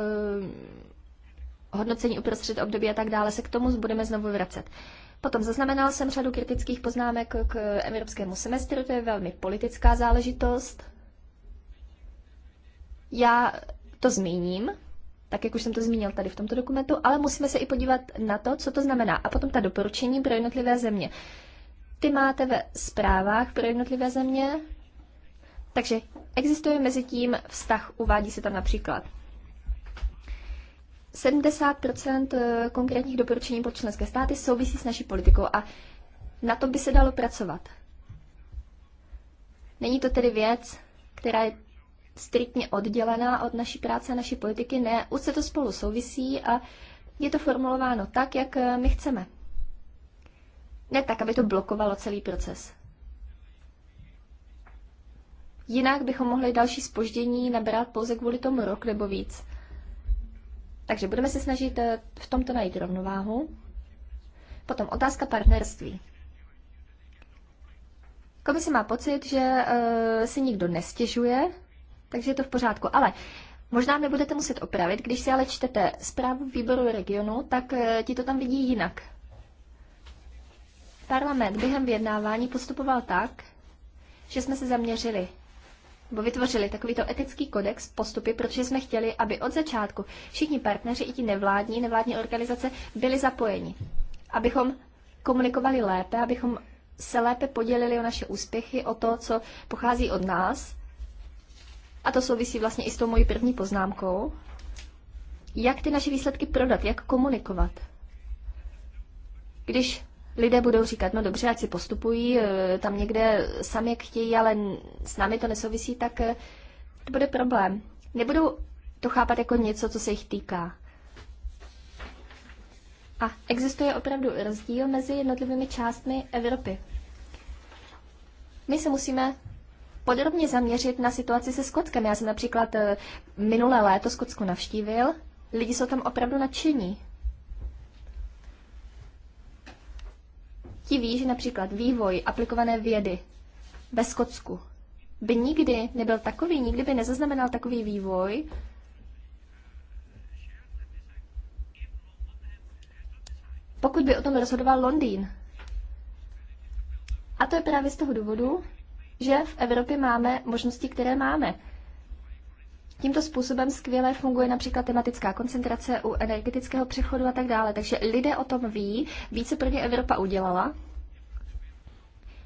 hodnocení uprostřed období a tak dále, se k tomu budeme znovu vracet. Potom zaznamenal jsem řadu kritických poznámek k evropskému semestru, to je velmi politická záležitost. Já to zmíním, tak jak už jsem to zmínil tady v tomto dokumentu, ale musíme se i podívat na to, co to znamená. A potom ta doporučení pro jednotlivé země. Ty máte ve zprávách pro jednotlivé země. Takže existuje mezi tím vztah, uvádí se tam například 70 eh, konkrétních doporučení pro členské státy souvisí s naší politikou a na to by se dalo pracovat. Není to tedy věc, která je striktně oddělená od naší práce a naší politiky, ne, už se to spolu souvisí a je to formulováno tak, jak eh, my chceme. Ne tak, aby to blokovalo celý proces. Jinak bychom mohli další spoždění nabrat pouze kvůli tomu rok nebo víc. Takže budeme se snažit eh, v tomto najít rovnováhu. Potom otázka partnerství. Komise má pocit, že e, si nikdo nestěžuje, takže je to v pořádku. Ale možná mě budete muset opravit, když si ale čtete zprávu výboru regionu, tak e, ti to tam vidí jinak. Parlament během vyjednávání postupoval tak, že jsme se zaměřili nebo vytvořili takovýto etický kodex postupy, protože jsme chtěli, aby od začátku všichni partneři, i ti nevládní, nevládní organizace byli zapojeni. Abychom komunikovali lépe, abychom se lépe podělili o naše úspěchy, o to, co pochází od nás. A to souvisí vlastně i s tou mojí první poznámkou. Jak ty naše výsledky prodat, jak komunikovat. Když lidé budou říkat, no dobře, ať si postupují eh, tam někde sami, jak chtějí, ale s námi to nesouvisí, tak eh, to bude problém. Nebudou to chápat jako něco, co se jich týká. A existuje opravdu rozdíl mezi jednotlivými částmi Evropy. My se musíme podrobně zaměřit na situaci se Skotskem. Já jsem například eh, minulé léto Skotsku navštívil. Lidi jsou tam opravdu nadšení. Ti ví, že například vývoj aplikované vědy ve Skotsku by nikdy nebyl takový, nikdy by nezaznamenal takový vývoj, pokud by o tom rozhodoval Londýn. A to je právě z toho důvodu, že v Evropě máme možnosti, které máme. Tímto způsobem skvěle funguje například tematická koncentrace u energetického přechodu a tak dále. Takže lidé o tom ví, ví, co pro ně Evropa udělala.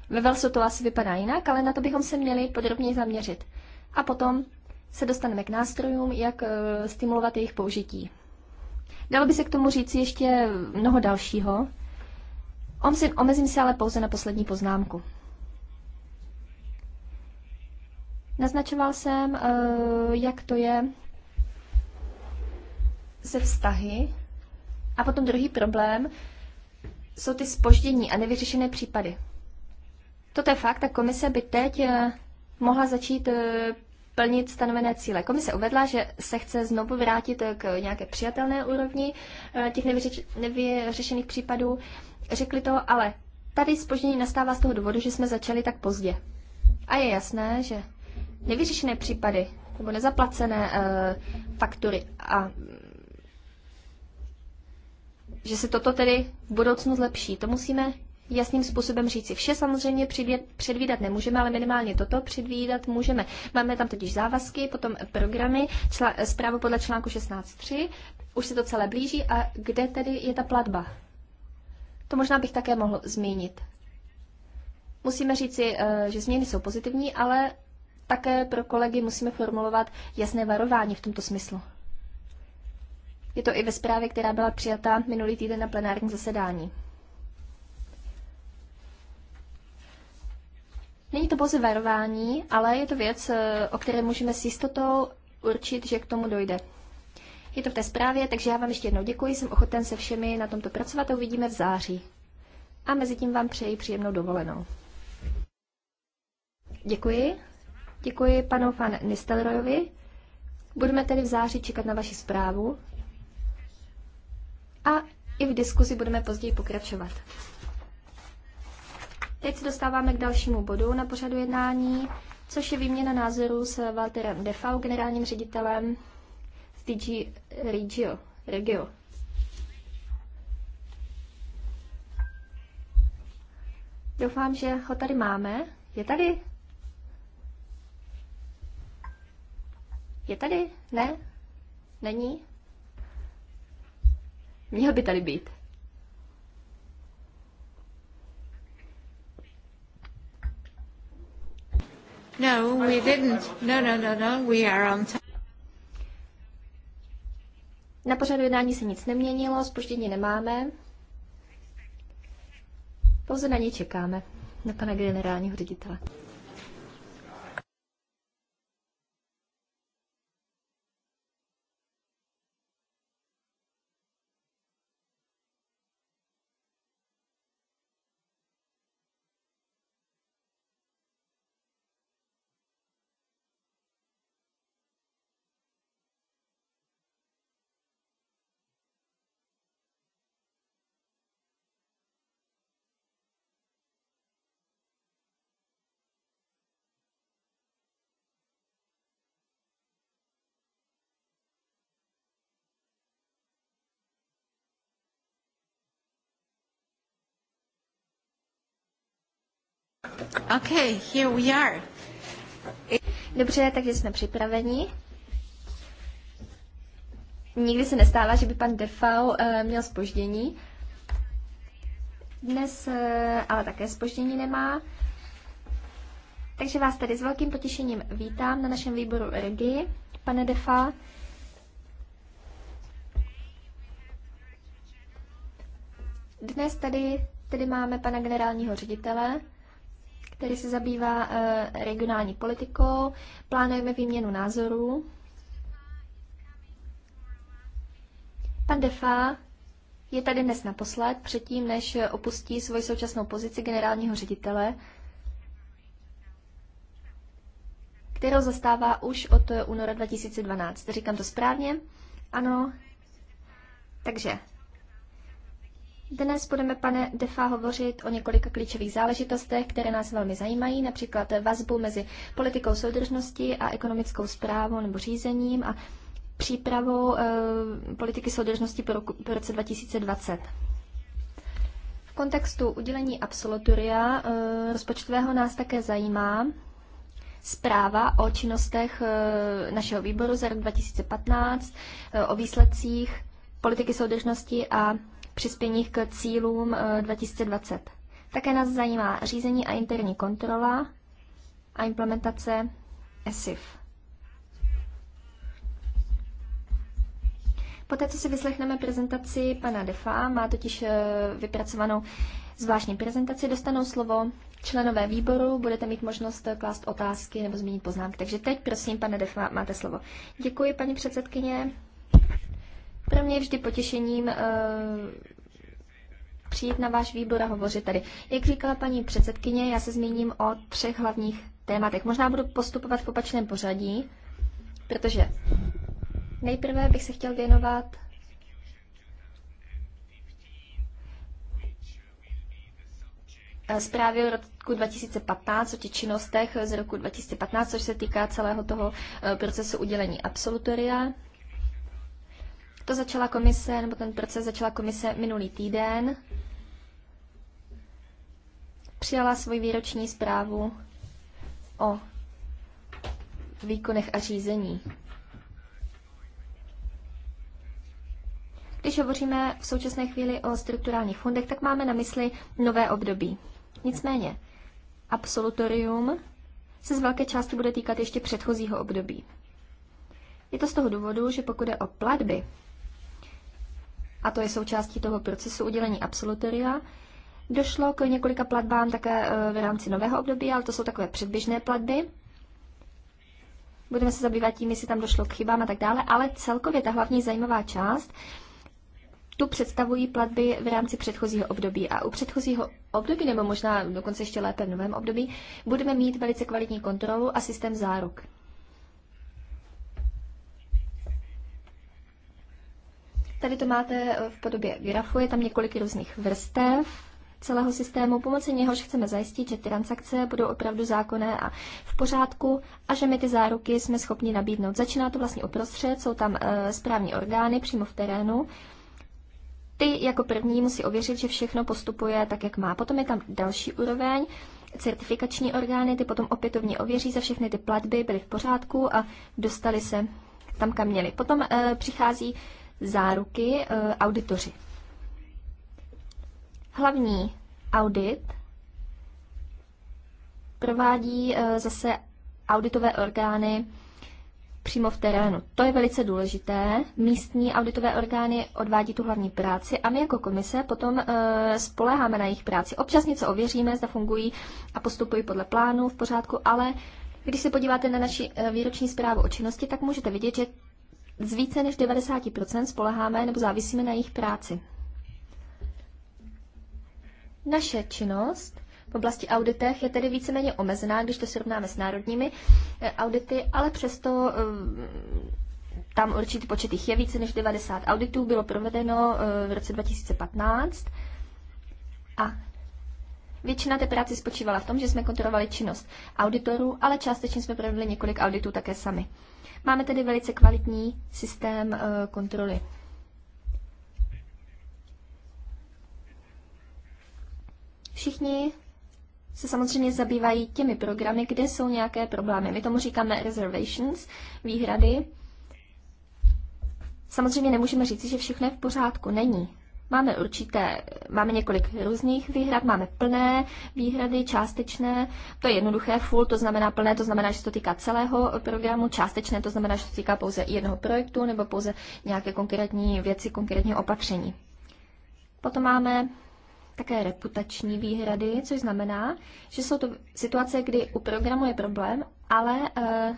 Ve Velsu to asi vypadá jinak, ale na to bychom se měli podrobněji zaměřit. A potom se dostaneme k nástrojům, jak eh, stimulovat jejich použití. Dalo by se k tomu říct ještě mnoho dalšího. Omezím se ale pouze na poslední poznámku. Naznačoval jsem, eh, jak to je se vztahy. A potom druhý problém jsou ty spoždění a nevyřešené případy. Toto je fakt a komise by teď eh, mohla začít eh, plnit stanovené cíle. Komise uvedla, že se chce znovu vrátit k nějaké přijatelné úrovni těch nevyřešených případů. Řekli to, ale tady spoždění nastává z toho důvodu, že jsme začali tak pozdě. A je jasné, že nevyřešené případy nebo nezaplacené uh, faktury a že se toto tedy v budoucnu zlepší. To musíme jasným způsobem říci. Vše samozřejmě předvídat, nemůžeme, ale minimálně toto předvídat můžeme. Máme tam totiž závazky, potom programy, čla, zprávu podle článku 16.3, už se to celé blíží a kde tedy je ta platba? To možná bych také mohl zmínit. Musíme říci, eh, že změny jsou pozitivní, ale také pro kolegy musíme formulovat jasné varování v tomto smyslu. Je to i ve zprávě, která byla přijata minulý týden na plenárním zasedání. Není to pouze varování, ale je to věc, eh, o které můžeme s jistotou určit, že k tomu dojde. Je to v té zprávě, takže já vám ještě jednou děkuji, jsem ochoten se všemi na tomto pracovat a uvidíme v září. A mezi tím vám přeji příjemnou dovolenou. Děkuji. Děkuji panu fan Nistelrojovi. Budeme tedy v září čekat na vaši zprávu a i v diskuzi budeme později pokračovat. Teď se dostáváme k dalšímu bodu na pořadu jednání, což je výměna názorů s Walterem Defau, generálním ředitelem z DG Regio. Regio. Doufám, že ho tady máme. Je tady? Je tady? Ne? Není? Měl by tady být. No, we didn't. No, no, no, no, we are on time. Na pořadu jednání se nic neměnilo, Zpoždění nemáme. Pouze na ně čekáme, na pana generálního ředitele. Okay, here we are. Dobře, takže jsme připraveni. Nikdy se nestála, že by pan Defau uh, měl spoždění. Dnes uh, ale také spoždění nemá. Takže vás tady s velkým potěšením vítám na našem výboru Regi, pane Defa. Dnes tady, tady máme pana generálního ředitele který se zabývá eh, regionální politikou. Plánujeme výměnu názorů. Pan Defa je tady dnes naposled, předtím, než opustí svoji současnou pozici generálního ředitele, kterou zastává už od února 2012. Říkám to správně? Ano. Takže dnes budeme, pane Defa, hovořit o několika klíčových záležitostech, které nás velmi zajímají, například vazbu mezi politikou soudržnosti a ekonomickou zprávou nebo řízením a přípravou e, politiky soudržnosti pro roku, pro roce 2020. V kontextu udělení absolutoria e, rozpočtového nás také zajímá zpráva o činnostech e, našeho výboru za rok 2015, e, o výsledcích politiky soudržnosti a přispěních k cílům 2020. Eh, Také nás zajímá řízení a interní kontrola a implementace ESIF. Poté, co si vyslechneme prezentaci pana Defa, má totiž eh, vypracovanou zvláštní prezentaci, dostanou slovo členové výboru, budete mít možnost eh, klást otázky nebo zmínit poznámky. Takže teď prosím, pane Defa, máte slovo. Děkuji, paní předsedkyně. Pro mě je vždy potěšením uh, přijít na váš výbor a hovořit tady. Jak říkala paní předsedkyně, já se zmíním o třech hlavních tématech. Možná budu postupovat v opačném pořadí, protože nejprve bych se chtěl věnovat zprávy roku 2015 o těch činnostech z roku 2015, což se týká celého toho eh, procesu udělení absolutoria. To začala komise, nebo ten proces začala komise minulý týden. Přijala svoji výroční zprávu o výkonech a řízení. Když hovoříme v současné chvíli o strukturálních fondech, tak máme na mysli nové období. Nicméně, absolutorium se z velké části bude týkat ještě předchozího období. Je to z toho důvodu, že pokud je o platby, a to je součástí toho procesu udělení absolutoria. Došlo k několika platbám také e, v rámci nového období, ale to jsou takové předběžné platby. Budeme se zabývat tím, jestli tam došlo k chybám a tak dále, ale celkově ta hlavní zajímavá část, tu představují platby v rámci předchozího období. A u předchozího období, nebo možná dokonce ještě lépe v novém období, budeme mít velice kvalitní kontrolu a systém záruk. Tady to máte eh, v podobě grafu, je tam několik různých vrstev celého systému. Pomocí něhož chceme zajistit, že ty transakce budou opravdu zákonné a v pořádku a že my ty záruky jsme schopni nabídnout. Začíná to vlastně uprostřed, jsou tam e, správní orgány přímo v terénu. Ty jako první musí ověřit, že všechno postupuje tak, jak má. Potom je tam další úroveň, certifikační orgány, ty potom opětovně ověří, za všechny ty platby byly v pořádku a dostali se tam, kam měli. Potom e, přichází záruky eh, auditoři. Hlavní audit provádí eh, zase auditové orgány přímo v terénu. To je velice důležité. Místní auditové orgány odvádí tu hlavní práci a my jako komise potom e, spoléháme na jejich práci. Občas něco ověříme, zda fungují a postupují podle plánu v pořádku, ale když se podíváte na naši výroční zprávu o činnosti, tak můžete vidět, že z více než 90% spoleháme nebo závisíme na jejich práci. Naše činnost v oblasti auditech je tedy víceméně omezená, když to srovnáme s národními eh, audity, ale přesto eh, tam určitý počet jich je, více než 90 auditů bylo provedeno eh, v roce 2015 a Většina té práce spočívala v tom, že jsme kontrolovali činnost auditorů, ale částečně jsme provedli několik auditů také sami. Máme tedy velice kvalitní systém eh, kontroly. Všichni se samozřejmě zabývají těmi programy, kde jsou nějaké problémy. My tomu říkáme reservations, výhrady. Samozřejmě nemůžeme říct, že všechno je v pořádku. Není. Máme určité, máme několik různých výhrad, máme plné výhrady, částečné, to je jednoduché, full, to znamená plné, to znamená, že se to týká celého programu, částečné, to znamená, že se to týká pouze jednoho projektu nebo pouze nějaké konkrétní věci, konkrétní opatření. Potom máme také reputační výhrady, což znamená, že jsou to situace, kdy u programu je problém, ale eh,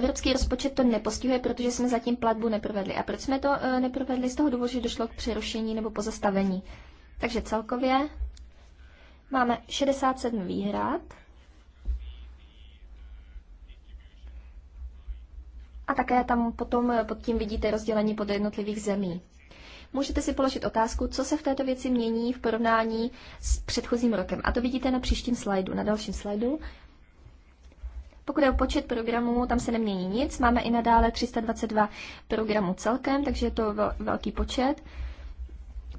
Evropský rozpočet to nepostihuje, protože jsme zatím platbu neprovedli. A proč jsme to eh, neprovedli? Z toho důvodu, že došlo k přerušení nebo pozastavení. Takže celkově máme 67 výhrad. A také tam potom eh, pod tím vidíte rozdělení pod jednotlivých zemí. Můžete si položit otázku, co se v této věci mění v porovnání s předchozím rokem. A to vidíte na příštím slajdu, na dalším slajdu. Pokud je o počet programů, tam se nemění nic. Máme i nadále 322 programů celkem, takže je to velký počet.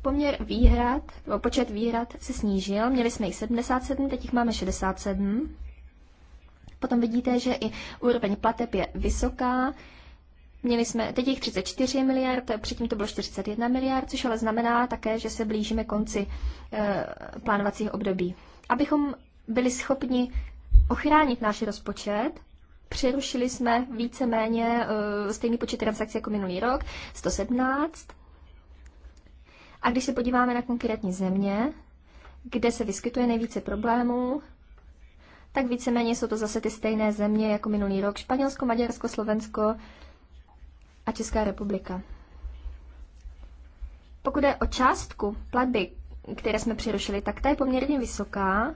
Poměr výhrad, nebo počet výhrad se snížil. Měli jsme jich 77, teď jich máme 67. Potom vidíte, že i úroveň plateb je vysoká. Měli jsme teď jich 34 miliard, předtím to bylo 41 miliard, což ale znamená také, že se blížíme konci e, plánovacího období. Abychom byli schopni ochránit náš rozpočet. Přerušili jsme víceméně uh, stejný počet transakcí jako minulý rok, 117. A když se podíváme na konkrétní země, kde se vyskytuje nejvíce problémů, tak víceméně jsou to zase ty stejné země jako minulý rok. Španělsko, Maďarsko, Slovensko a Česká republika. Pokud je o částku platby, které jsme přerušili, tak ta je poměrně vysoká.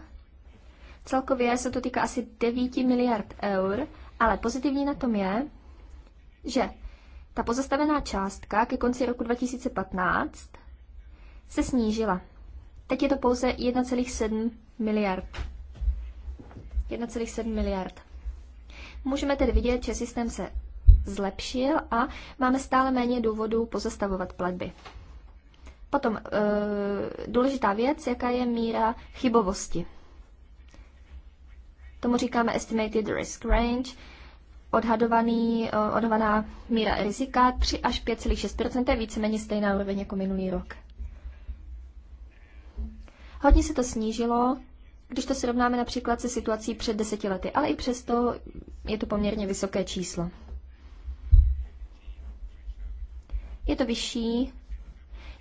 Celkově se to týká asi 9 miliard eur, ale pozitivní na tom je, že ta pozastavená částka ke konci roku 2015 se snížila. Teď je to pouze 1,7 miliard. 1,7 miliard. Můžeme tedy vidět, že systém se zlepšil a máme stále méně důvodů pozastavovat platby. Potom e, důležitá věc, jaká je míra chybovosti. Tomu říkáme estimated risk range, odhadovaný, eh, odhadovaná míra rizika 3 až 5,6 je víceméně stejná úroveň jako minulý rok. Hodně se to snížilo, když to srovnáme například se situací před deseti lety, ale i přesto je to poměrně vysoké číslo. Je to vyšší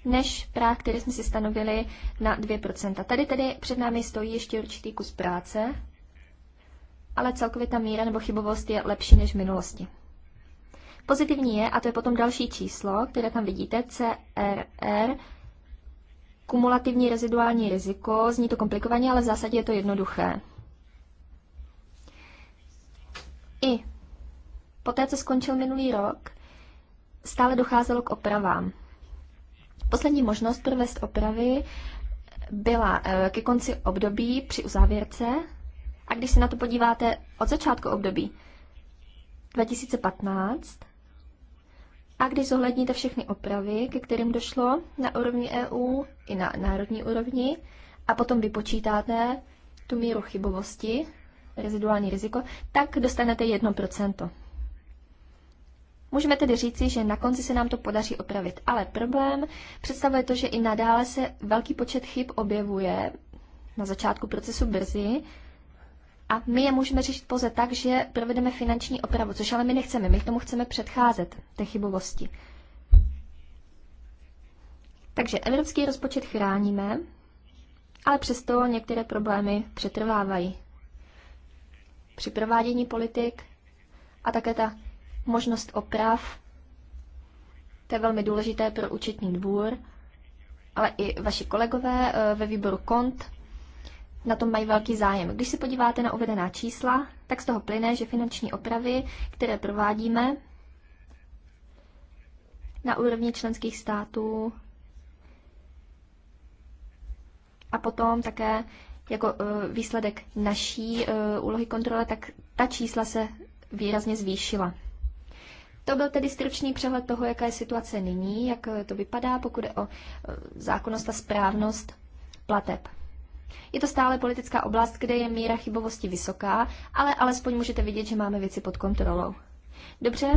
než práh, který jsme si stanovili na 2%. Tady tedy před námi stojí ještě určitý kus práce, ale celkově ta míra nebo chybovost je lepší než v minulosti. Pozitivní je, a to je potom další číslo, které tam vidíte, CRR, kumulativní reziduální riziko, zní to komplikovaně, ale v zásadě je to jednoduché. I poté, co skončil minulý rok, stále docházelo k opravám. Poslední možnost provést opravy byla eh, ke konci období při uzávěrce a když se na to podíváte od začátku období 2015, a když zohledníte všechny opravy, ke kterým došlo na úrovni EU i na národní úrovni, a potom vypočítáte tu míru chybovosti, reziduální riziko, tak dostanete 1%. Můžeme tedy říci, že na konci se nám to podaří opravit, ale problém představuje to, že i nadále se velký počet chyb objevuje na začátku procesu brzy a my je můžeme řešit pouze tak, že provedeme finanční opravu, což ale my nechceme. My k tomu chceme předcházet, té chybovosti. Takže evropský rozpočet chráníme, ale přesto některé problémy přetrvávají. Při provádění politik a také ta možnost oprav, to je velmi důležité pro účetní dvůr, ale i vaši kolegové eh, ve výboru KONT na tom mají velký zájem. Když se podíváte na uvedená čísla, tak z toho plyne, že finanční opravy, které provádíme na úrovni členských států a potom také jako e, výsledek naší e, úlohy kontrole, tak ta čísla se výrazně zvýšila. To byl tedy stručný přehled toho, jaká je situace nyní, jak to vypadá, pokud je o e, zákonnost a správnost plateb. Je to stále politická oblast, kde je míra chybovosti vysoká, ale alespoň můžete vidět, že máme věci pod kontrolou. Dobře,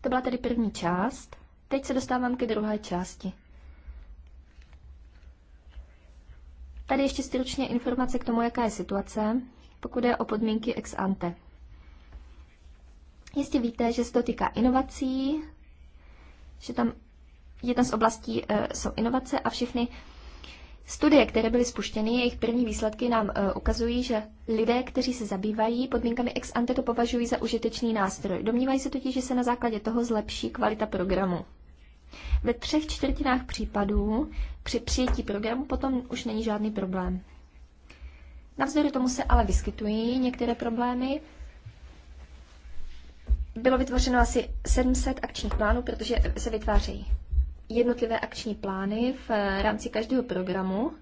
to byla tedy první část. Teď se dostávám ke druhé části. Tady ještě stručně informace k tomu, jaká je situace, pokud je o podmínky ex ante. Jistě víte, že se to týká inovací, že tam jedna z oblastí e, jsou inovace a všechny Studie, které byly spuštěny, jejich první výsledky nám eh, ukazují, že lidé, kteří se zabývají podmínkami ex ante, to považují za užitečný nástroj. Domnívají se totiž, že se na základě toho zlepší kvalita programu. Ve třech čtvrtinách případů při přijetí programu potom už není žádný problém. Navzdory tomu se ale vyskytují některé problémy. Bylo vytvořeno asi 700 akčních plánů, protože se vytvářejí jednotlivé akční plány v eh, rámci každého programu.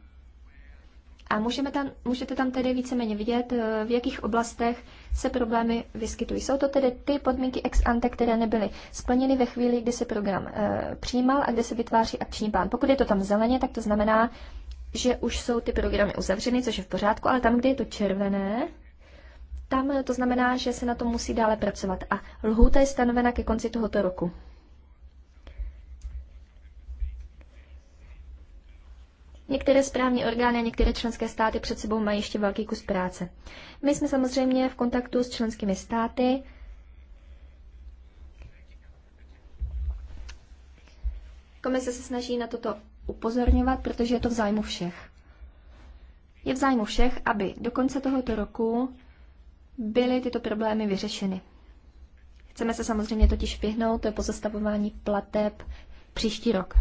A můžeme tam, můžete tam tedy víceméně vidět, eh, v jakých oblastech se problémy vyskytují. Jsou to tedy ty podmínky ex ante, které nebyly splněny ve chvíli, kdy se program e, přijímal a kde se vytváří akční plán. Pokud je to tam zeleně, tak to znamená, že už jsou ty programy uzavřeny, což je v pořádku, ale tam, kde je to červené, tam to znamená, že se na tom musí dále pracovat. A lhůta je stanovena ke konci tohoto roku. Některé správní orgány a některé členské státy před sebou mají ještě velký kus práce. My jsme samozřejmě v kontaktu s členskými státy. Komise se snaží na toto upozorňovat, protože je to v zájmu všech. Je v zájmu všech, aby do konce tohoto roku byly tyto problémy vyřešeny. Chceme se samozřejmě totiž vyhnout pozastavování plateb příští rok.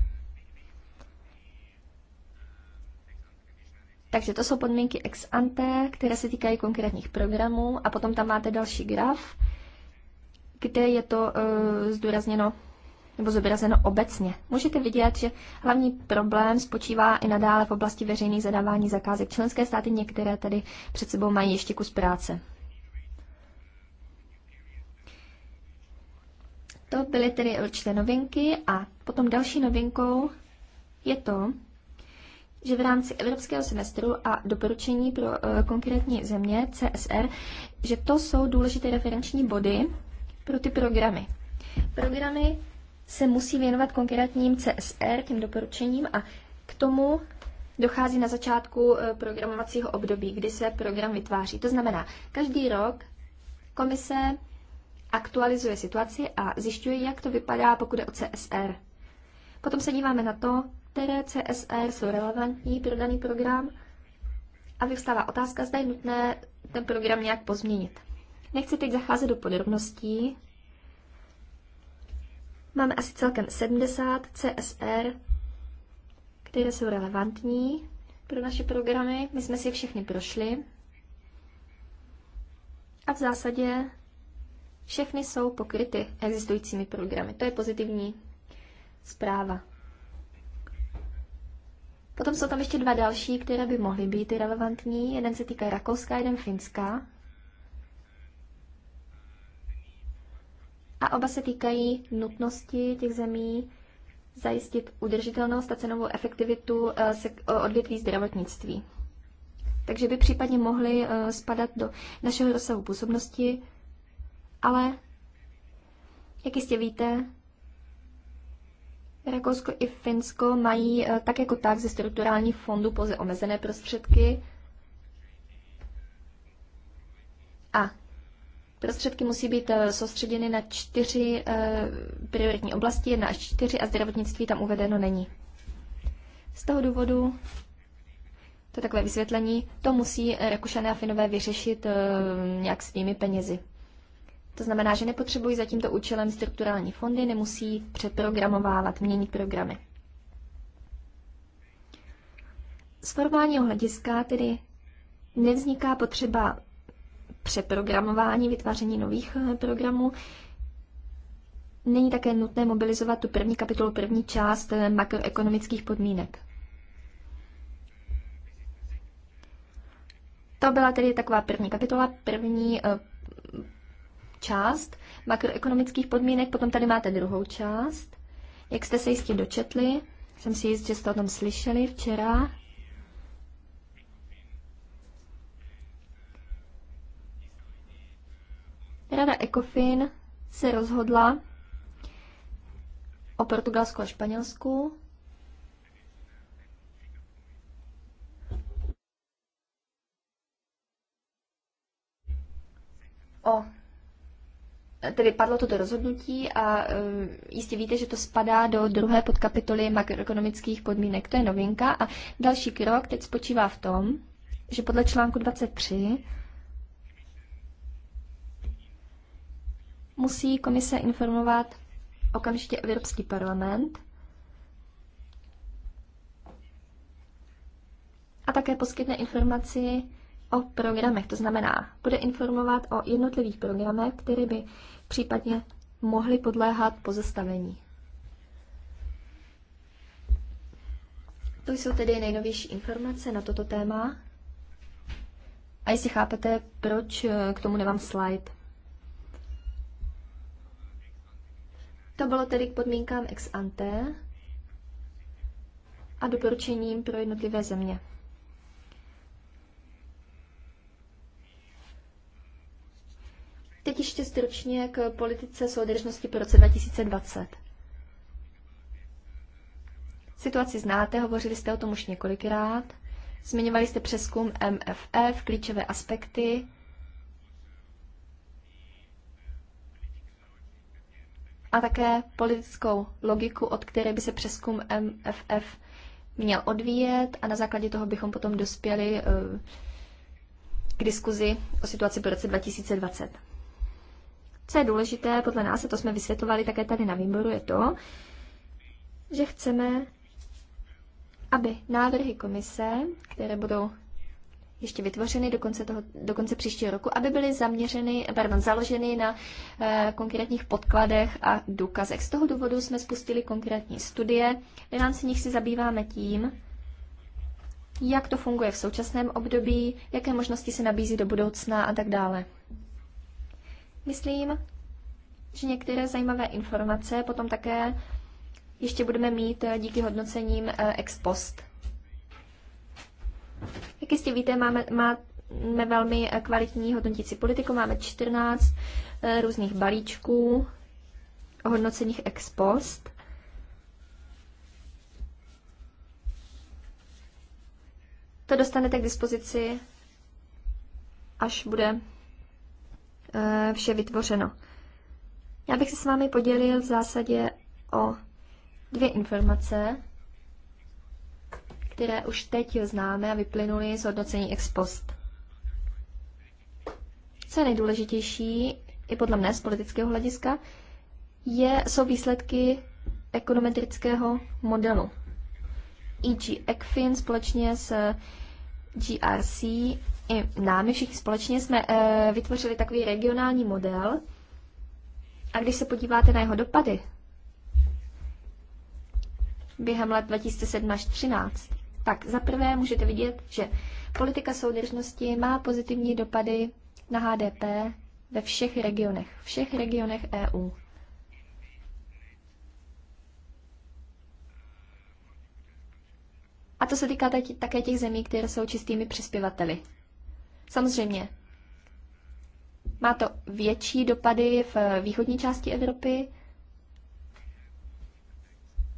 Takže to jsou podmínky ex ante, které se týkají konkrétních programů a potom tam máte další graf, kde je to e, zdůrazněno nebo zobrazeno obecně. Můžete vidět, že hlavní problém spočívá i nadále v oblasti veřejných zadávání zakázek. Členské státy některé tedy před sebou mají ještě kus práce. To byly tedy určité novinky a potom další novinkou je to, že v rámci evropského semestru a doporučení pro eh, konkrétní země CSR, že to jsou důležité referenční body pro ty programy. Programy se musí věnovat konkrétním CSR, těm doporučením a k tomu dochází na začátku eh, programovacího období, kdy se program vytváří. To znamená, každý rok komise aktualizuje situaci a zjišťuje, jak to vypadá, pokud je o CSR. Potom se díváme na to, které CSR jsou relevantní pro daný program a vyvstává otázka, zda je nutné ten program nějak pozměnit. Nechci teď zacházet do podrobností. Máme asi celkem 70 CSR, které jsou relevantní pro naše programy. My jsme si je všechny prošli. A v zásadě všechny jsou pokryty existujícími programy. To je pozitivní zpráva. Potom jsou tam ještě dva další, které by mohly být relevantní. Jeden se týká Rakouska, jeden Finska. A oba se týkají nutnosti těch zemí zajistit udržitelnost a cenovou efektivitu eh, odvětví zdravotnictví. Takže by případně mohly eh, spadat do našeho rozsahu působnosti, ale jak jistě víte, Rakousko i Finsko mají eh, tak jako tak ze strukturálních fondů pouze omezené prostředky a Prostředky musí být eh, soustředěny na čtyři eh, prioritní oblasti, jedna až čtyři, a zdravotnictví tam uvedeno není. Z toho důvodu, to je takové vysvětlení, to musí Rakušané a Finové vyřešit nějak svými penězi. To znamená, že nepotřebují za tímto účelem strukturální fondy, nemusí přeprogramovávat, měnit programy. Z formálního hlediska tedy nevzniká potřeba přeprogramování, vytváření nových eh, programů. Není také nutné mobilizovat tu první kapitolu, první část eh, makroekonomických podmínek. To byla tedy taková první kapitola, první eh, část makroekonomických podmínek, potom tady máte druhou část. Jak jste se jistě dočetli, jsem si jist, že jste o tom slyšeli včera. Rada ECOFIN se rozhodla o Portugalsku a Španělsku. O tedy padlo toto rozhodnutí a um, jistě víte, že to spadá do druhé podkapitoly makroekonomických podmínek. To je novinka a další krok teď spočívá v tom, že podle článku 23 musí komise informovat okamžitě Evropský parlament a také poskytne informaci o programech. To znamená, bude informovat o jednotlivých programech, které by případně mohly podléhat pozastavení. To jsou tedy nejnovější informace na toto téma. A jestli chápete, proč eh, k tomu nemám slide. To bylo tedy k podmínkám ex ante a doporučením pro jednotlivé země. Teď ještě stručně k politice soudržnosti po roce 2020. Situaci znáte, hovořili jste o tom už několikrát. Zmiňovali jste přeskum MFF, klíčové aspekty. A také politickou logiku, od které by se přeskum MFF měl odvíjet a na základě toho bychom potom dospěli eh, k diskuzi o situaci po roce 2020. Co je důležité, podle nás, a to jsme vysvětlovali také tady na výboru, je to, že chceme, aby návrhy komise, které budou ještě vytvořeny do konce, toho, do konce příštího roku, aby byly zaměřeny, pardon, založeny na e, konkrétních podkladech a důkazech. Z toho důvodu jsme spustili konkrétní studie, v rámci nich si zabýváme tím, jak to funguje v současném období, jaké možnosti se nabízí do budoucna a tak dále. Myslím, že některé zajímavé informace potom také ještě budeme mít eh, díky hodnocením eh, ex post. Jak jistě víte, máme, máme velmi eh, kvalitní hodnotící politiku, máme 14 různých balíčků o hodnoceních ex post. To dostanete k dispozici, až bude Eh, vše vytvořeno. Já bych se s vámi podělil v zásadě o dvě informace, které už teď známe a vyplynuly z hodnocení ex post. Co je nejdůležitější, i podle mne z politického hlediska, je, jsou výsledky ekonometrického modelu. E.G. ECFIN společně s GRC i námi všichni společně jsme e, vytvořili takový regionální model. A když se podíváte na jeho dopady během let 2007 až 2013, tak za prvé můžete vidět, že politika soudržnosti má pozitivní dopady na HDP ve všech regionech, všech regionech EU. A to se týká také těch zemí, které jsou čistými přispěvateli. Samozřejmě, má to větší dopady v východní části Evropy,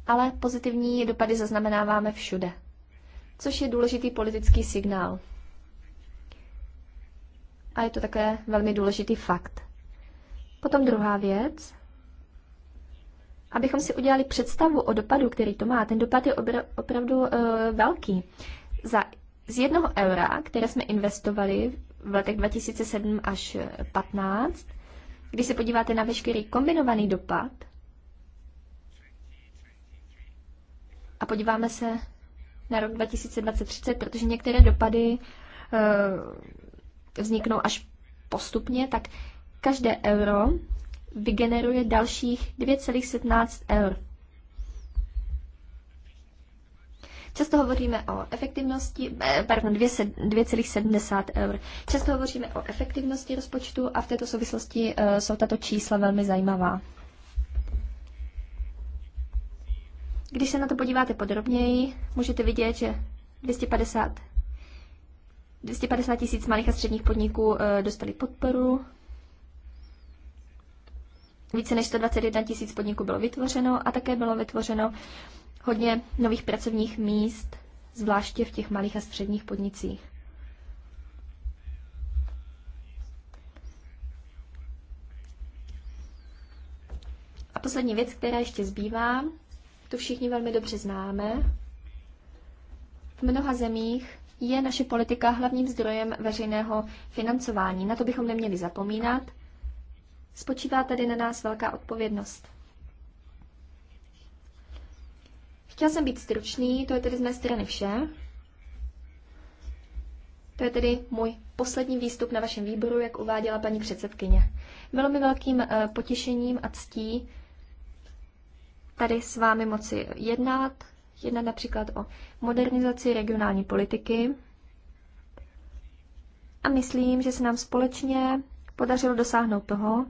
ale pozitivní dopady zaznamenáváme všude, což je důležitý politický signál. A je to také velmi důležitý fakt. Potom druhá věc abychom si udělali představu o dopadu, který to má, ten dopad je opravdu uh, velký. Za, z jednoho eura, které jsme investovali v letech 2007 až 2015, eh, když se podíváte na veškerý kombinovaný dopad a podíváme se na rok 2030, protože některé dopady uh, vzniknou až postupně, tak každé euro vygeneruje dalších 2,17 eur. Často hovoříme o efektivnosti, eh, pardon, 2,70 eur. Často hovoříme o efektivnosti rozpočtu a v této souvislosti eh, jsou tato čísla velmi zajímavá. Když se na to podíváte podrobněji, můžete vidět, že 250 250 tisíc malých a středních podniků eh, dostali podporu, více než 121 tisíc podniků bylo vytvořeno a také bylo vytvořeno hodně nových pracovních míst, zvláště v těch malých a středních podnicích. A poslední věc, která ještě zbývá, to všichni velmi dobře známe. V mnoha zemích je naše politika hlavním zdrojem veřejného financování. Na to bychom neměli zapomínat – Spočívá tedy na nás velká odpovědnost. Chtěl jsem být stručný, to je tedy z mé strany vše. To je tedy můj poslední výstup na vašem výboru, jak uváděla paní předsedkyně. Bylo mi velkým eh, potěšením a ctí tady s vámi moci jednat, jednat například o modernizaci regionální politiky. A myslím, že se nám společně podařilo dosáhnout toho,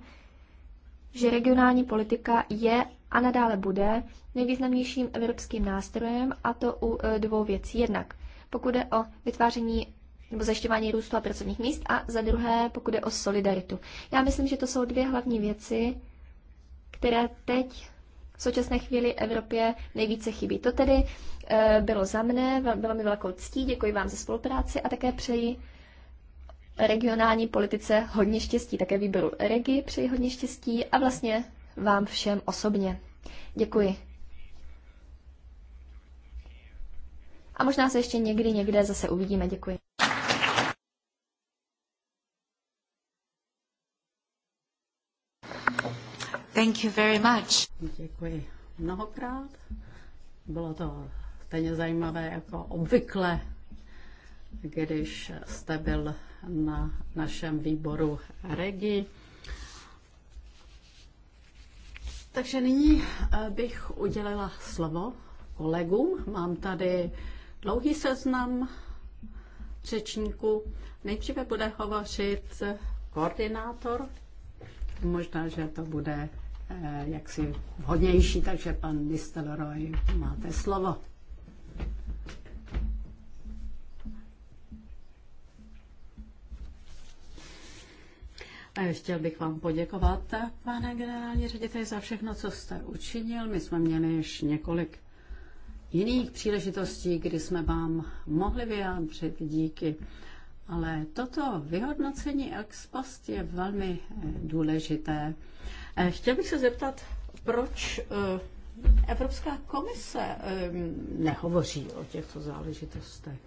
že regionální politika je a nadále bude nejvýznamnějším evropským nástrojem, a to u e, dvou věcí. Jednak pokud je o vytváření nebo zajišťování růstu a pracovních míst a za druhé, pokud je o solidaritu. Já myslím, že to jsou dvě hlavní věci, které teď v současné chvíli Evropě nejvíce chybí. To tedy e, bylo za mne, bylo mi velkou ctí, děkuji vám za spolupráci a také přeji regionální politice hodně štěstí, také výboru Regi přeji hodně štěstí a vlastně vám všem osobně. Děkuji. A možná se ještě někdy někde zase uvidíme. Děkuji. Thank you very much. Děkuji mnohokrát. Bylo to stejně zajímavé jako obvykle, když jste byl na našem výboru REGI. Takže nyní eh, bych udělila slovo kolegům. Mám tady dlouhý seznam řečníků. Nejdříve bude hovořit koordinátor. Možná, že to bude eh, jaksi vhodnější, takže pan Distelroy, máte slovo. Chtěl bych vám poděkovat, pane generální ředitel, za všechno, co jste učinil. My jsme měli již několik jiných příležitostí, kdy jsme vám mohli vyjádřit díky. Ale toto vyhodnocení ex post je velmi eh, důležité. Eh, chtěl bych se zeptat, proč eh, Evropská komise nehovoří o těchto záležitostech?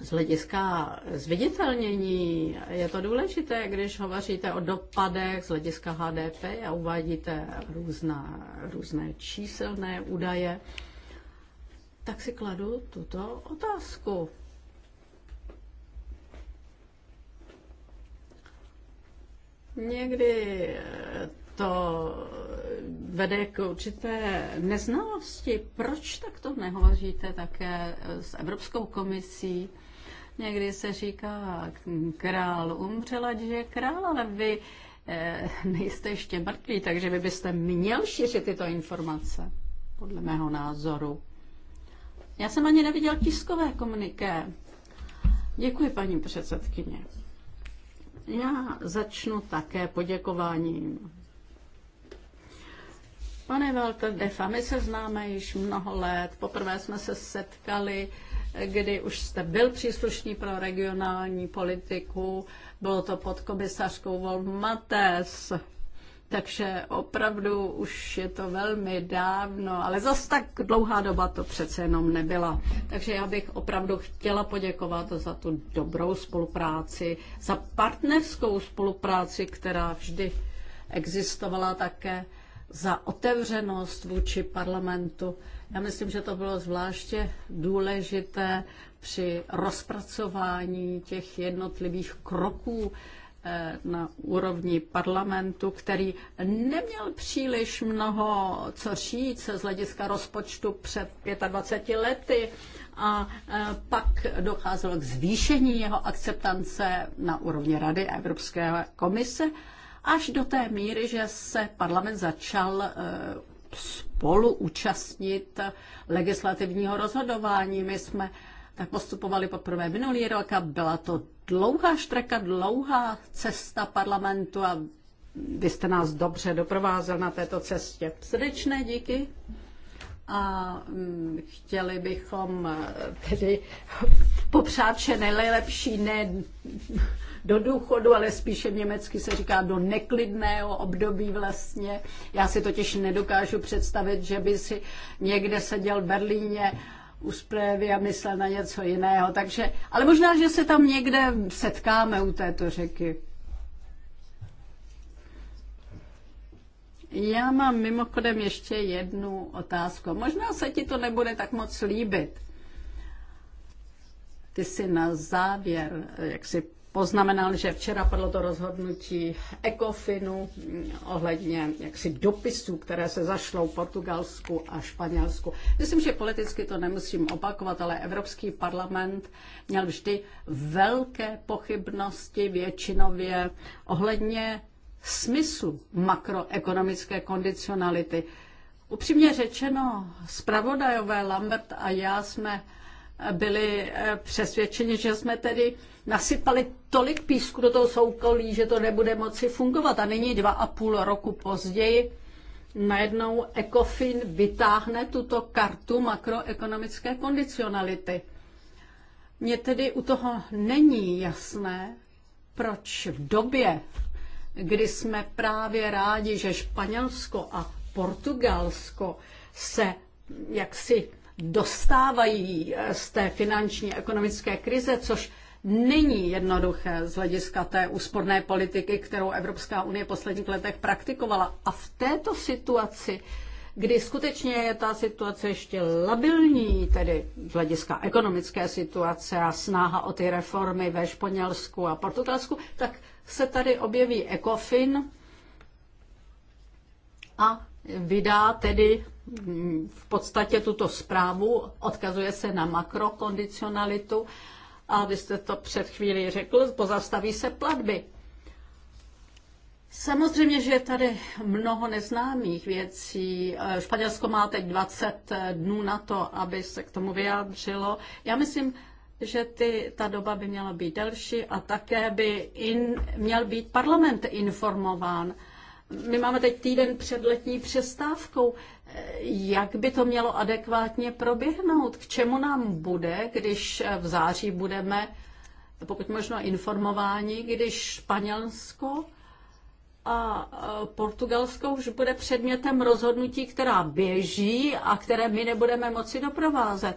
z hlediska zviditelnění je to důležité, když hovoříte o dopadech z hlediska HDP a uvádíte různá, různé číselné údaje, tak si kladu tuto otázku. Někdy to vede k určité neznalosti. Proč tak to nehovoříte také s Evropskou komisí? Někdy se říká, král umřel, ať je král, ale vy eh, nejste ještě mrtví, takže vy byste měl šířit tyto informace, podle mého názoru. Já jsem ani neviděl tiskové komuniké. Děkuji, paní předsedkyně. Já začnu také poděkováním. Pane Walter Defa, my se známe již mnoho let. Poprvé jsme se setkali kdy už jste byl příslušný pro regionální politiku, bylo to pod komisařkou Volmates, takže opravdu už je to velmi dávno, ale zas tak dlouhá doba to přece jenom nebyla. Takže já bych opravdu chtěla poděkovat za tu dobrou spolupráci, za partnerskou spolupráci, která vždy existovala také, za otevřenost vůči parlamentu. Já myslím, že to bylo zvláště důležité při rozpracování těch jednotlivých kroků eh, na úrovni parlamentu, který neměl příliš mnoho co říct z hlediska rozpočtu před 25 lety a eh, pak docházelo k zvýšení jeho akceptance na úrovni Rady a Evropské komise až do té míry, že se parlament začal eh, spolu účastnit legislativního rozhodování. My jsme tak postupovali poprvé minulý rok a byla to dlouhá štreka, dlouhá cesta parlamentu a vy jste nás dobře doprovázel na této cestě. Srdečné díky a mm, chtěli bychom eh, tedy popřát vše nejlepší, ne do důchodu, ale spíše v německy se říká do neklidného období vlastně. Já si totiž nedokážu představit, že by si někde seděl v Berlíně u zprávy a myslel na něco jiného. Takže, ale možná, že se tam někde setkáme u této řeky. Já mám mimochodem ještě jednu otázku. Možná se ti to nebude tak moc líbit. Ty jsi na závěr, jak jsi poznamenal, že včera padlo to rozhodnutí ECOFINu ohledně jaksi dopisů, které se zašlou Portugalsku a Španělsku. Myslím, že politicky to nemusím opakovat, ale Evropský parlament měl vždy velké pochybnosti většinově ohledně smyslu makroekonomické kondicionality. Upřímně řečeno, zpravodajové Lambert a já jsme byli eh, přesvědčeni, že jsme tedy nasypali tolik písku do toho soukolí, že to nebude moci fungovat. A nyní dva a půl roku později najednou ECOFIN vytáhne tuto kartu makroekonomické kondicionality. Mně tedy u toho není jasné, proč v době, kdy jsme právě rádi, že Španělsko a Portugalsko se jaksi dostávají eh, z té finanční ekonomické krize, což není jednoduché z hlediska té úsporné politiky, kterou Evropská unie v posledních letech praktikovala. A v této situaci, kdy skutečně je ta situace ještě labilní, tedy z hlediska ekonomické situace a snaha o ty reformy ve Španělsku a Portugalsku, tak se tady objeví ECOFIN a vydá tedy v podstatě tuto zprávu, odkazuje se na makrokondicionalitu a vy jste to před chvílí řekl, pozastaví se platby. Samozřejmě, že je tady mnoho neznámých věcí. Španělsko má teď 20 dnů na to, aby se k tomu vyjádřilo. Já myslím, že ty, ta doba by měla být delší a také by in, měl být parlament informován my máme teď týden před letní přestávkou. Jak by to mělo adekvátně proběhnout? K čemu nám bude, když v září budeme, pokud možno, informováni, když Španělsko a Portugalsko už bude předmětem rozhodnutí, která běží a které my nebudeme moci doprovázet.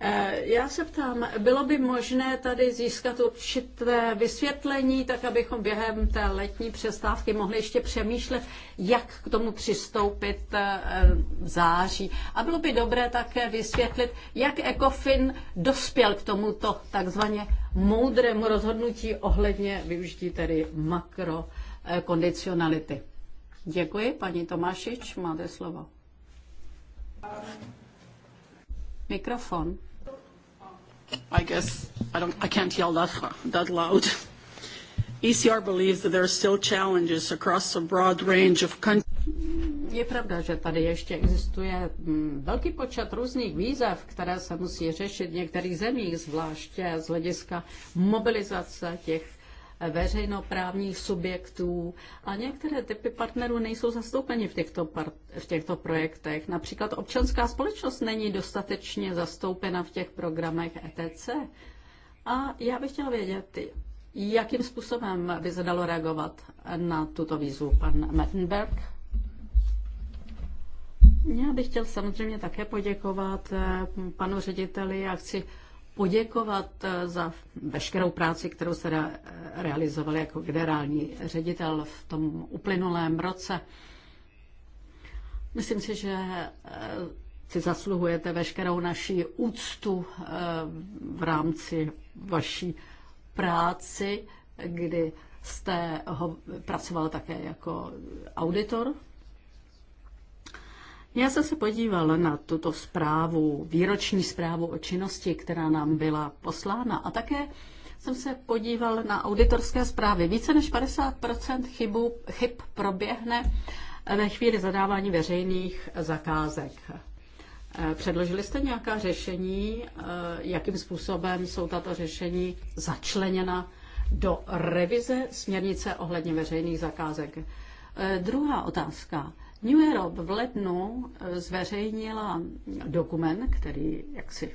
Eh, já se ptám, bylo by možné tady získat určité vysvětlení, tak abychom během té letní přestávky mohli ještě přemýšlet, jak k tomu přistoupit eh, v září. A bylo by dobré také vysvětlit, jak ECOFIN dospěl k tomuto takzvaně moudrému rozhodnutí ohledně využití tedy makrokondicionality. Děkuji, paní Tomášič, máte slovo. Mikrofon. I guess I, don't, I can't yell that, that loud. ECR believes that there are still challenges across a broad range of countries. Je pravda, že tady ještě existuje mm, velký počet různých výzev, které se musí řešit v některých zemích, zvláště z hlediska mobilizace těch veřejnoprávních subjektů a některé typy partnerů nejsou zastoupeni v těchto, part, v těchto projektech. Například občanská společnost není dostatečně zastoupena v těch programech ETC. A já bych chtěla vědět, jakým způsobem by se dalo reagovat na tuto výzvu pan Mettenberg. Já bych chtěl samozřejmě také poděkovat eh, panu řediteli a chci poděkovat eh, za veškerou práci, kterou se realizoval jako generální ředitel v tom uplynulém roce. Myslím si, že eh, si zasluhujete veškerou naši úctu eh, v rámci vaší práci, kdy jste ho, pracoval také jako auditor já jsem se podíval na tuto zprávu, výroční zprávu o činnosti, která nám byla poslána a také jsem se podíval na auditorské zprávy. Více než 50 chybu, chyb proběhne ve chvíli zadávání veřejných zakázek. Eh, předložili jste nějaká řešení, eh, jakým způsobem jsou tato řešení začleněna do revize směrnice ohledně veřejných zakázek? Eh, druhá otázka. New Europe v lednu eh, zveřejnila dokument, který jaksi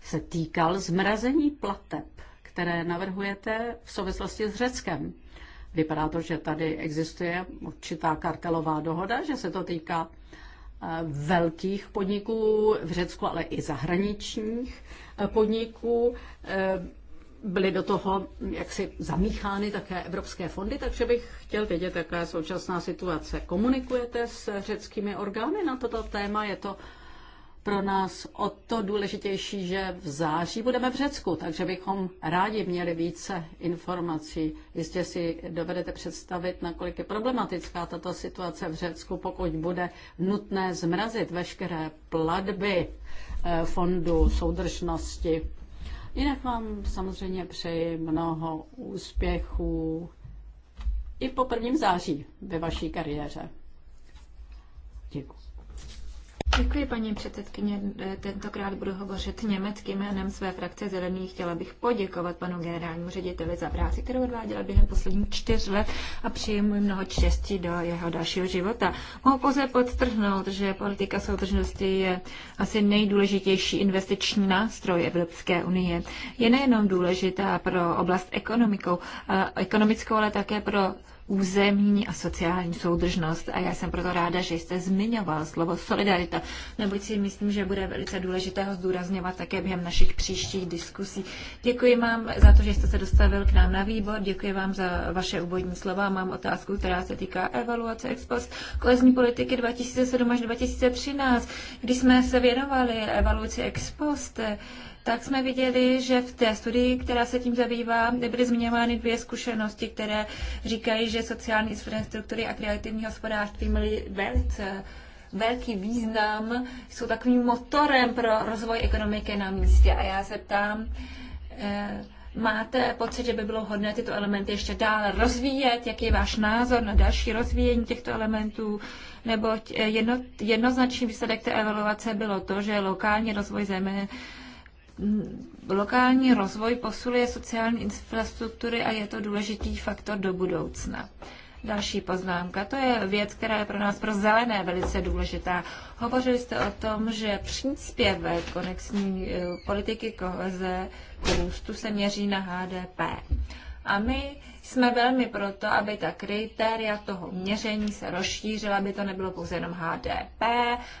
se týkal zmrazení plateb, které navrhujete v souvislosti s Řeckem. Vypadá to, že tady existuje určitá kartelová dohoda, že se to týká eh, velkých podniků v Řecku, ale i zahraničních eh, podniků byly do toho jaksi zamíchány také evropské fondy, takže bych chtěl vědět, jaká je současná situace. Komunikujete s řeckými orgány na toto téma? Je to pro nás o to důležitější, že v září budeme v Řecku, takže bychom rádi měli více informací. Jistě si dovedete představit, nakolik je problematická tato situace v Řecku, pokud bude nutné zmrazit veškeré platby eh, fondu soudržnosti. Jinak vám samozřejmě přeji mnoho úspěchů i po prvním září ve vaší kariéře. Děkuji. Děkuji, paní předsedkyně. Eh, tentokrát budu hovořit německy jménem své frakce Zelených. Chtěla bych poděkovat panu generálnímu řediteli za práci, kterou odváděla během posledních čtyř let a přeji mu mnoho štěstí do jeho dalšího života. Mohu pouze podtrhnout, že politika soudržnosti je asi nejdůležitější investiční nástroj Evropské unie. Je nejenom důležitá pro oblast ekonomikou, eh, ekonomickou, ale také pro územní a sociální soudržnost. A já jsem proto ráda, že jste zmiňoval slovo solidarita, neboť si myslím, že bude velice důležité ho zdůrazněvat také během našich příštích diskusí. Děkuji vám za to, že jste se dostavil k nám na výbor, děkuji vám za vaše úvodní slova. Mám otázku, která se týká evaluace ex post kolezní politiky 2007 až 2013. Když jsme se věnovali evaluaci ex post, tak jsme viděli, že v té studii, která se tím zabývá, byly zmiňovány dvě zkušenosti, které říkají, že sociální infrastruktury a kreativní hospodářství měly velice velký význam, jsou takovým motorem pro rozvoj ekonomiky na místě. A já se ptám, eh, máte pocit, že by bylo hodné tyto elementy ještě dále rozvíjet? Jaký je váš názor na další rozvíjení těchto elementů? Neboť eh, jedno, jednoznačný výsledek té evaluace bylo to, že lokální rozvoj země lokální rozvoj posiluje sociální infrastruktury a je to důležitý faktor do budoucna. Další poznámka, to je věc, která je pro nás pro zelené velice důležitá. Hovořili jste o tom, že příspěvek konexní eh, politiky koheze růstu se měří na HDP. A my jsme velmi proto, aby ta kritéria toho měření se rozšířila, aby to nebylo pouze jenom HDP,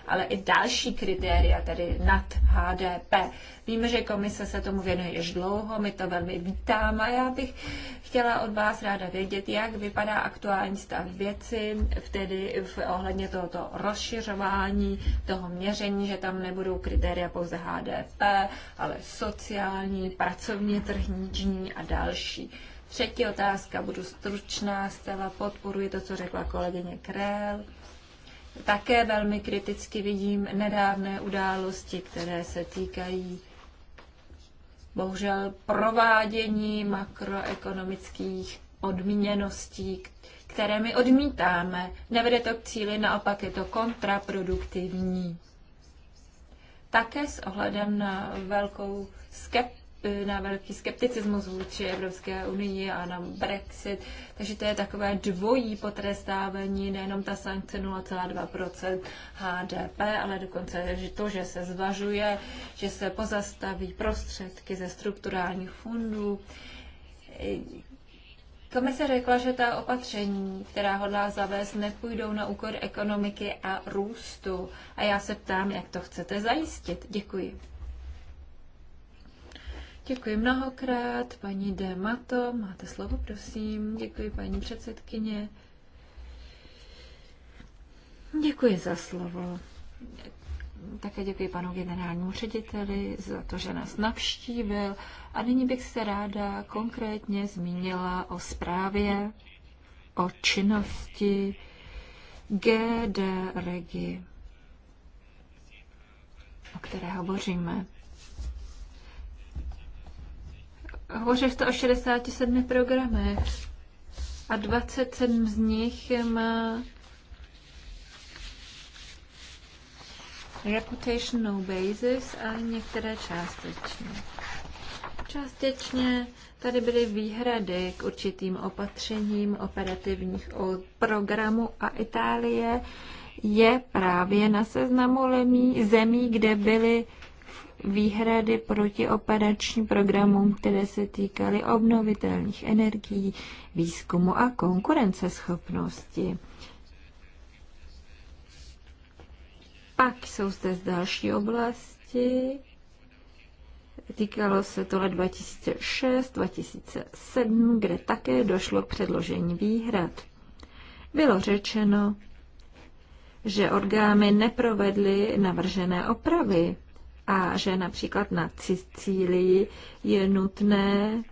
ale i další kritéria, tedy nad HDP. Víme, že komise se tomu věnuje již dlouho, my to velmi vítáme a já bych chtěla od vás ráda vědět, jak vypadá aktuální stav věci, tedy v ohledně tohoto rozšiřování, toho měření, že tam nebudou kritéria pouze HDP, ale sociální, pracovně trhní a další. Třetí otázka, budu stručná, Stela, podporuji to, co řekla kolegyně Krell. Také velmi kriticky vidím nedávné události, které se týkají bohužel provádění makroekonomických podmíněností, které my odmítáme. Nevede to k cíli, naopak je to kontraproduktivní. Také s ohledem na velkou skeptiku E, na velký skepticismus vůči Evropské unii a na Brexit. Takže to je takové dvojí potrestávání, nejenom ta sankce 0,2 HDP, ale dokonce to, že se zvažuje, že se pozastaví prostředky ze strukturálních fundů. E, Komise řekla, že ta opatření, která hodlá zavést, nepůjdou na úkor ekonomiky a růstu. A já se ptám, jak to chcete zajistit. Děkuji. Děkuji mnohokrát. Paní Demato, máte slovo, prosím. Děkuji, paní předsedkyně. Děkuji za slovo. Také děkuji panu generálnímu řediteli za to, že nás navštívil. A nyní bych se ráda konkrétně zmínila o zprávě o činnosti GD Regi, o které hovoříme. Hovoříš to o 67 programech a 27 z nich má reputational basis a některé částečně. Částečně tady byly výhrady k určitým opatřením operativních programů a Itálie je právě na seznamu zemí, kde byly výhrady proti operačním programům, které se týkaly obnovitelných energií, výzkumu a konkurenceschopnosti. Pak jsou zde další oblasti. Týkalo se to let 2006-2007, kde také došlo k předložení výhrad. Bylo řečeno, že orgány neprovedly navržené opravy a že například na Sicílii je nutné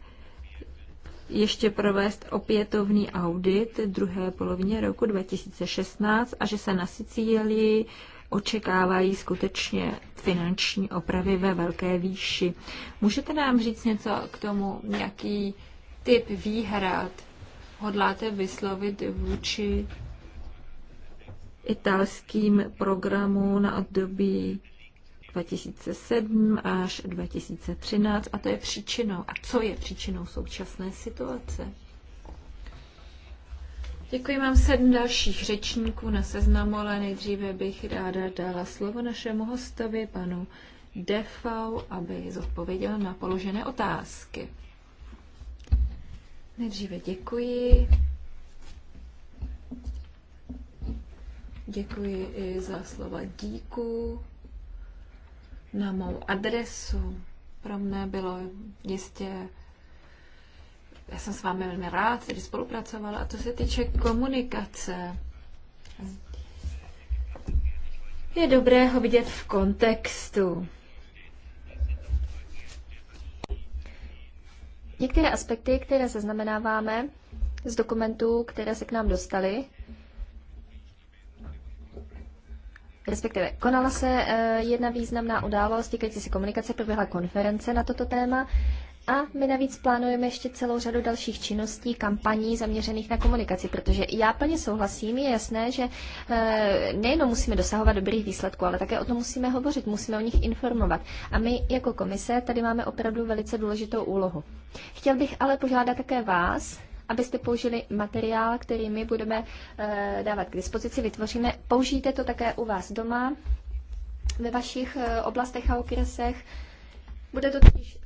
ještě provést opětovný audit druhé polovině roku 2016 a že se na Sicílii očekávají skutečně finanční opravy ve velké výši. Můžete nám říct něco k tomu, jaký typ výhrad hodláte vyslovit vůči italským programu na období 2007 až 2013 a to je příčinou. A co je příčinou současné situace? Děkuji, mám sedm dalších řečníků na seznamu, ale nejdříve bych ráda dala slovo našemu hostovi, panu Defau, aby zodpověděl na položené otázky. Nejdříve děkuji. Děkuji i za slova díku na mou adresu. Pro mě bylo jistě já jsem s vámi velmi rád, tedy spolupracovala. A co se týče komunikace, je dobré ho vidět v kontextu. Některé aspekty, které zaznamenáváme z dokumentů, které se k nám dostaly, respektive konala se e, jedna významná událost týkající se komunikace, proběhla konference na toto téma a my navíc plánujeme ještě celou řadu dalších činností, kampaní zaměřených na komunikaci, protože já plně souhlasím, je jasné, že e, nejenom musíme dosahovat dobrých výsledků, ale také o tom musíme hovořit, musíme o nich informovat. A my jako komise tady máme opravdu velice důležitou úlohu. Chtěl bych ale požádat také vás, abyste použili materiál, který my budeme eh, dávat k dispozici, vytvoříme. Použijte to také u vás doma, ve vašich eh, oblastech a okresech. Bude to totiž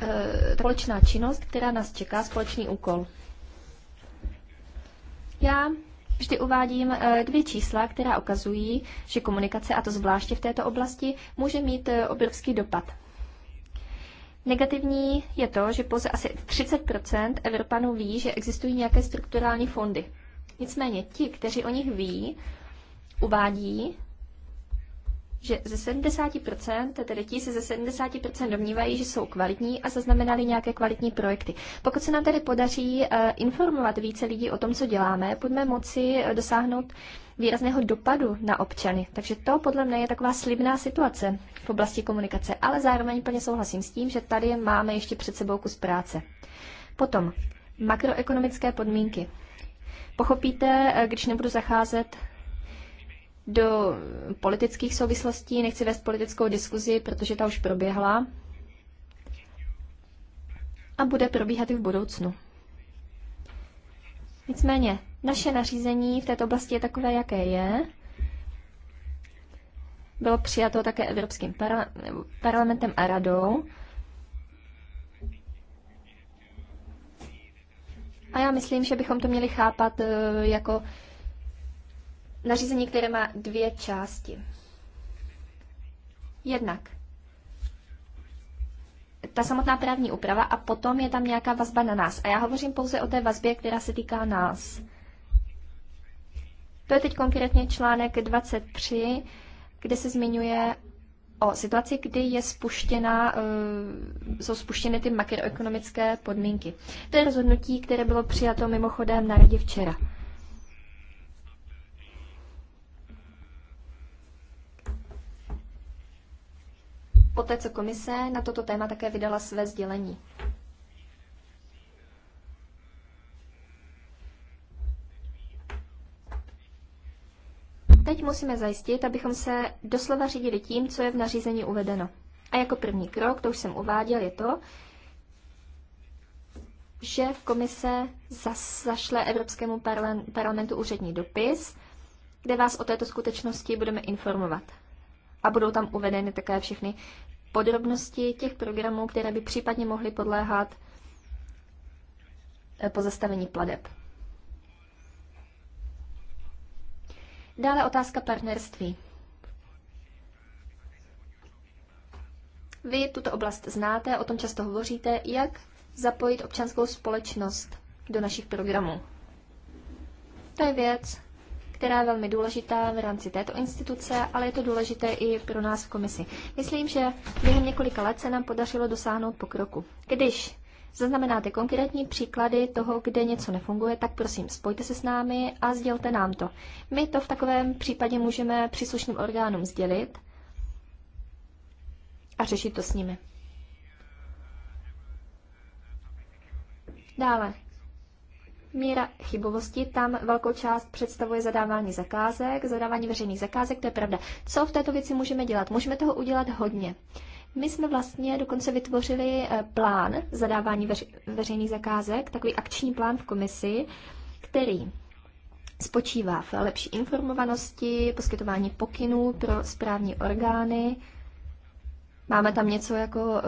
eh, společná činnost, která nás čeká, společný úkol. Já vždy uvádím dvě čísla, která ukazují, že komunikace, a to zvláště v této oblasti, může mít obrovský dopad. Negativní je to, že pouze asi 30 Evropanů ví, že existují nějaké strukturální fondy. Nicméně ti, kteří o nich ví, uvádí, že ze 70%, tedy ti se ze 70% domnívají, že jsou kvalitní a zaznamenali nějaké kvalitní projekty. Pokud se nám tedy podaří eh, informovat více lidí o tom, co děláme, budeme moci eh, dosáhnout výrazného dopadu na občany. Takže to podle mne je taková slibná situace v oblasti komunikace, ale zároveň plně souhlasím s tím, že tady máme ještě před sebou kus práce. Potom makroekonomické podmínky. Pochopíte, eh, když nebudu zacházet do politických souvislostí, nechci vést politickou diskuzi, protože ta už proběhla a bude probíhat i v budoucnu. Nicméně, naše nařízení v této oblasti je takové, jaké je. Bylo přijato také Evropským parlamentem a radou. A já myslím, že bychom to měli chápat e, jako nařízení, které má dvě části. Jednak ta samotná právní úprava a potom je tam nějaká vazba na nás. A já hovořím pouze o té vazbě, která se týká nás. To je teď konkrétně článek 23, kde se zmiňuje o situaci, kdy je spuštěna, eh, jsou spuštěny ty makroekonomické podmínky. To je rozhodnutí, které bylo přijato mimochodem na radě včera. Poté, co komise na toto téma také vydala své sdělení. Teď musíme zajistit, abychom se doslova řídili tím, co je v nařízení uvedeno. A jako první krok, to už jsem uváděl, je to, že komise zašle Evropskému parlamentu úřední dopis, kde vás o této skutečnosti budeme informovat. A budou tam uvedeny také všechny podrobnosti těch programů, které by případně mohly podléhat eh, pozastavení pladeb. Dále otázka partnerství. Vy tuto oblast znáte, o tom často hovoříte, jak zapojit občanskou společnost do našich programů. To je věc, která je velmi důležitá v rámci této instituce, ale je to důležité i pro nás v komisi. Myslím, že během několika let se nám podařilo dosáhnout pokroku. Když zaznamenáte konkrétní příklady toho, kde něco nefunguje, tak prosím, spojte se s námi a sdělte nám to. My to v takovém případě můžeme příslušným orgánům sdělit a řešit to s nimi. Dále. Míra chybovosti, tam velkou část představuje zadávání zakázek, zadávání veřejných zakázek, to je pravda. Co v této věci můžeme dělat? Můžeme toho udělat hodně. My jsme vlastně dokonce vytvořili eh, plán zadávání veři, veřejných zakázek, takový akční plán v komisi, který spočívá v lepší informovanosti, poskytování pokynů pro správní orgány. Máme tam něco jako e,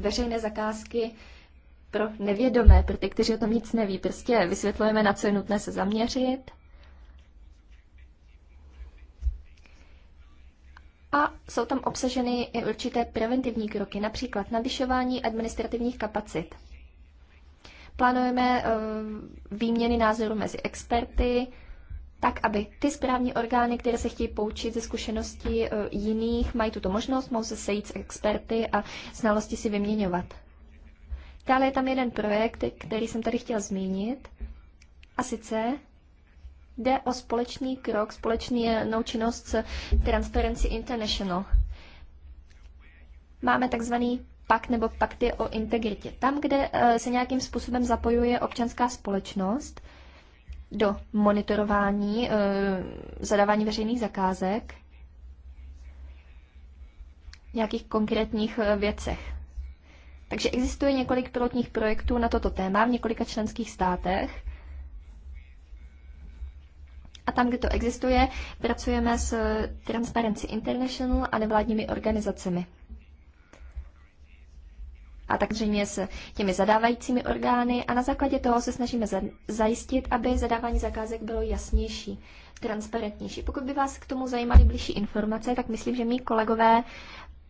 veřejné zakázky pro nevědomé, pro ty, kteří o tom nic neví. Prostě vysvětlujeme, na co je nutné se zaměřit. a jsou tam obsaženy i určité preventivní kroky, například navyšování administrativních kapacit. Plánujeme eh, výměny názorů mezi experty, tak, aby ty správní orgány, které se chtějí poučit ze zkušeností eh, jiných, mají tuto možnost, mohou se sejít s experty a znalosti si vyměňovat. Dále je tam jeden projekt, který jsem tady chtěl zmínit, a sice Jde o společný krok, společný eh, noučinnost s Transparency International. Máme takzvaný pak nebo pakty o integritě. Tam, kde eh, se nějakým způsobem zapojuje občanská společnost do monitorování, eh, zadávání veřejných zakázek, nějakých konkrétních věcech. Takže existuje několik pilotních projektů na toto téma v několika členských státech a tam, kde to existuje, pracujeme s Transparency International a nevládními organizacemi. A takže s těmi zadávajícími orgány a na základě toho se snažíme zajistit, aby zadávání zakázek bylo jasnější, transparentnější. Pokud by vás k tomu zajímaly blížší informace, tak myslím, že mý kolegové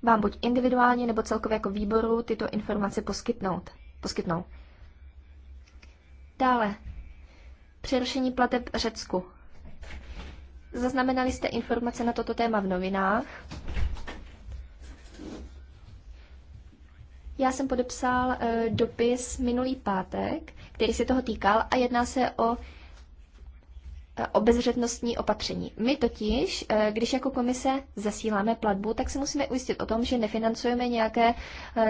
vám buď individuálně nebo celkově jako výboru tyto informace poskytnout. poskytnou. Dále. Přerušení plateb Řecku. Zaznamenali jste informace na toto téma v novinách. Já jsem podepsal uh, dopis minulý pátek, který se toho týkal a jedná se o eh, obezřetnostní opatření. My totiž, eh, když jako komise zasíláme platbu, tak se musíme ujistit o tom, že nefinancujeme nějaké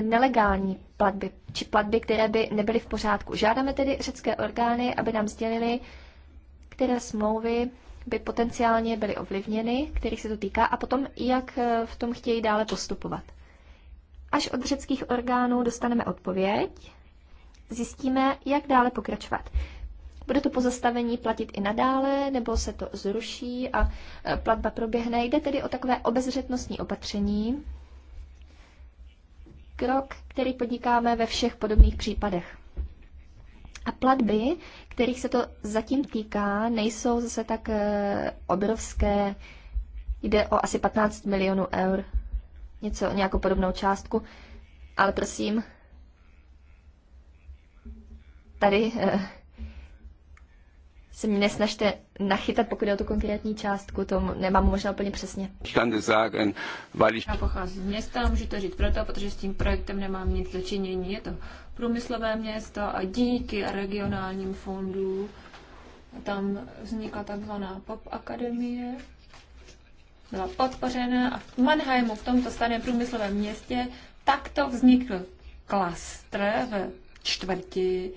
nelegální platby, či platby, které by nebyly v pořádku. Žádáme tedy řecké orgány, aby nám sdělili, které smlouvy by potenciálně byly ovlivněny, kterých se to týká, a potom, jak eh, v tom chtějí dále postupovat. Až od řeckých orgánů dostaneme odpověď, zjistíme, jak dále pokračovat. Bude to pozastavení platit i nadále, nebo se to zruší a eh, platba proběhne. Jde tedy o takové obezřetnostní opatření, krok, který podnikáme ve všech podobných případech. A platby, kterých se to zatím týká, nejsou zase tak eh, obrovské. Jde o asi 15 milionů eur, něco, nějakou podobnou částku. Ale prosím, tady eh, se mě nesnažte nachytat, pokud je o tu konkrétní částku, to nemám možná úplně přesně. Já pocházím z města, můžu to říct proto, protože s tím projektem nemám nic dočinění. Je to průmyslové město a díky regionálním fondu tam vznikla takzvaná pop akademie. Byla podpořena a v Mannheimu, v tomto starém průmyslovém městě, takto vznikl klastr ve čtvrti,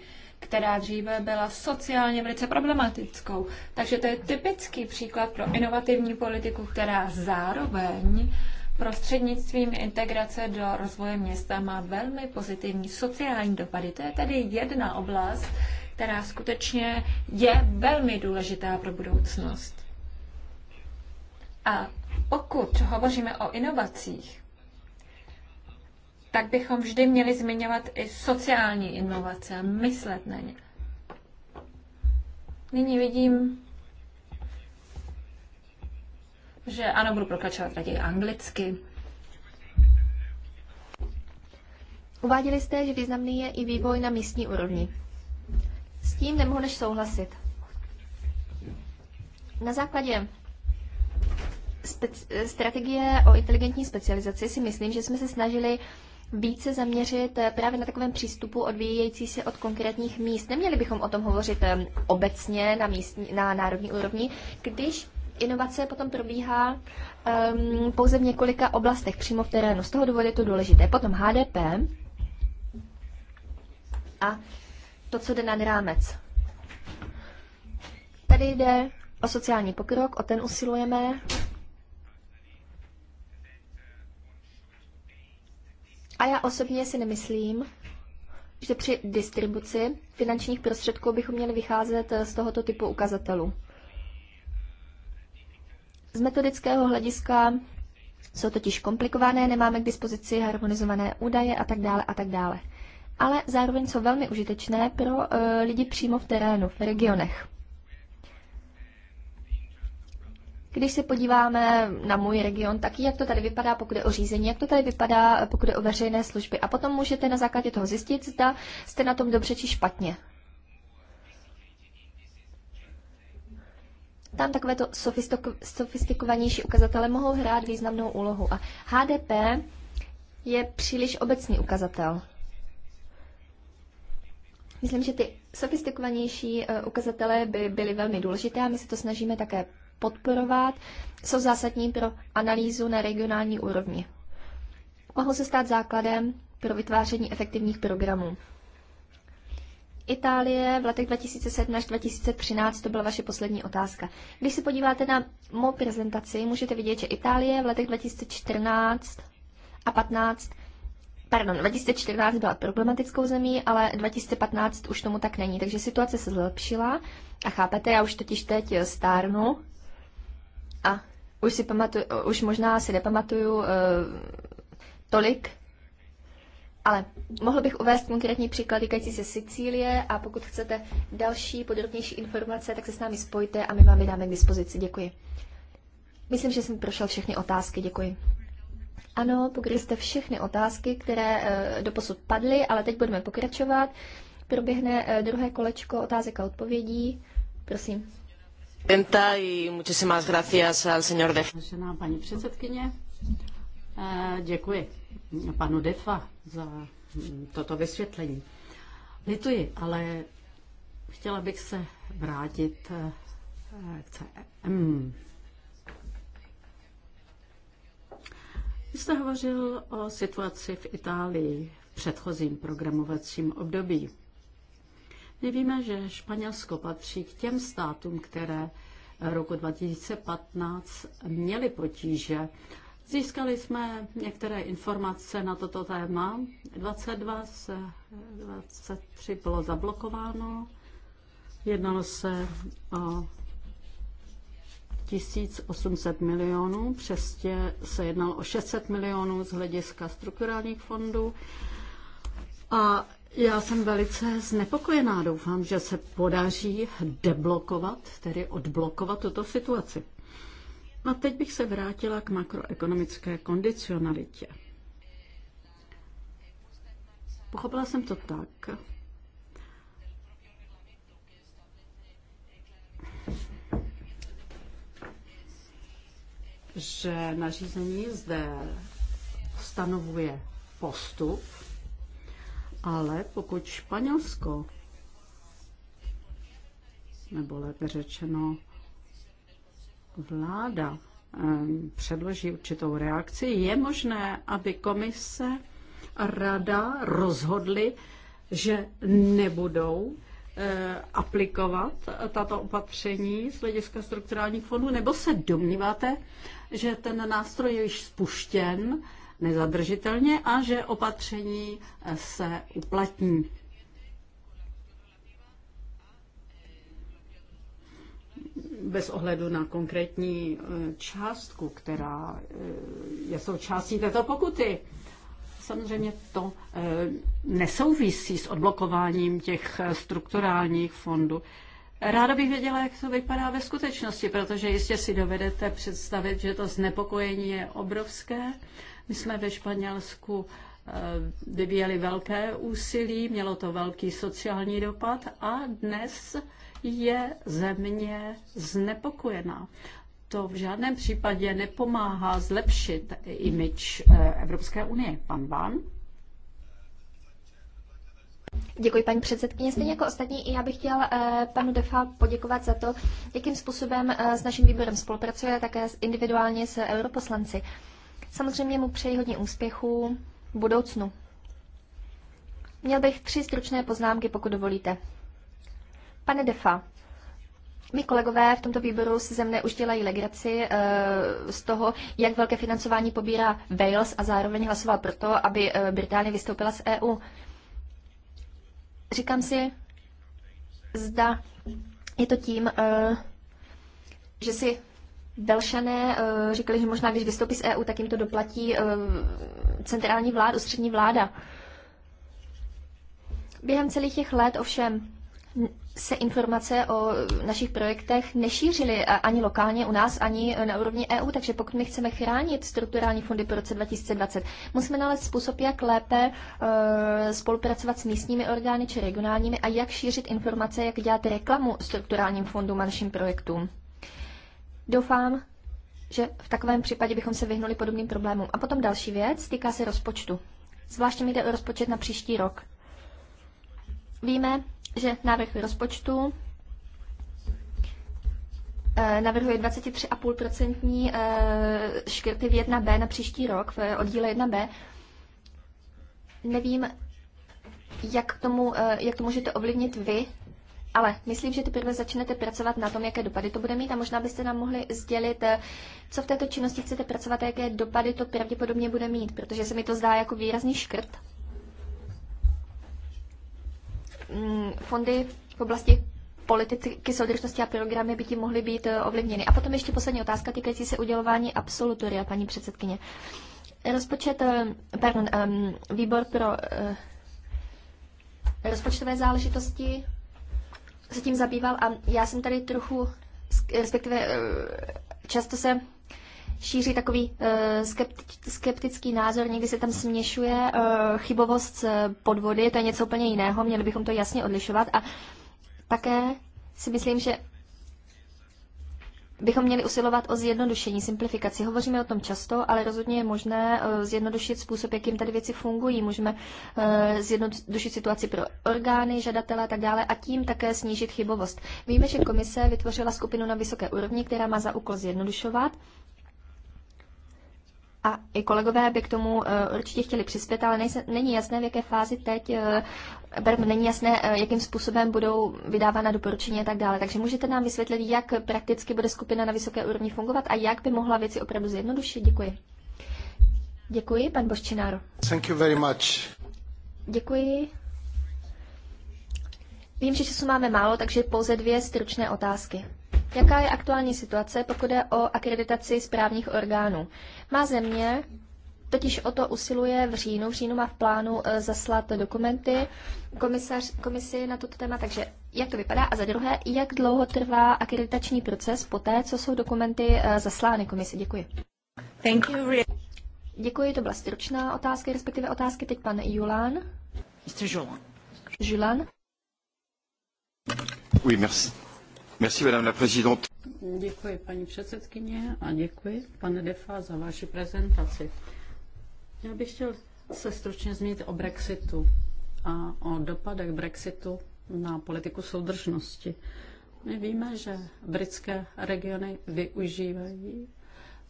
která dříve byla sociálně velice problematickou. Takže to je typický příklad pro inovativní politiku, která zároveň prostřednictvím integrace do rozvoje města má velmi pozitivní sociální dopady. To je tedy jedna oblast, která skutečně je velmi důležitá pro budoucnost. A pokud hovoříme o inovacích, tak bychom vždy měli zmiňovat i sociální inovace a myslet na ně. Nyní vidím, že ano, budu prokračovat raději anglicky. Uváděli jste, že významný je i vývoj na místní úrovni. S tím nemohu než souhlasit. Na základě strategie o inteligentní specializaci si myslím, že jsme se snažili více zaměřit eh, právě na takovém přístupu odvíjející se od konkrétních míst. Neměli bychom o tom hovořit eh, obecně na, místní, na národní úrovni, když inovace potom probíhá um, pouze v několika oblastech přímo v terénu. Z toho důvodu je to důležité. Potom HDP a to, co jde nad rámec. Tady jde o sociální pokrok, o ten usilujeme A já osobně si nemyslím, že při distribuci finančních prostředků bychom měli vycházet eh, z tohoto typu ukazatelů. Z metodického hlediska jsou totiž komplikované, nemáme k dispozici harmonizované údaje a tak dále a tak dále. Ale zároveň jsou velmi užitečné pro uh, lidi přímo v terénu, v regionech. Když se podíváme na můj region, tak jak to tady vypadá, pokud je o řízení, jak to tady vypadá, pokud je o veřejné služby. A potom můžete na základě toho zjistit, zda jste na tom dobře či špatně. Tam takovéto sofistikovanější ukazatele mohou hrát významnou úlohu. A HDP je příliš obecný ukazatel. Myslím, že ty sofistikovanější eh, ukazatele by byly velmi důležité a my se to snažíme také podporovat, jsou zásadní pro analýzu na regionální úrovni. Mohou se stát základem pro vytváření efektivních programů. Itálie v letech 2007 až 2013, to byla vaše poslední otázka. Když se podíváte na mou prezentaci, můžete vidět, že Itálie v letech 2014 a 15 Pardon, 2014 byla problematickou zemí, ale 2015 už tomu tak není, takže situace se zlepšila a chápete, já už totiž teď stárnu a už, si pamatuju, už možná si nepamatuju uh, tolik, ale mohl bych uvést konkrétní příklad týkající se Sicílie a pokud chcete další podrobnější informace, tak se s námi spojte a my vám je dáme k dispozici. Děkuji. Myslím, že jsem prošel všechny otázky. Děkuji. Ano, pokryli jste všechny otázky, které uh, doposud padly, ale teď budeme pokračovat. Proběhne uh, druhé kolečko otázek a odpovědí. Prosím. Vážená paní předsedkyně, eh, děkuji panu Defa za toto vysvětlení. Lituji, ale chtěla bych se vrátit eh, k CM. Vy jste hovořil o situaci v Itálii v předchozím programovacím období. My víme, že Španělsko patří k těm státům, které roku 2015 měly potíže. Získali jsme některé informace na toto téma. 22 z 23 bylo zablokováno. Jednalo se o 1800 milionů, přesně se jednalo o 600 milionů z hlediska strukturálních fondů. A já jsem velice znepokojená. Doufám, že se podaří deblokovat, tedy odblokovat tuto situaci. A teď bych se vrátila k makroekonomické kondicionalitě. Pochopila jsem to tak, že nařízení zde stanovuje postup ale pokud Španělsko, nebo lépe řečeno vláda, předloží určitou reakci, je možné, aby komise a rada rozhodly, že nebudou eh, aplikovat tato opatření z hlediska strukturálních fondů, nebo se domníváte, že ten nástroj je již spuštěn nezadržitelně a že opatření se uplatní. bez ohledu na konkrétní eh, částku, která eh, je součástí této pokuty. Samozřejmě to eh, nesouvisí s odblokováním těch strukturálních fondů. Ráda bych věděla, jak to vypadá ve skutečnosti, protože jistě si dovedete představit, že to znepokojení je obrovské my jsme ve Španělsku eh, vyvíjeli velké úsilí, mělo to velký sociální dopad a dnes je země znepokojená. To v žádném případě nepomáhá zlepšit imič eh, Evropské unie. Pan Ban? Děkuji, paní předsedkyně. Stejně jako ostatní, i já bych eh, panu Defa poděkovat za to, jakým způsobem eh, s naším výborem spolupracuje, také individuálně s europoslanci. Eh, Samozřejmě mu přeji hodně úspěchů v budoucnu. Měl bych tři stručné poznámky, pokud dovolíte. Pane Defa, my kolegové v tomto výboru se ze mne už dělají legraci e, z toho, jak velké financování pobírá Wales a zároveň hlasoval pro to, aby e, Británie vystoupila z EU. Říkám si, zda je to tím, e, že si Velšané eh, říkali, že možná když vystoupí z EU, tak jim to doplatí eh, centrální vláda, ústřední vláda. Během celých těch let ovšem se informace o našich projektech nešířily ani lokálně u nás, ani na úrovni EU, takže pokud my chceme chránit strukturální fondy pro roce 2020, musíme nalézt způsob, jak lépe eh, spolupracovat s místními orgány či regionálními a jak šířit informace, jak dělat reklamu strukturálním fondům a našim projektům. Doufám, že v takovém případě bychom se vyhnuli podobným problémům. A potom další věc týká se rozpočtu. Zvláště mi jde o rozpočet na příští rok. Víme, že návrh rozpočtu eh, navrhuje 23,5% eh, škrty v 1B na příští rok, v eh, oddíle 1B. Nevím, jak, tomu, jak to můžete ovlivnit vy ale myslím, že teprve začnete pracovat na tom, jaké dopady to bude mít a možná byste nám mohli sdělit, eh, co v této činnosti chcete pracovat a jaké dopady to pravděpodobně bude mít, protože se mi to zdá jako výrazný škrt. Mm, fondy v oblasti politiky soudržnosti a programy by tím mohly být eh, ovlivněny. A potom ještě poslední otázka týkající se udělování absolutoria, paní předsedkyně. Rozpočet, eh, pardon, výbor pro rozpočtové záležitosti se tím zabýval a já jsem tady trochu, respektive eh, často se šíří takový eh, skeptický názor, někdy se tam směšuje eh, chybovost podvody, to je něco úplně jiného, měli bychom to jasně odlišovat a také si myslím, že bychom měli usilovat o zjednodušení, simplifikaci. Hovoříme o tom často, ale rozhodně je možné eh, zjednodušit způsob, jakým tady věci fungují. Můžeme eh, zjednodušit situaci pro orgány, žadatele a tak dále a tím také snížit chybovost. Víme, že komise vytvořila skupinu na vysoké úrovni, která má za úkol zjednodušovat a i kolegové by k tomu eh, určitě chtěli přispět, ale nejse, není jasné, v jaké fázi teď, eh, není jasné, eh, jakým způsobem budou vydávána doporučení a tak dále. Takže můžete nám vysvětlit, jak prakticky bude skupina na vysoké úrovni fungovat a jak by mohla věci opravdu zjednodušit? Děkuji. Děkuji, pan Boščinár. Thank you very much. Děkuji. Vím, že času máme málo, takže pouze dvě stručné otázky. Jaká je aktuální situace, pokud je o akreditaci správních orgánů? Má země totiž o to usiluje v říjnu. V říjnu má v plánu eh, zaslat dokumenty komisař, komisi na toto téma, takže jak to vypadá? A za druhé, jak dlouho trvá akreditační proces poté, co jsou dokumenty eh, zaslány komisi? Děkuji. Thank you. Děkuji, to byla stručná otázka, respektive otázky. Teď pan Julan. Julán. Julan. Oui, merci. Merci, madame la présidente. Děkuji, paní předsedkyně, a děkuji, pane Defa, za vaši prezentaci. Já bych chtěl se stručně zmínit o Brexitu a o dopadech Brexitu na politiku soudržnosti. My víme, že britské regiony využívají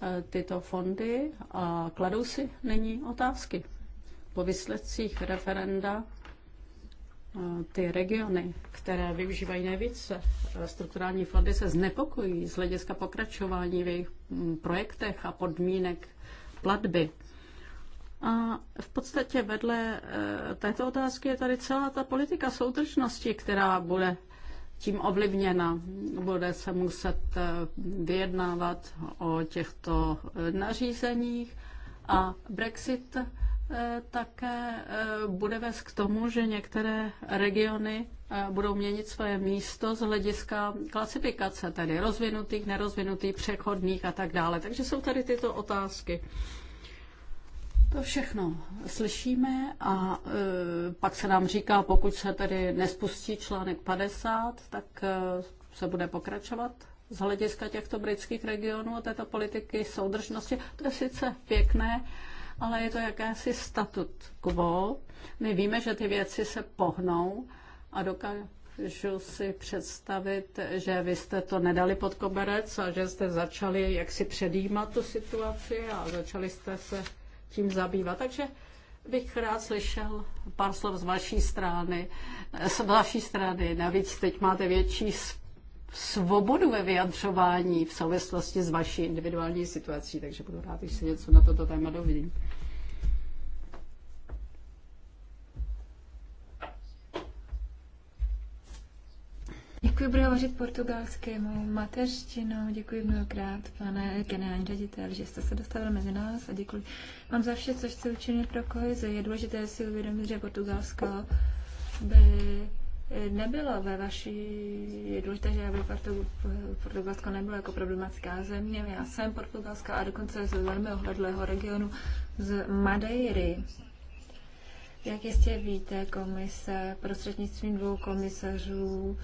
eh, tyto fondy a kladou si nyní otázky. Po výsledcích referenda ty regiony, které využívají nejvíce eh, strukturální fondy, se znepokojí z hlediska pokračování v jejich mm, projektech a podmínek platby. A v podstatě vedle eh, této otázky je tady celá ta politika soudržnosti, která bude tím ovlivněna. Bude se muset eh, vyjednávat o těchto nařízeních a Brexit Eh, také eh, bude vést k tomu, že některé regiony eh, budou měnit své místo z hlediska klasifikace, tedy rozvinutých, nerozvinutých, přechodných a tak dále. Takže jsou tady tyto otázky. To všechno slyšíme a e, pak se nám říká, pokud se tedy nespustí článek 50, tak e, se bude pokračovat z hlediska těchto britských regionů a této politiky soudržnosti. To je sice pěkné, ale je to jakési statut quo. My víme, že ty věci se pohnou a dokážu si představit, že vy jste to nedali pod koberec a že jste začali jak si předjímat tu situaci a začali jste se tím zabývat. Takže bych rád slyšel pár slov z vaší strany. Z vaší strany. Navíc teď máte větší svobodu ve vyjadřování v souvislosti s vaší individuální situací, takže budu rád, když se něco na toto téma dovím. Děkuji, budu hovořit portugalskému mou mateřštinou. Děkuji mnohokrát, pane generální ředitel, že jste se dostavil mezi nás a děkuji vám za vše, co jste učinil pro kohezi. Je důležité si uvědomit, že Portugalsko by nebylo ve vaší, je důležité, že aby Portugalsko nebylo jako problematická země. Já jsem portugalská a dokonce z velmi ohledlého regionu z Madeiry. Jak jistě víte, komise prostřednictvím dvou komisařů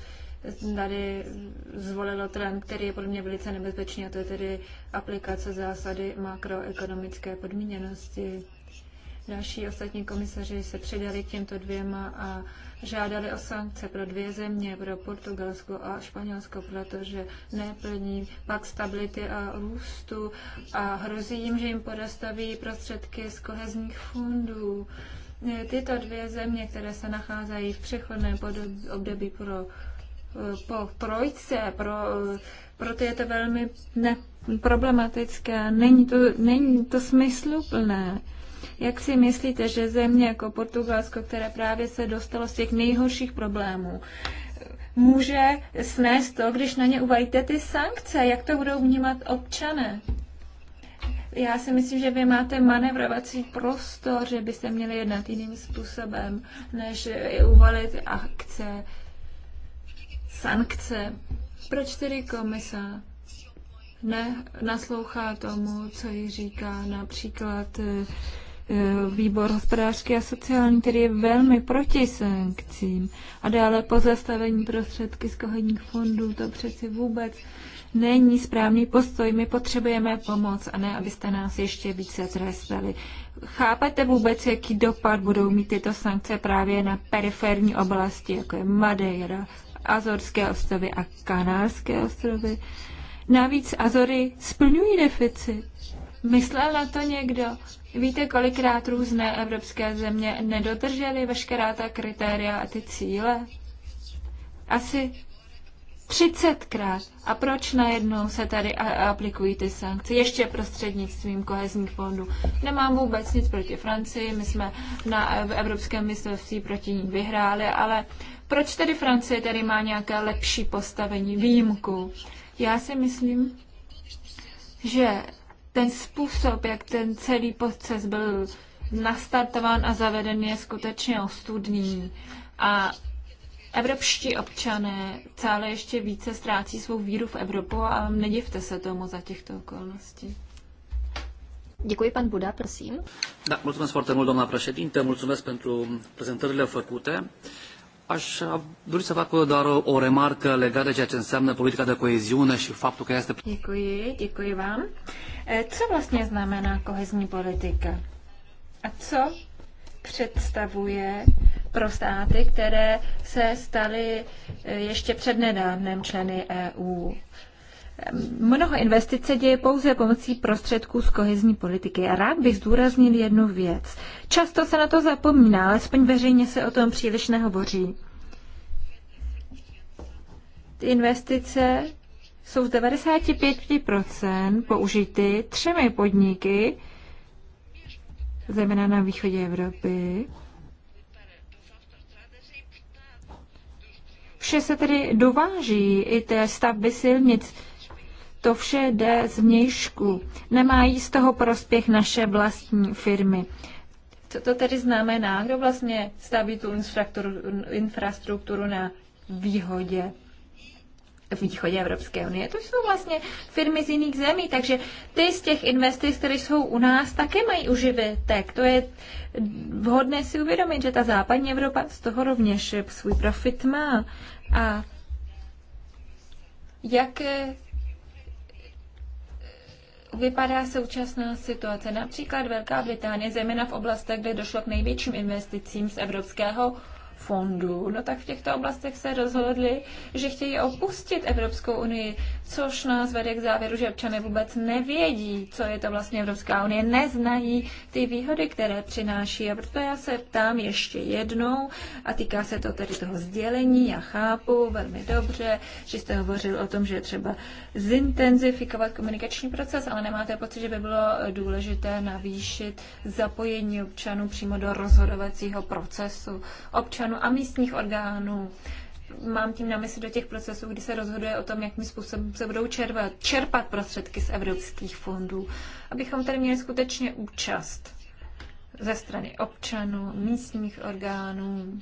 tady zvolilo trend, který je podle mě velice nebezpečný, a to je tedy aplikace zásady makroekonomické podmíněnosti. Další ostatní komisaři se přidali k těmto dvěma a žádali o sankce pro dvě země, pro Portugalsko a Španělsko, protože neplní pak stability a růstu a hrozí jim, že jim podastaví prostředky z kohezních fondů. Tyto dvě země, které se nacházejí v přechodném období pro, po projce, pro, proto je to velmi ne, problematické. Není to, není to smysluplné. Jak si myslíte, že země jako Portugalsko, které právě se dostalo z těch nejhorších problémů, může snést to, když na ně uvalíte ty sankce? Jak to budou vnímat občané? Já si myslím, že vy máte manevrovací prostor, že byste měli jednat jiným způsobem, než uvalit akce, sankce. Proč tedy komisa ne, naslouchá tomu, co jí říká například eh, E, výbor hospodářský a sociální, který je velmi proti sankcím. A dále pozastavení prostředky z kohodních fondů, to přeci vůbec není správný postoj. My potřebujeme pomoc a ne, abyste nás ještě více trestali. Chápete vůbec, jaký dopad budou mít tyto sankce právě na periferní oblasti, jako je Madeira, Azorské ostrovy a Kanárské ostrovy? Navíc Azory splňují deficit. Myslel na to někdo? Víte, kolikrát různé evropské země nedodržely veškerá ta kritéria a ty cíle? Asi 30krát. A proč najednou se tady aplikují ty sankce? Ještě prostřednictvím kohezních fondů. Nemám vůbec nic proti Francii, my jsme na Evropském mistrovství proti ní vyhráli, ale proč tedy Francie tady má nějaké lepší postavení, výjimku? Já si myslím, že ten způsob, jak ten celý proces byl nastartován a zaveden, je skutečně ostudný. A evropští občané celé ještě více ztrácí svou víru v Evropu a nedivte se tomu za těchto okolností. Děkuji, pan Buda, prosím. Da, mulțumesc foarte mult, doamna președinte, mulțumesc pentru prezentările făcute. Uh, Aș dori să fac doar o, o remarcă legată de ceea ce înseamnă politica de coeziune și faptul că este... Děkuji, děkuji vám. E, co vlastně znamená kohezní politika? A co představuje pro státy, které se staly e, ještě přednedávnem členy EU? Mnoho investic se děje pouze pomocí prostředků z kohezní politiky. A rád bych zdůraznil jednu věc. Často se na to zapomíná, alespoň veřejně se o tom příliš nehovoří. Ty investice jsou z 95% použity třemi podniky, zejména na východě Evropy. Vše se tedy dováží, i té stavby silnic to vše jde z vnějšku. Nemají z toho prospěch naše vlastní firmy. Co to tedy znamená? Kdo vlastně staví tu infrastrukturu na výhodě? v východě Evropské unie. To jsou vlastně firmy z jiných zemí, takže ty z těch investic, které jsou u nás, také mají uživitek. To je vhodné si uvědomit, že ta západní Evropa z toho rovněž svůj profit má. A jak vypadá současná situace? Například Velká Británie, zejména v oblastech, kde došlo k největším investicím z Evropského fondů, no tak v těchto oblastech se rozhodli, že chtějí opustit Evropskou unii, což nás vede k závěru, že občany vůbec nevědí, co je to vlastně Evropská unie, neznají ty výhody, které přináší. A proto já se ptám ještě jednou, a týká se to tedy toho sdělení, já chápu velmi dobře, že jste hovořil o tom, že je třeba zintenzifikovat komunikační proces, ale nemáte pocit, že by bylo důležité navýšit zapojení občanů přímo do rozhodovacího procesu. Občan občanů a místních orgánů. Mám tím na mysli do těch procesů, kdy se rozhoduje o tom, jakým způsobem se budou červat, čerpat prostředky z evropských fondů, abychom tady měli skutečně účast ze strany občanů, místních orgánů,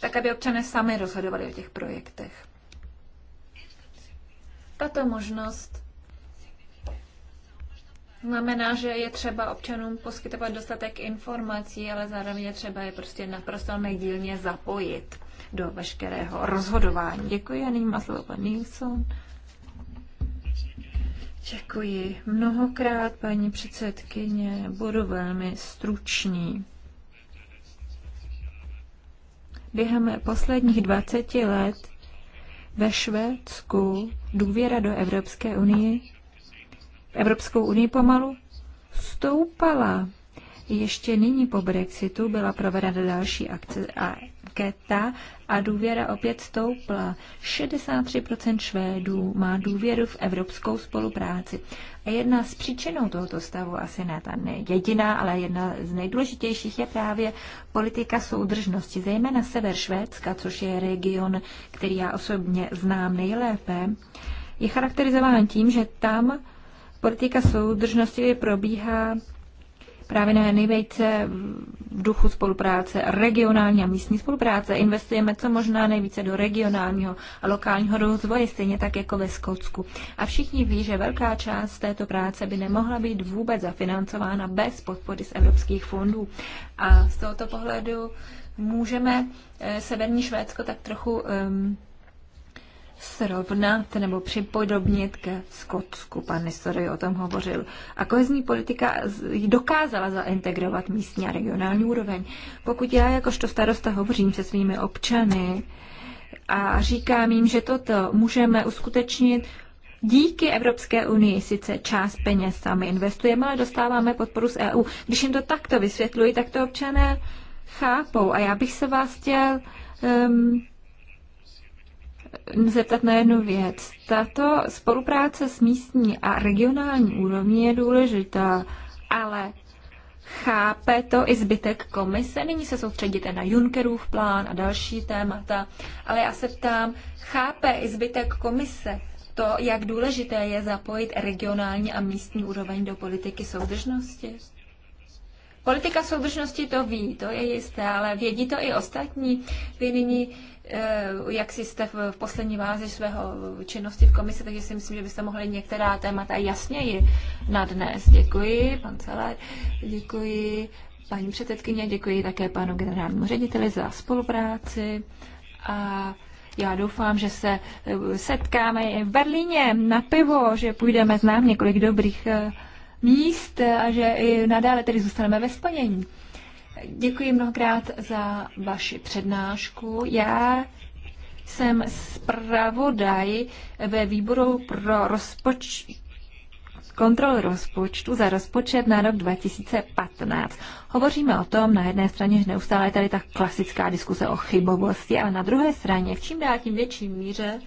tak aby občané sami rozhodovali o těch projektech. Tato možnost Znamená, že je třeba občanům poskytovat dostatek informací, ale zároveň je třeba je prostě naprosto nedílně zapojit do veškerého rozhodování. Děkuji a nyní má slovo pan Nilsson. Děkuji mnohokrát, paní předsedkyně. Budu velmi stručný. Během posledních 20 let ve Švédsku důvěra do Evropské unie Evropskou unii pomalu stoupala. Ještě nyní po Brexitu byla provedena další akce a keta a důvěra opět stoupla. 63% Švédů má důvěru v evropskou spolupráci. A jedna z příčinou tohoto stavu, asi ne ta ne jediná, ale jedna z nejdůležitějších je právě politika soudržnosti, zejména sever Švédska, což je region, který já osobně znám nejlépe, je charakterizován tím, že tam Politika soudržnosti probíhá právě na nejvíce v duchu spolupráce, regionální a místní spolupráce. Investujeme co možná nejvíce do regionálního a lokálního rozvoje, stejně tak jako ve Skotsku. A všichni ví, že velká část této práce by nemohla být vůbec zafinancována bez podpory z evropských fondů. A z tohoto pohledu můžeme eh, severní Švédsko tak trochu srovnat nebo připodobnit ke Skotsku. Pan Nistory o tom hovořil. A kohezní politika dokázala zaintegrovat místní a regionální úroveň. Pokud já jakožto starosta hovořím se svými občany a říkám jim, že toto můžeme uskutečnit Díky Evropské unii sice část peněz sami investujeme, ale dostáváme podporu z EU. Když jim to takto vysvětluji, tak to občané chápou. A já bych se vás chtěl um, zeptat na jednu věc. Tato spolupráce s místní a regionální úrovní je důležitá, ale chápe to i zbytek komise. Nyní se soustředíte na Junckerův plán a další témata, ale já se ptám, chápe i zbytek komise to, jak důležité je zapojit regionální a místní úroveň do politiky soudržnosti? Politika soudržnosti to ví, to je jisté, ale vědí to i ostatní. Vy nyní, eh, jak si jste v poslední váze svého činnosti v komisi, takže si myslím, že byste mohli některá témata jasněji nadnést. Děkuji, pan Celer, děkuji paní předsedkyně, děkuji také panu generálnímu řediteli za spolupráci a já doufám, že se eh, setkáme v Berlíně na pivo, že půjdeme znám několik dobrých eh, míst a že i nadále tedy zůstaneme ve spojení. Děkuji mnohokrát za vaši přednášku. Já jsem zpravodaj ve výboru pro rozpoč... kontrolu rozpočtu za rozpočet na rok 2015. Hovoříme o tom na jedné straně, že neustále je tady ta klasická diskuse o chybovosti, ale na druhé straně v čím dál tím větší míře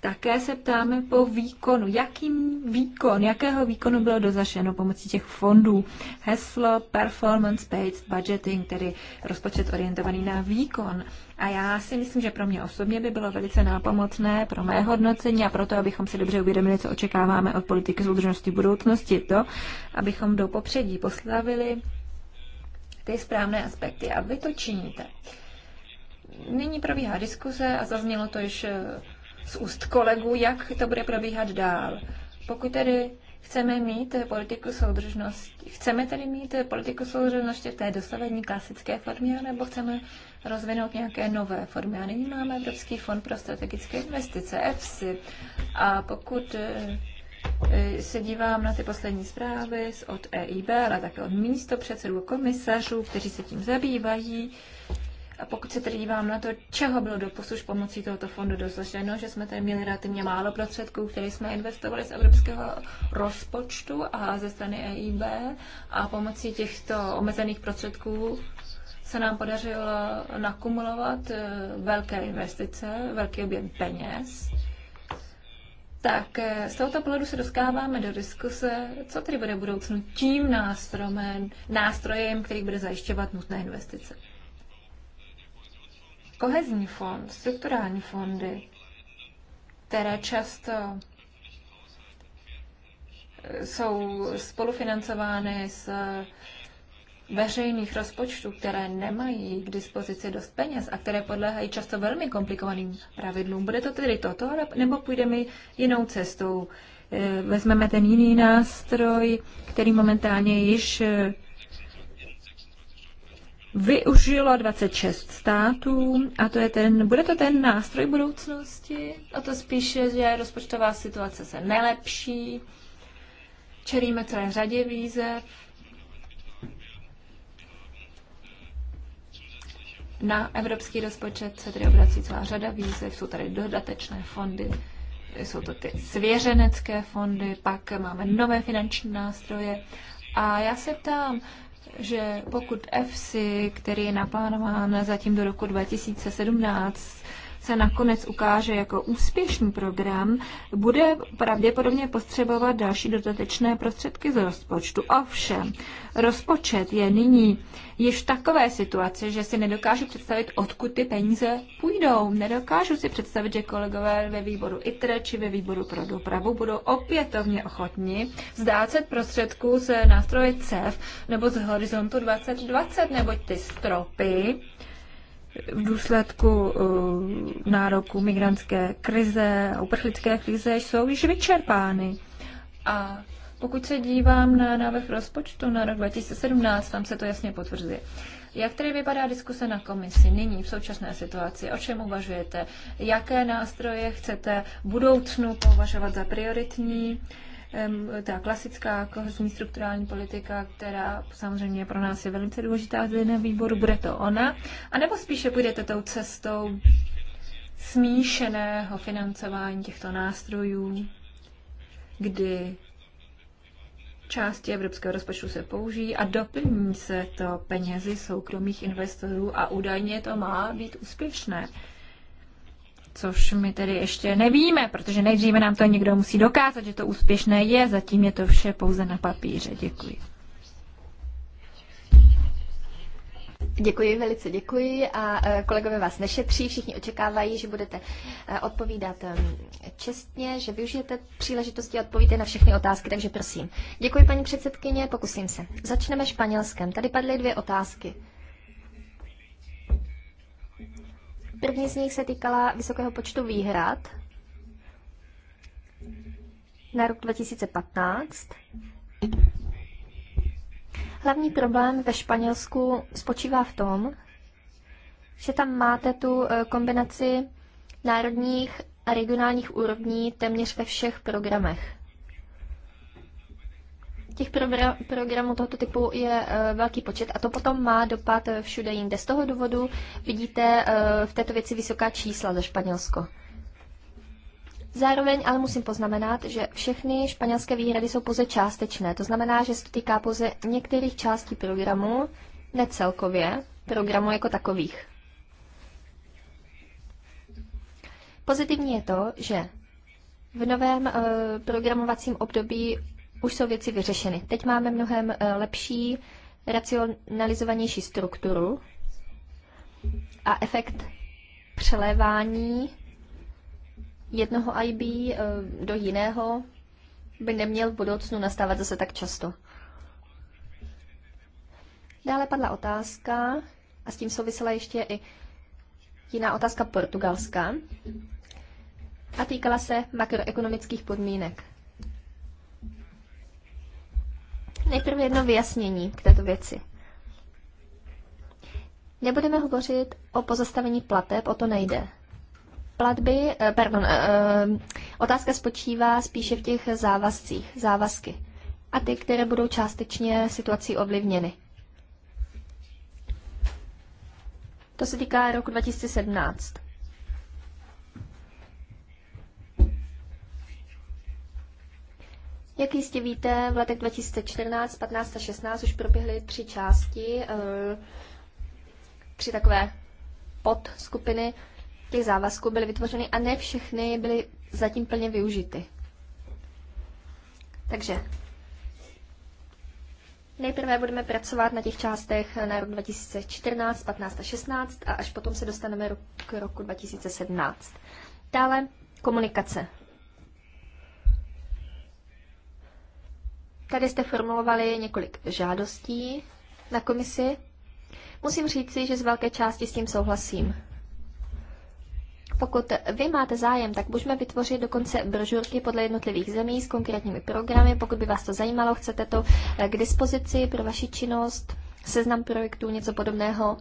také se ptáme po výkonu. Jaký výkon, jakého výkonu bylo dosaženo pomocí těch fondů? Heslo performance-based budgeting, tedy rozpočet orientovaný na výkon. A já si myslím, že pro mě osobně by bylo velice nápomocné pro mé hodnocení a proto, abychom si dobře uvědomili, co očekáváme od politiky soudržnosti budoucnosti, to, abychom do popředí poslavili ty správné aspekty. A vy to činíte. Nyní probíhá diskuze a zaznělo to již eh, z úst kolegů, jak to bude probíhat dál. Pokud tedy chceme mít politiku soudržnosti, chceme tedy mít politiku soudržnosti v té dosavadní klasické formě, nebo chceme rozvinout nějaké nové formy. A nyní máme Evropský fond pro strategické investice, EFSI. A pokud eh, eh, se dívám na ty poslední zprávy od EIB, ale také od místo předsedů komisařů, kteří se tím zabývají, a pokud se tedy dívám na to, čeho bylo doposud pomocí tohoto fondu dosaženo, že jsme tady měli relativně málo prostředků, které jsme investovali z evropského rozpočtu a ze strany EIB a pomocí těchto omezených prostředků se nám podařilo nakumulovat eh, velké investice, velký objem peněz. Tak eh, z tohoto pohledu se dostáváme do diskuse, co tedy bude budoucnu tím nástrojem, nástrojem, který bude zajišťovat nutné investice kohezní fond, strukturální fondy, které často jsou spolufinancovány s veřejných rozpočtů, které nemají k dispozici dost peněz a které podléhají často velmi komplikovaným pravidlům. Bude to tedy toto, nebo půjdeme jinou cestou? Eh, vezmeme ten jiný nástroj, který momentálně již eh, využilo 26 států a to je ten, bude to ten nástroj budoucnosti a to spíše, že rozpočtová situace se nelepší, čelíme celé řadě výzev, Na evropský rozpočet se tedy obrací celá řada výzev, jsou tady dodatečné fondy, jsou to ty svěřenecké fondy, pak máme nové finanční nástroje. A já se ptám, že pokud EFSI, který je naplánován zatím do roku 2017, se nakonec ukáže jako úspěšný program, bude pravděpodobně potřebovat další dodatečné prostředky z rozpočtu. Ovšem, rozpočet je nyní již v takové situaci, že si nedokážu představit, odkud ty peníze půjdou. Nedokážu si představit, že kolegové ve výboru ITRE či ve výboru pro dopravu budou opětovně ochotni vzdát se prostředků z nástroje CEF nebo z horizontu 2020, nebo ty stropy v důsledku eh, nároku migrantské krize, uprchlické krize jsou již vyčerpány. A pokud se dívám na návrh rozpočtu na rok 2017, tam se to jasně potvrzuje. Jak tedy vypadá diskuse na komisi nyní v současné situaci? O čem uvažujete? Jaké nástroje chcete budoucnu považovat za prioritní? ta klasická kohezní strukturální politika, která samozřejmě pro nás je velice důležitá zde na výboru, bude to ona? A nebo spíše půjdete tou cestou smíšeného financování těchto nástrojů, kdy části evropského rozpočtu se použijí a doplní se to penězi soukromých investorů a údajně to má být úspěšné což my tedy ještě nevíme, protože nejdříve nám to někdo musí dokázat, že to úspěšné je, zatím je to vše pouze na papíře. Děkuji. Děkuji, velice děkuji a e, kolegové vás nešetří, všichni očekávají, že budete e, odpovídat e, čestně, že využijete příležitosti a odpovíte na všechny otázky, takže prosím. Děkuji, paní předsedkyně, pokusím se. Začneme španělskem. Tady padly dvě otázky. První z nich se týkala vysokého počtu výhrad na rok 2015. Hlavní problém ve Španělsku spočívá v tom, že tam máte tu e, kombinaci národních a regionálních úrovní téměř ve všech programech. Těch programů tohoto typu je e, velký počet a to potom má dopad e, všude jinde. Z toho důvodu vidíte e, v této věci vysoká čísla za Španělsko. Zároveň ale musím poznamenat, že všechny španělské výhrady jsou pouze částečné. To znamená, že se to týká pouze některých částí programu, ne celkově, programu jako takových. Pozitivní je to, že v novém e, programovacím období už jsou věci vyřešeny. Teď máme mnohem eh, lepší, racionalizovanější strukturu a efekt přelévání jednoho IB eh, do jiného by neměl v budoucnu nastávat zase tak často. Dále padla otázka, a s tím souvisela ještě i jiná otázka portugalská, a týkala se makroekonomických podmínek. Nejprve jedno vyjasnění k této věci. Nebudeme hovořit o pozastavení plateb, o to nejde. Platby, eh, pardon, eh, eh, otázka spočívá spíše v těch závazcích, závazky a ty, které budou částečně situací ovlivněny. To se týká roku 2017. Jak jistě víte, v letech 2014, 15 a 16 už proběhly tři části, eh, tři takové podskupiny těch závazků byly vytvořeny a ne všechny byly zatím plně využity. Takže nejprve budeme pracovat na těch částech na rok 2014, 15 a 16 a až potom se dostaneme k roku 2017. Dále komunikace. Tady jste formulovali několik žádostí na komisi. Musím říci, že z velké části s tím souhlasím. Pokud vy máte zájem, tak můžeme vytvořit dokonce brožurky podle jednotlivých zemí s konkrétními programy. Pokud by vás to zajímalo, chcete to eh, k dispozici pro vaši činnost, seznam projektů, něco podobného,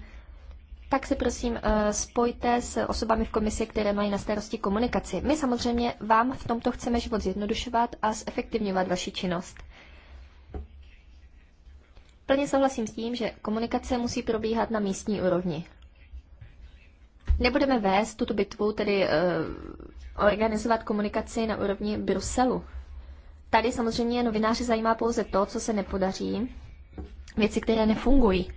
tak se prosím eh, spojte s osobami v komisi, které mají na starosti komunikaci. My samozřejmě vám v tomto chceme život zjednodušovat a zefektivňovat vaši činnost. Plně souhlasím s tím, že komunikace musí probíhat na místní úrovni. Nebudeme vést tuto bitvu, tedy uh, organizovat komunikaci na úrovni Bruselu. Tady samozřejmě novináři zajímá pouze to, co se nepodaří, věci, které nefungují.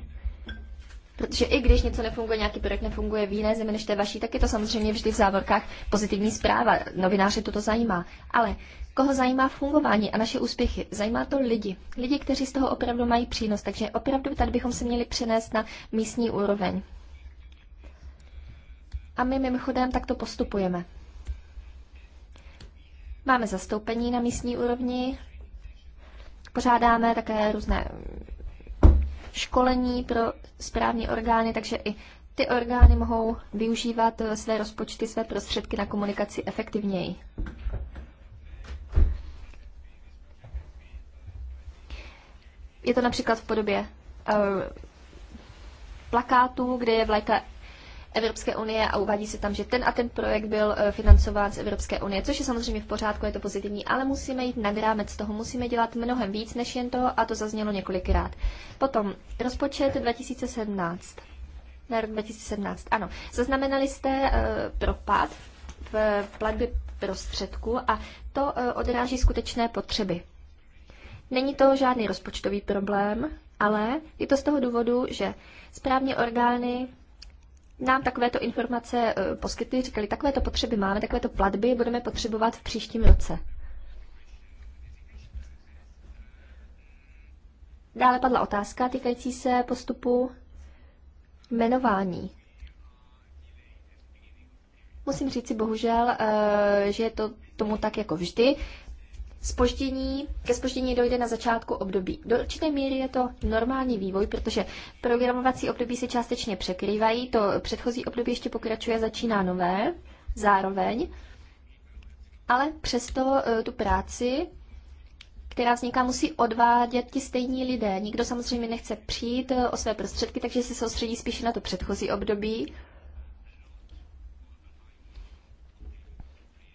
Protože i když něco nefunguje, nějaký projekt nefunguje v jiné zemi než té vaší, tak je to samozřejmě vždy v závorkách pozitivní zpráva. novináři toto zajímá. Ale koho zajímá fungování a naše úspěchy. Zajímá to lidi. Lidi, kteří z toho opravdu mají přínos. Takže opravdu tady bychom se měli přenést na místní úroveň. A my mimochodem takto postupujeme. Máme zastoupení na místní úrovni, pořádáme také různé školení pro správní orgány, takže i ty orgány mohou využívat eh, své rozpočty, své prostředky na komunikaci efektivněji. Je to například v podobě eh, plakátů, kde je vlajka Evropské unie a uvádí se tam, že ten a ten projekt byl eh, financován z Evropské unie, což je samozřejmě v pořádku, je to pozitivní, ale musíme jít nad rámec toho, musíme dělat mnohem víc než jen to a to zaznělo několikrát. Potom rozpočet 2017. Na rok 2017, ano. Zaznamenali jste uh, propad v platbě prostředku a to uh, odráží skutečné potřeby. Není to žádný rozpočtový problém, ale je to z toho důvodu, že správní orgány nám takovéto informace eh, poskytli, říkali, takovéto potřeby máme, takovéto platby budeme potřebovat v příštím roce. Dále padla otázka týkající se postupu jmenování. Musím říci bohužel, eh, že je to tomu tak jako vždy spoždění, ke spoždění dojde na začátku období. Do určité míry je to normální vývoj, protože programovací období se částečně překrývají, to předchozí období ještě pokračuje, začíná nové zároveň, ale přesto eh, tu práci která vzniká, musí odvádět ti stejní lidé. Nikdo samozřejmě nechce přijít eh, o své prostředky, takže se soustředí spíše na to předchozí období.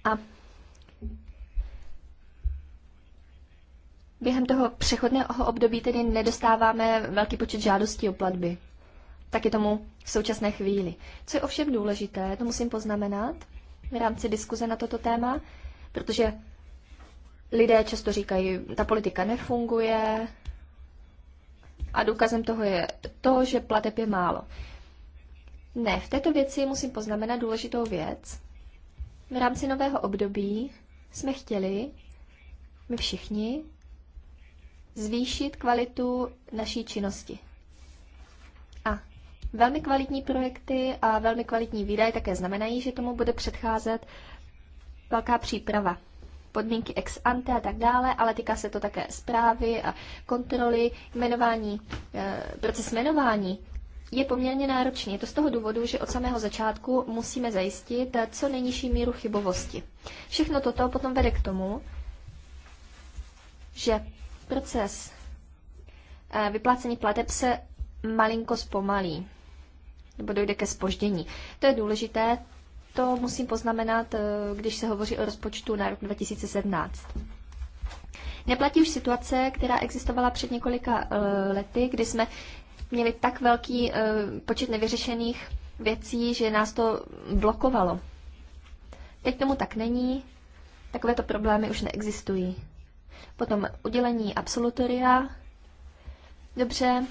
A Během toho přechodného období tedy nedostáváme velký počet žádostí o platby. Tak je tomu v současné chvíli. Co je ovšem důležité, to musím poznamenat v rámci diskuze na toto téma, protože lidé často říkají, ta politika nefunguje a důkazem toho je to, že plateb je málo. Ne, v této věci musím poznamenat důležitou věc. V rámci nového období jsme chtěli, my všichni, zvýšit kvalitu naší činnosti. A velmi kvalitní projekty a velmi kvalitní výdaje také znamenají, že tomu bude předcházet velká příprava podmínky ex ante a tak dále, ale týká se to také zprávy a kontroly, jmenování, eh, proces jmenování je poměrně náročný. Je to z toho důvodu, že od samého začátku musíme zajistit co nejnižší míru chybovosti. Všechno toto potom vede k tomu, že Proces eh, vyplácení plateb se malinko zpomalí, nebo dojde ke spoždění. To je důležité, to musím poznamenat, eh, když se hovoří o rozpočtu na rok 2017. Neplatí už situace, která existovala před několika eh, lety, kdy jsme měli tak velký počet nevyřešených věcí, že nás to blokovalo. Teď tomu tak není, takovéto problémy už neexistují. Potom udělení absolutoria. Dobře,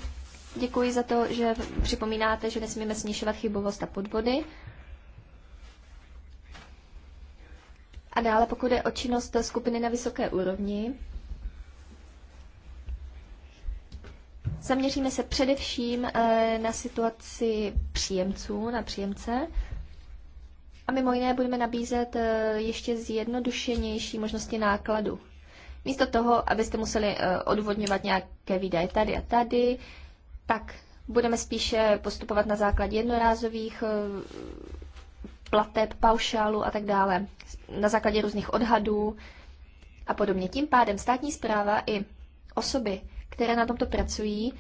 děkuji za to, že připomínáte, že nesmíme snižovat chybovost a podvody. A dále, pokud je o činnost skupiny na vysoké úrovni, Zaměříme se především eh, na situaci příjemců, na příjemce. A mimo jiné budeme nabízet eh, ještě zjednodušenější možnosti nákladu. Místo toho, abyste museli eh, odvodňovat nějaké výdaje tady a tady, tak budeme spíše postupovat na základě jednorázových eh, plateb, paušálu a tak dále, na základě různých odhadů a podobně. Tím pádem státní zpráva i osoby, které na tomto pracují,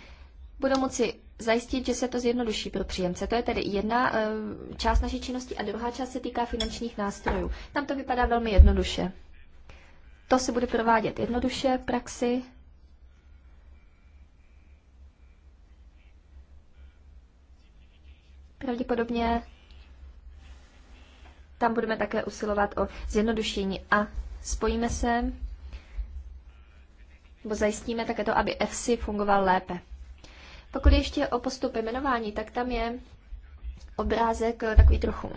budou moci zajistit, že se to zjednoduší pro příjemce. To je tedy jedna eh, část naší činnosti a druhá část se týká finančních nástrojů. Tam to vypadá velmi jednoduše. To se bude provádět jednoduše v praxi. Pravděpodobně tam budeme také usilovat o zjednodušení a spojíme se, nebo zajistíme také to, aby FC fungoval lépe. Pokud ještě o postup jmenování, tak tam je obrázek takový trochu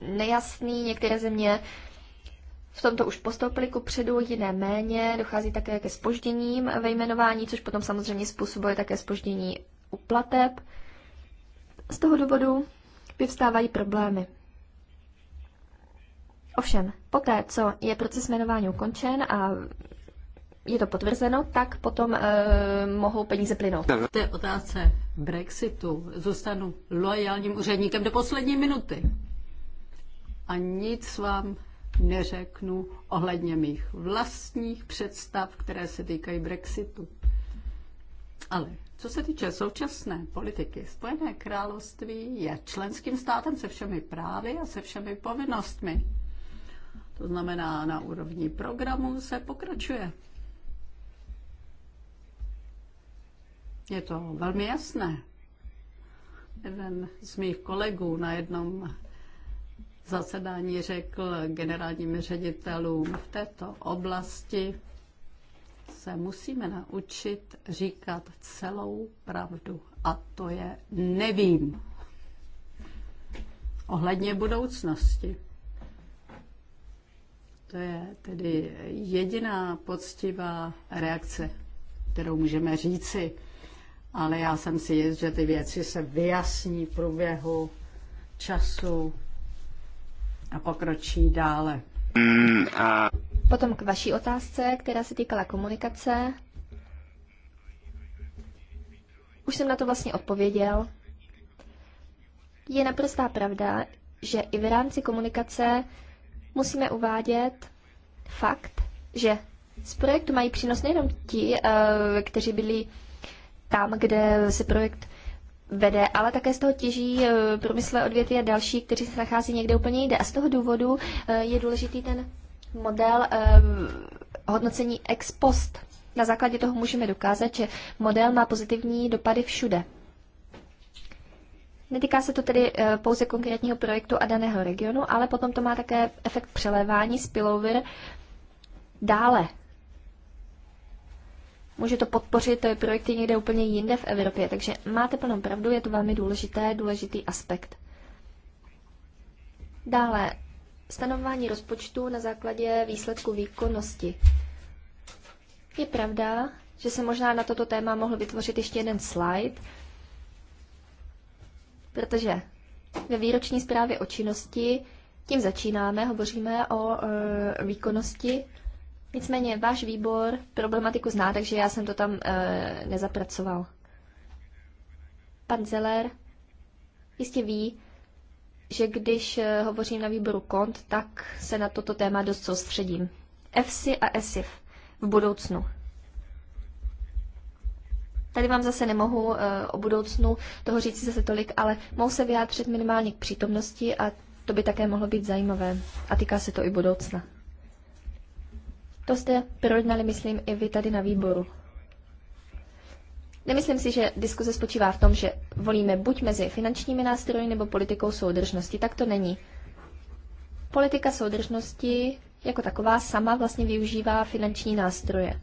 nejasný. Některé země v tomto už postoupili ku předu, jiné méně, dochází také ke spožděním ve jmenování, což potom samozřejmě způsobuje také spoždění u plateb. Z toho důvodu vyvstávají problémy. Ovšem, poté, co je proces jmenování ukončen a je to potvrzeno, tak potom e, mohou peníze plynout. V té otázce Brexitu zůstanu loajálním úředníkem do poslední minuty. A nic vám neřeknu ohledně mých vlastních představ, které se týkají Brexitu. Ale co se týče současné politiky, Spojené království je členským státem se všemi právy a se všemi povinnostmi. To znamená, na úrovni programu se pokračuje. Je to velmi jasné. Jeden z mých kolegů na jednom zasedání řekl generálním ředitelům v této oblasti, se musíme naučit říkat celou pravdu. A to je nevím. Ohledně budoucnosti. To je tedy jediná poctivá reakce, kterou můžeme říci. Ale já jsem si jist, že ty věci se vyjasní v průběhu času a pokročí dále. Mm, Potom k vaší otázce, která se týkala komunikace. Už jsem na to vlastně odpověděl. Je naprostá pravda, že i v rámci komunikace musíme uvádět fakt, že z projektu mají přínos nejenom ti, eh, kteří byli tam, kde se projekt vede, ale také z toho těží eh, průmyslové odvětví a další, kteří se nachází někde úplně jinde. A z toho důvodu eh, je důležitý ten model eh, hodnocení ex post. Na základě toho můžeme dokázat, že model má pozitivní dopady všude. Netýká se to tedy pouze konkrétního projektu a daného regionu, ale potom to má také efekt přelévání spillover dále může to podpořit eh, projekty někde úplně jinde v Evropě. Takže máte plnou pravdu, je to velmi důležité, důležitý aspekt. Dále, stanování rozpočtu na základě výsledku výkonnosti. Je pravda, že se možná na toto téma mohl vytvořit ještě jeden slide, protože ve výroční zprávě o činnosti tím začínáme, hovoříme o e, výkonnosti Nicméně váš výbor problematiku zná, takže já jsem to tam e, nezapracoval. Pan Zeller jistě ví, že když eh, hovořím na výboru kont, tak se na toto téma dost soustředím. EFSI a ESIF v budoucnu. Tady vám zase nemohu eh, o budoucnu toho říct zase tolik, ale mohu se vyjádřit minimálně k přítomnosti a to by také mohlo být zajímavé. A týká se to i budoucna. To jste projednali, myslím, i vy tady na výboru. Nemyslím si, že diskuze spočívá v tom, že volíme buď mezi finančními nástroji nebo politikou soudržnosti. Tak to není. Politika soudržnosti jako taková sama vlastně využívá finanční nástroje.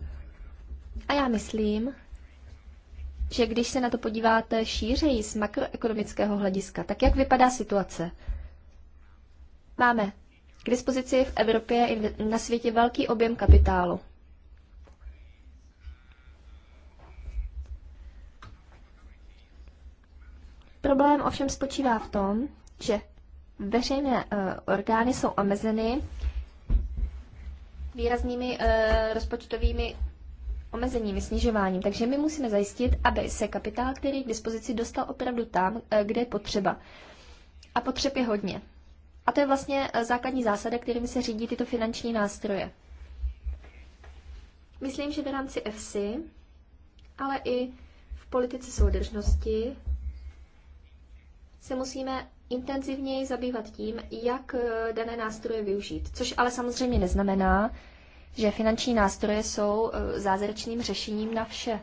A já myslím, že když se na to podíváte šířeji z makroekonomického hlediska, tak jak vypadá situace? Máme k dispozici je v Evropě i na světě velký objem kapitálu. Problém ovšem spočívá v tom, že veřejné uh, orgány jsou omezeny výraznými uh, rozpočtovými omezeními, snižováním. Takže my musíme zajistit, aby se kapitál, který k dispozici, dostal opravdu tam, eh, kde je potřeba. A potřeb je hodně. A to je vlastně eh, základní zásada, kterými se řídí tyto finanční nástroje. Myslím, že v rámci EFSI, ale i v politice soudržnosti se musíme intenzivněji zabývat tím, jak eh, dané nástroje využít. Což ale samozřejmě neznamená, že finanční nástroje jsou eh, zázračným řešením na vše.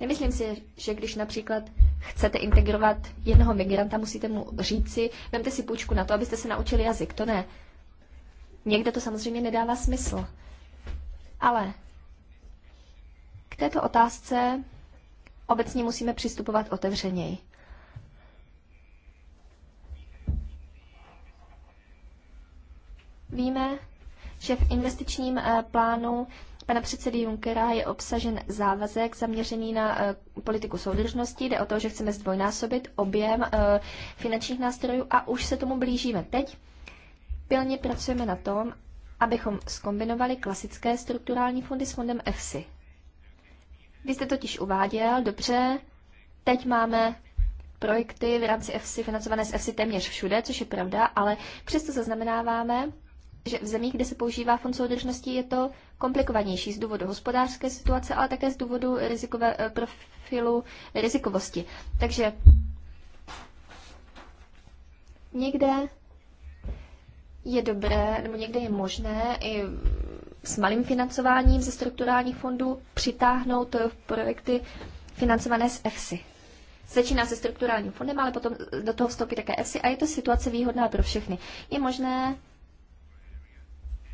Nemyslím si, že když například chcete integrovat jednoho migranta, musíte mu říci, vemte si půjčku na to, abyste se naučili jazyk. To ne. Někde to samozřejmě nedává smysl. Ale k této otázce obecně musíme přistupovat otevřeněji. Víme, že v investičním eh, plánu pana předsedy Junckera je obsažen závazek zaměřený na eh, politiku soudržnosti. Jde o to, že chceme zdvojnásobit objem eh, finančních nástrojů a už se tomu blížíme teď. Pilně pracujeme na tom, abychom skombinovali klasické strukturální fondy s fondem EFSI. Vy jste totiž uváděl, dobře, teď máme projekty v rámci EFSI financované z EFSI téměř všude, což je pravda, ale přesto zaznamenáváme, že v zemích, kde se používá fond soudržnosti, je to komplikovanější z důvodu hospodářské situace, ale také z důvodu rizikové, eh, profilu rizikovosti. Takže někde je dobré, nebo někde je možné i s malým financováním ze strukturálních fondů přitáhnout projekty financované z EFSI. Začíná se strukturálním fondem, ale potom do toho vstoupí také EFSI a je to situace výhodná pro všechny. Je možné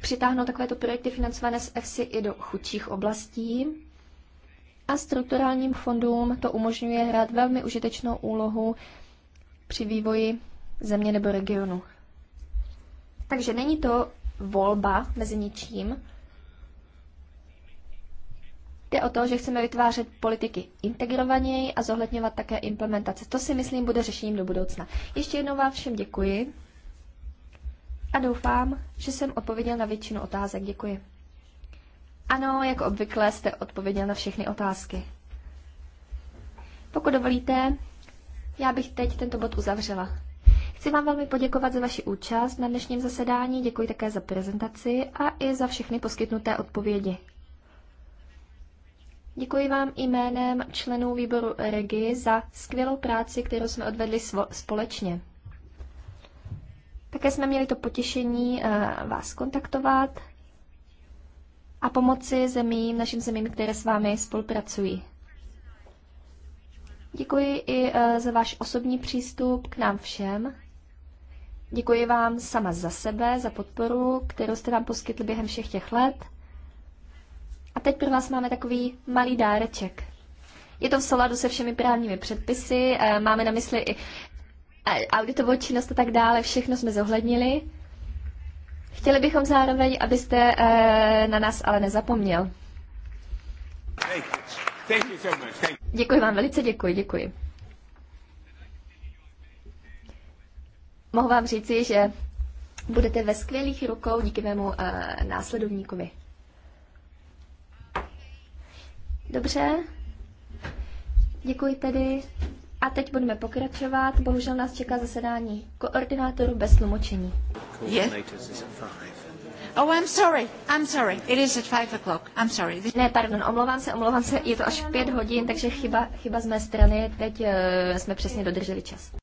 přitáhnout takovéto projekty financované z EFSI i do chudších oblastí. A strukturálním fondům to umožňuje hrát velmi užitečnou úlohu při vývoji země nebo regionu. Takže není to volba mezi ničím. Jde o to, že chceme vytvářet politiky integrovaněji a zohledňovat také implementace. To si myslím bude řešením do budoucna. Ještě jednou vám všem děkuji a doufám, že jsem odpověděl na většinu otázek. Děkuji. Ano, jako obvykle jste odpověděl na všechny otázky. Pokud dovolíte, já bych teď tento bod uzavřela. Chci vám velmi poděkovat za vaši účast na dnešním zasedání, děkuji také za prezentaci a i za všechny poskytnuté odpovědi. Děkuji vám jménem členů výboru Regi za skvělou práci, kterou jsme odvedli společně. Také jsme měli to potěšení eh, vás kontaktovat a pomoci zemím, našim zemím, které s vámi spolupracují. Děkuji i eh, za váš osobní přístup k nám všem. Děkuji vám sama za sebe, za podporu, kterou jste nám poskytli během všech těch let. A teď pro vás máme takový malý dáreček. Je to v souladu se všemi právními předpisy, eh, máme na mysli i auditovou činnost a tak dále, všechno jsme zohlednili. Chtěli bychom zároveň, abyste eh, na nás ale nezapomněl. Děkuji vám velice, děkuji, děkuji. Mohu vám říci, že budete ve skvělých rukou díky mému eh, následovníkovi. Dobře. Děkuji tedy. A teď budeme pokračovat. Bohužel nás čeká zasedání koordinátorů bez tlumočení. Oh, I'm sorry, I'm sorry. It is at five o'clock. I'm sorry. Ne, pardon, omlouvám se, omlouvám se. Je to až v pět hodin, takže chyba, chyba z mé strany. Teď uh, jsme přesně dodrželi čas.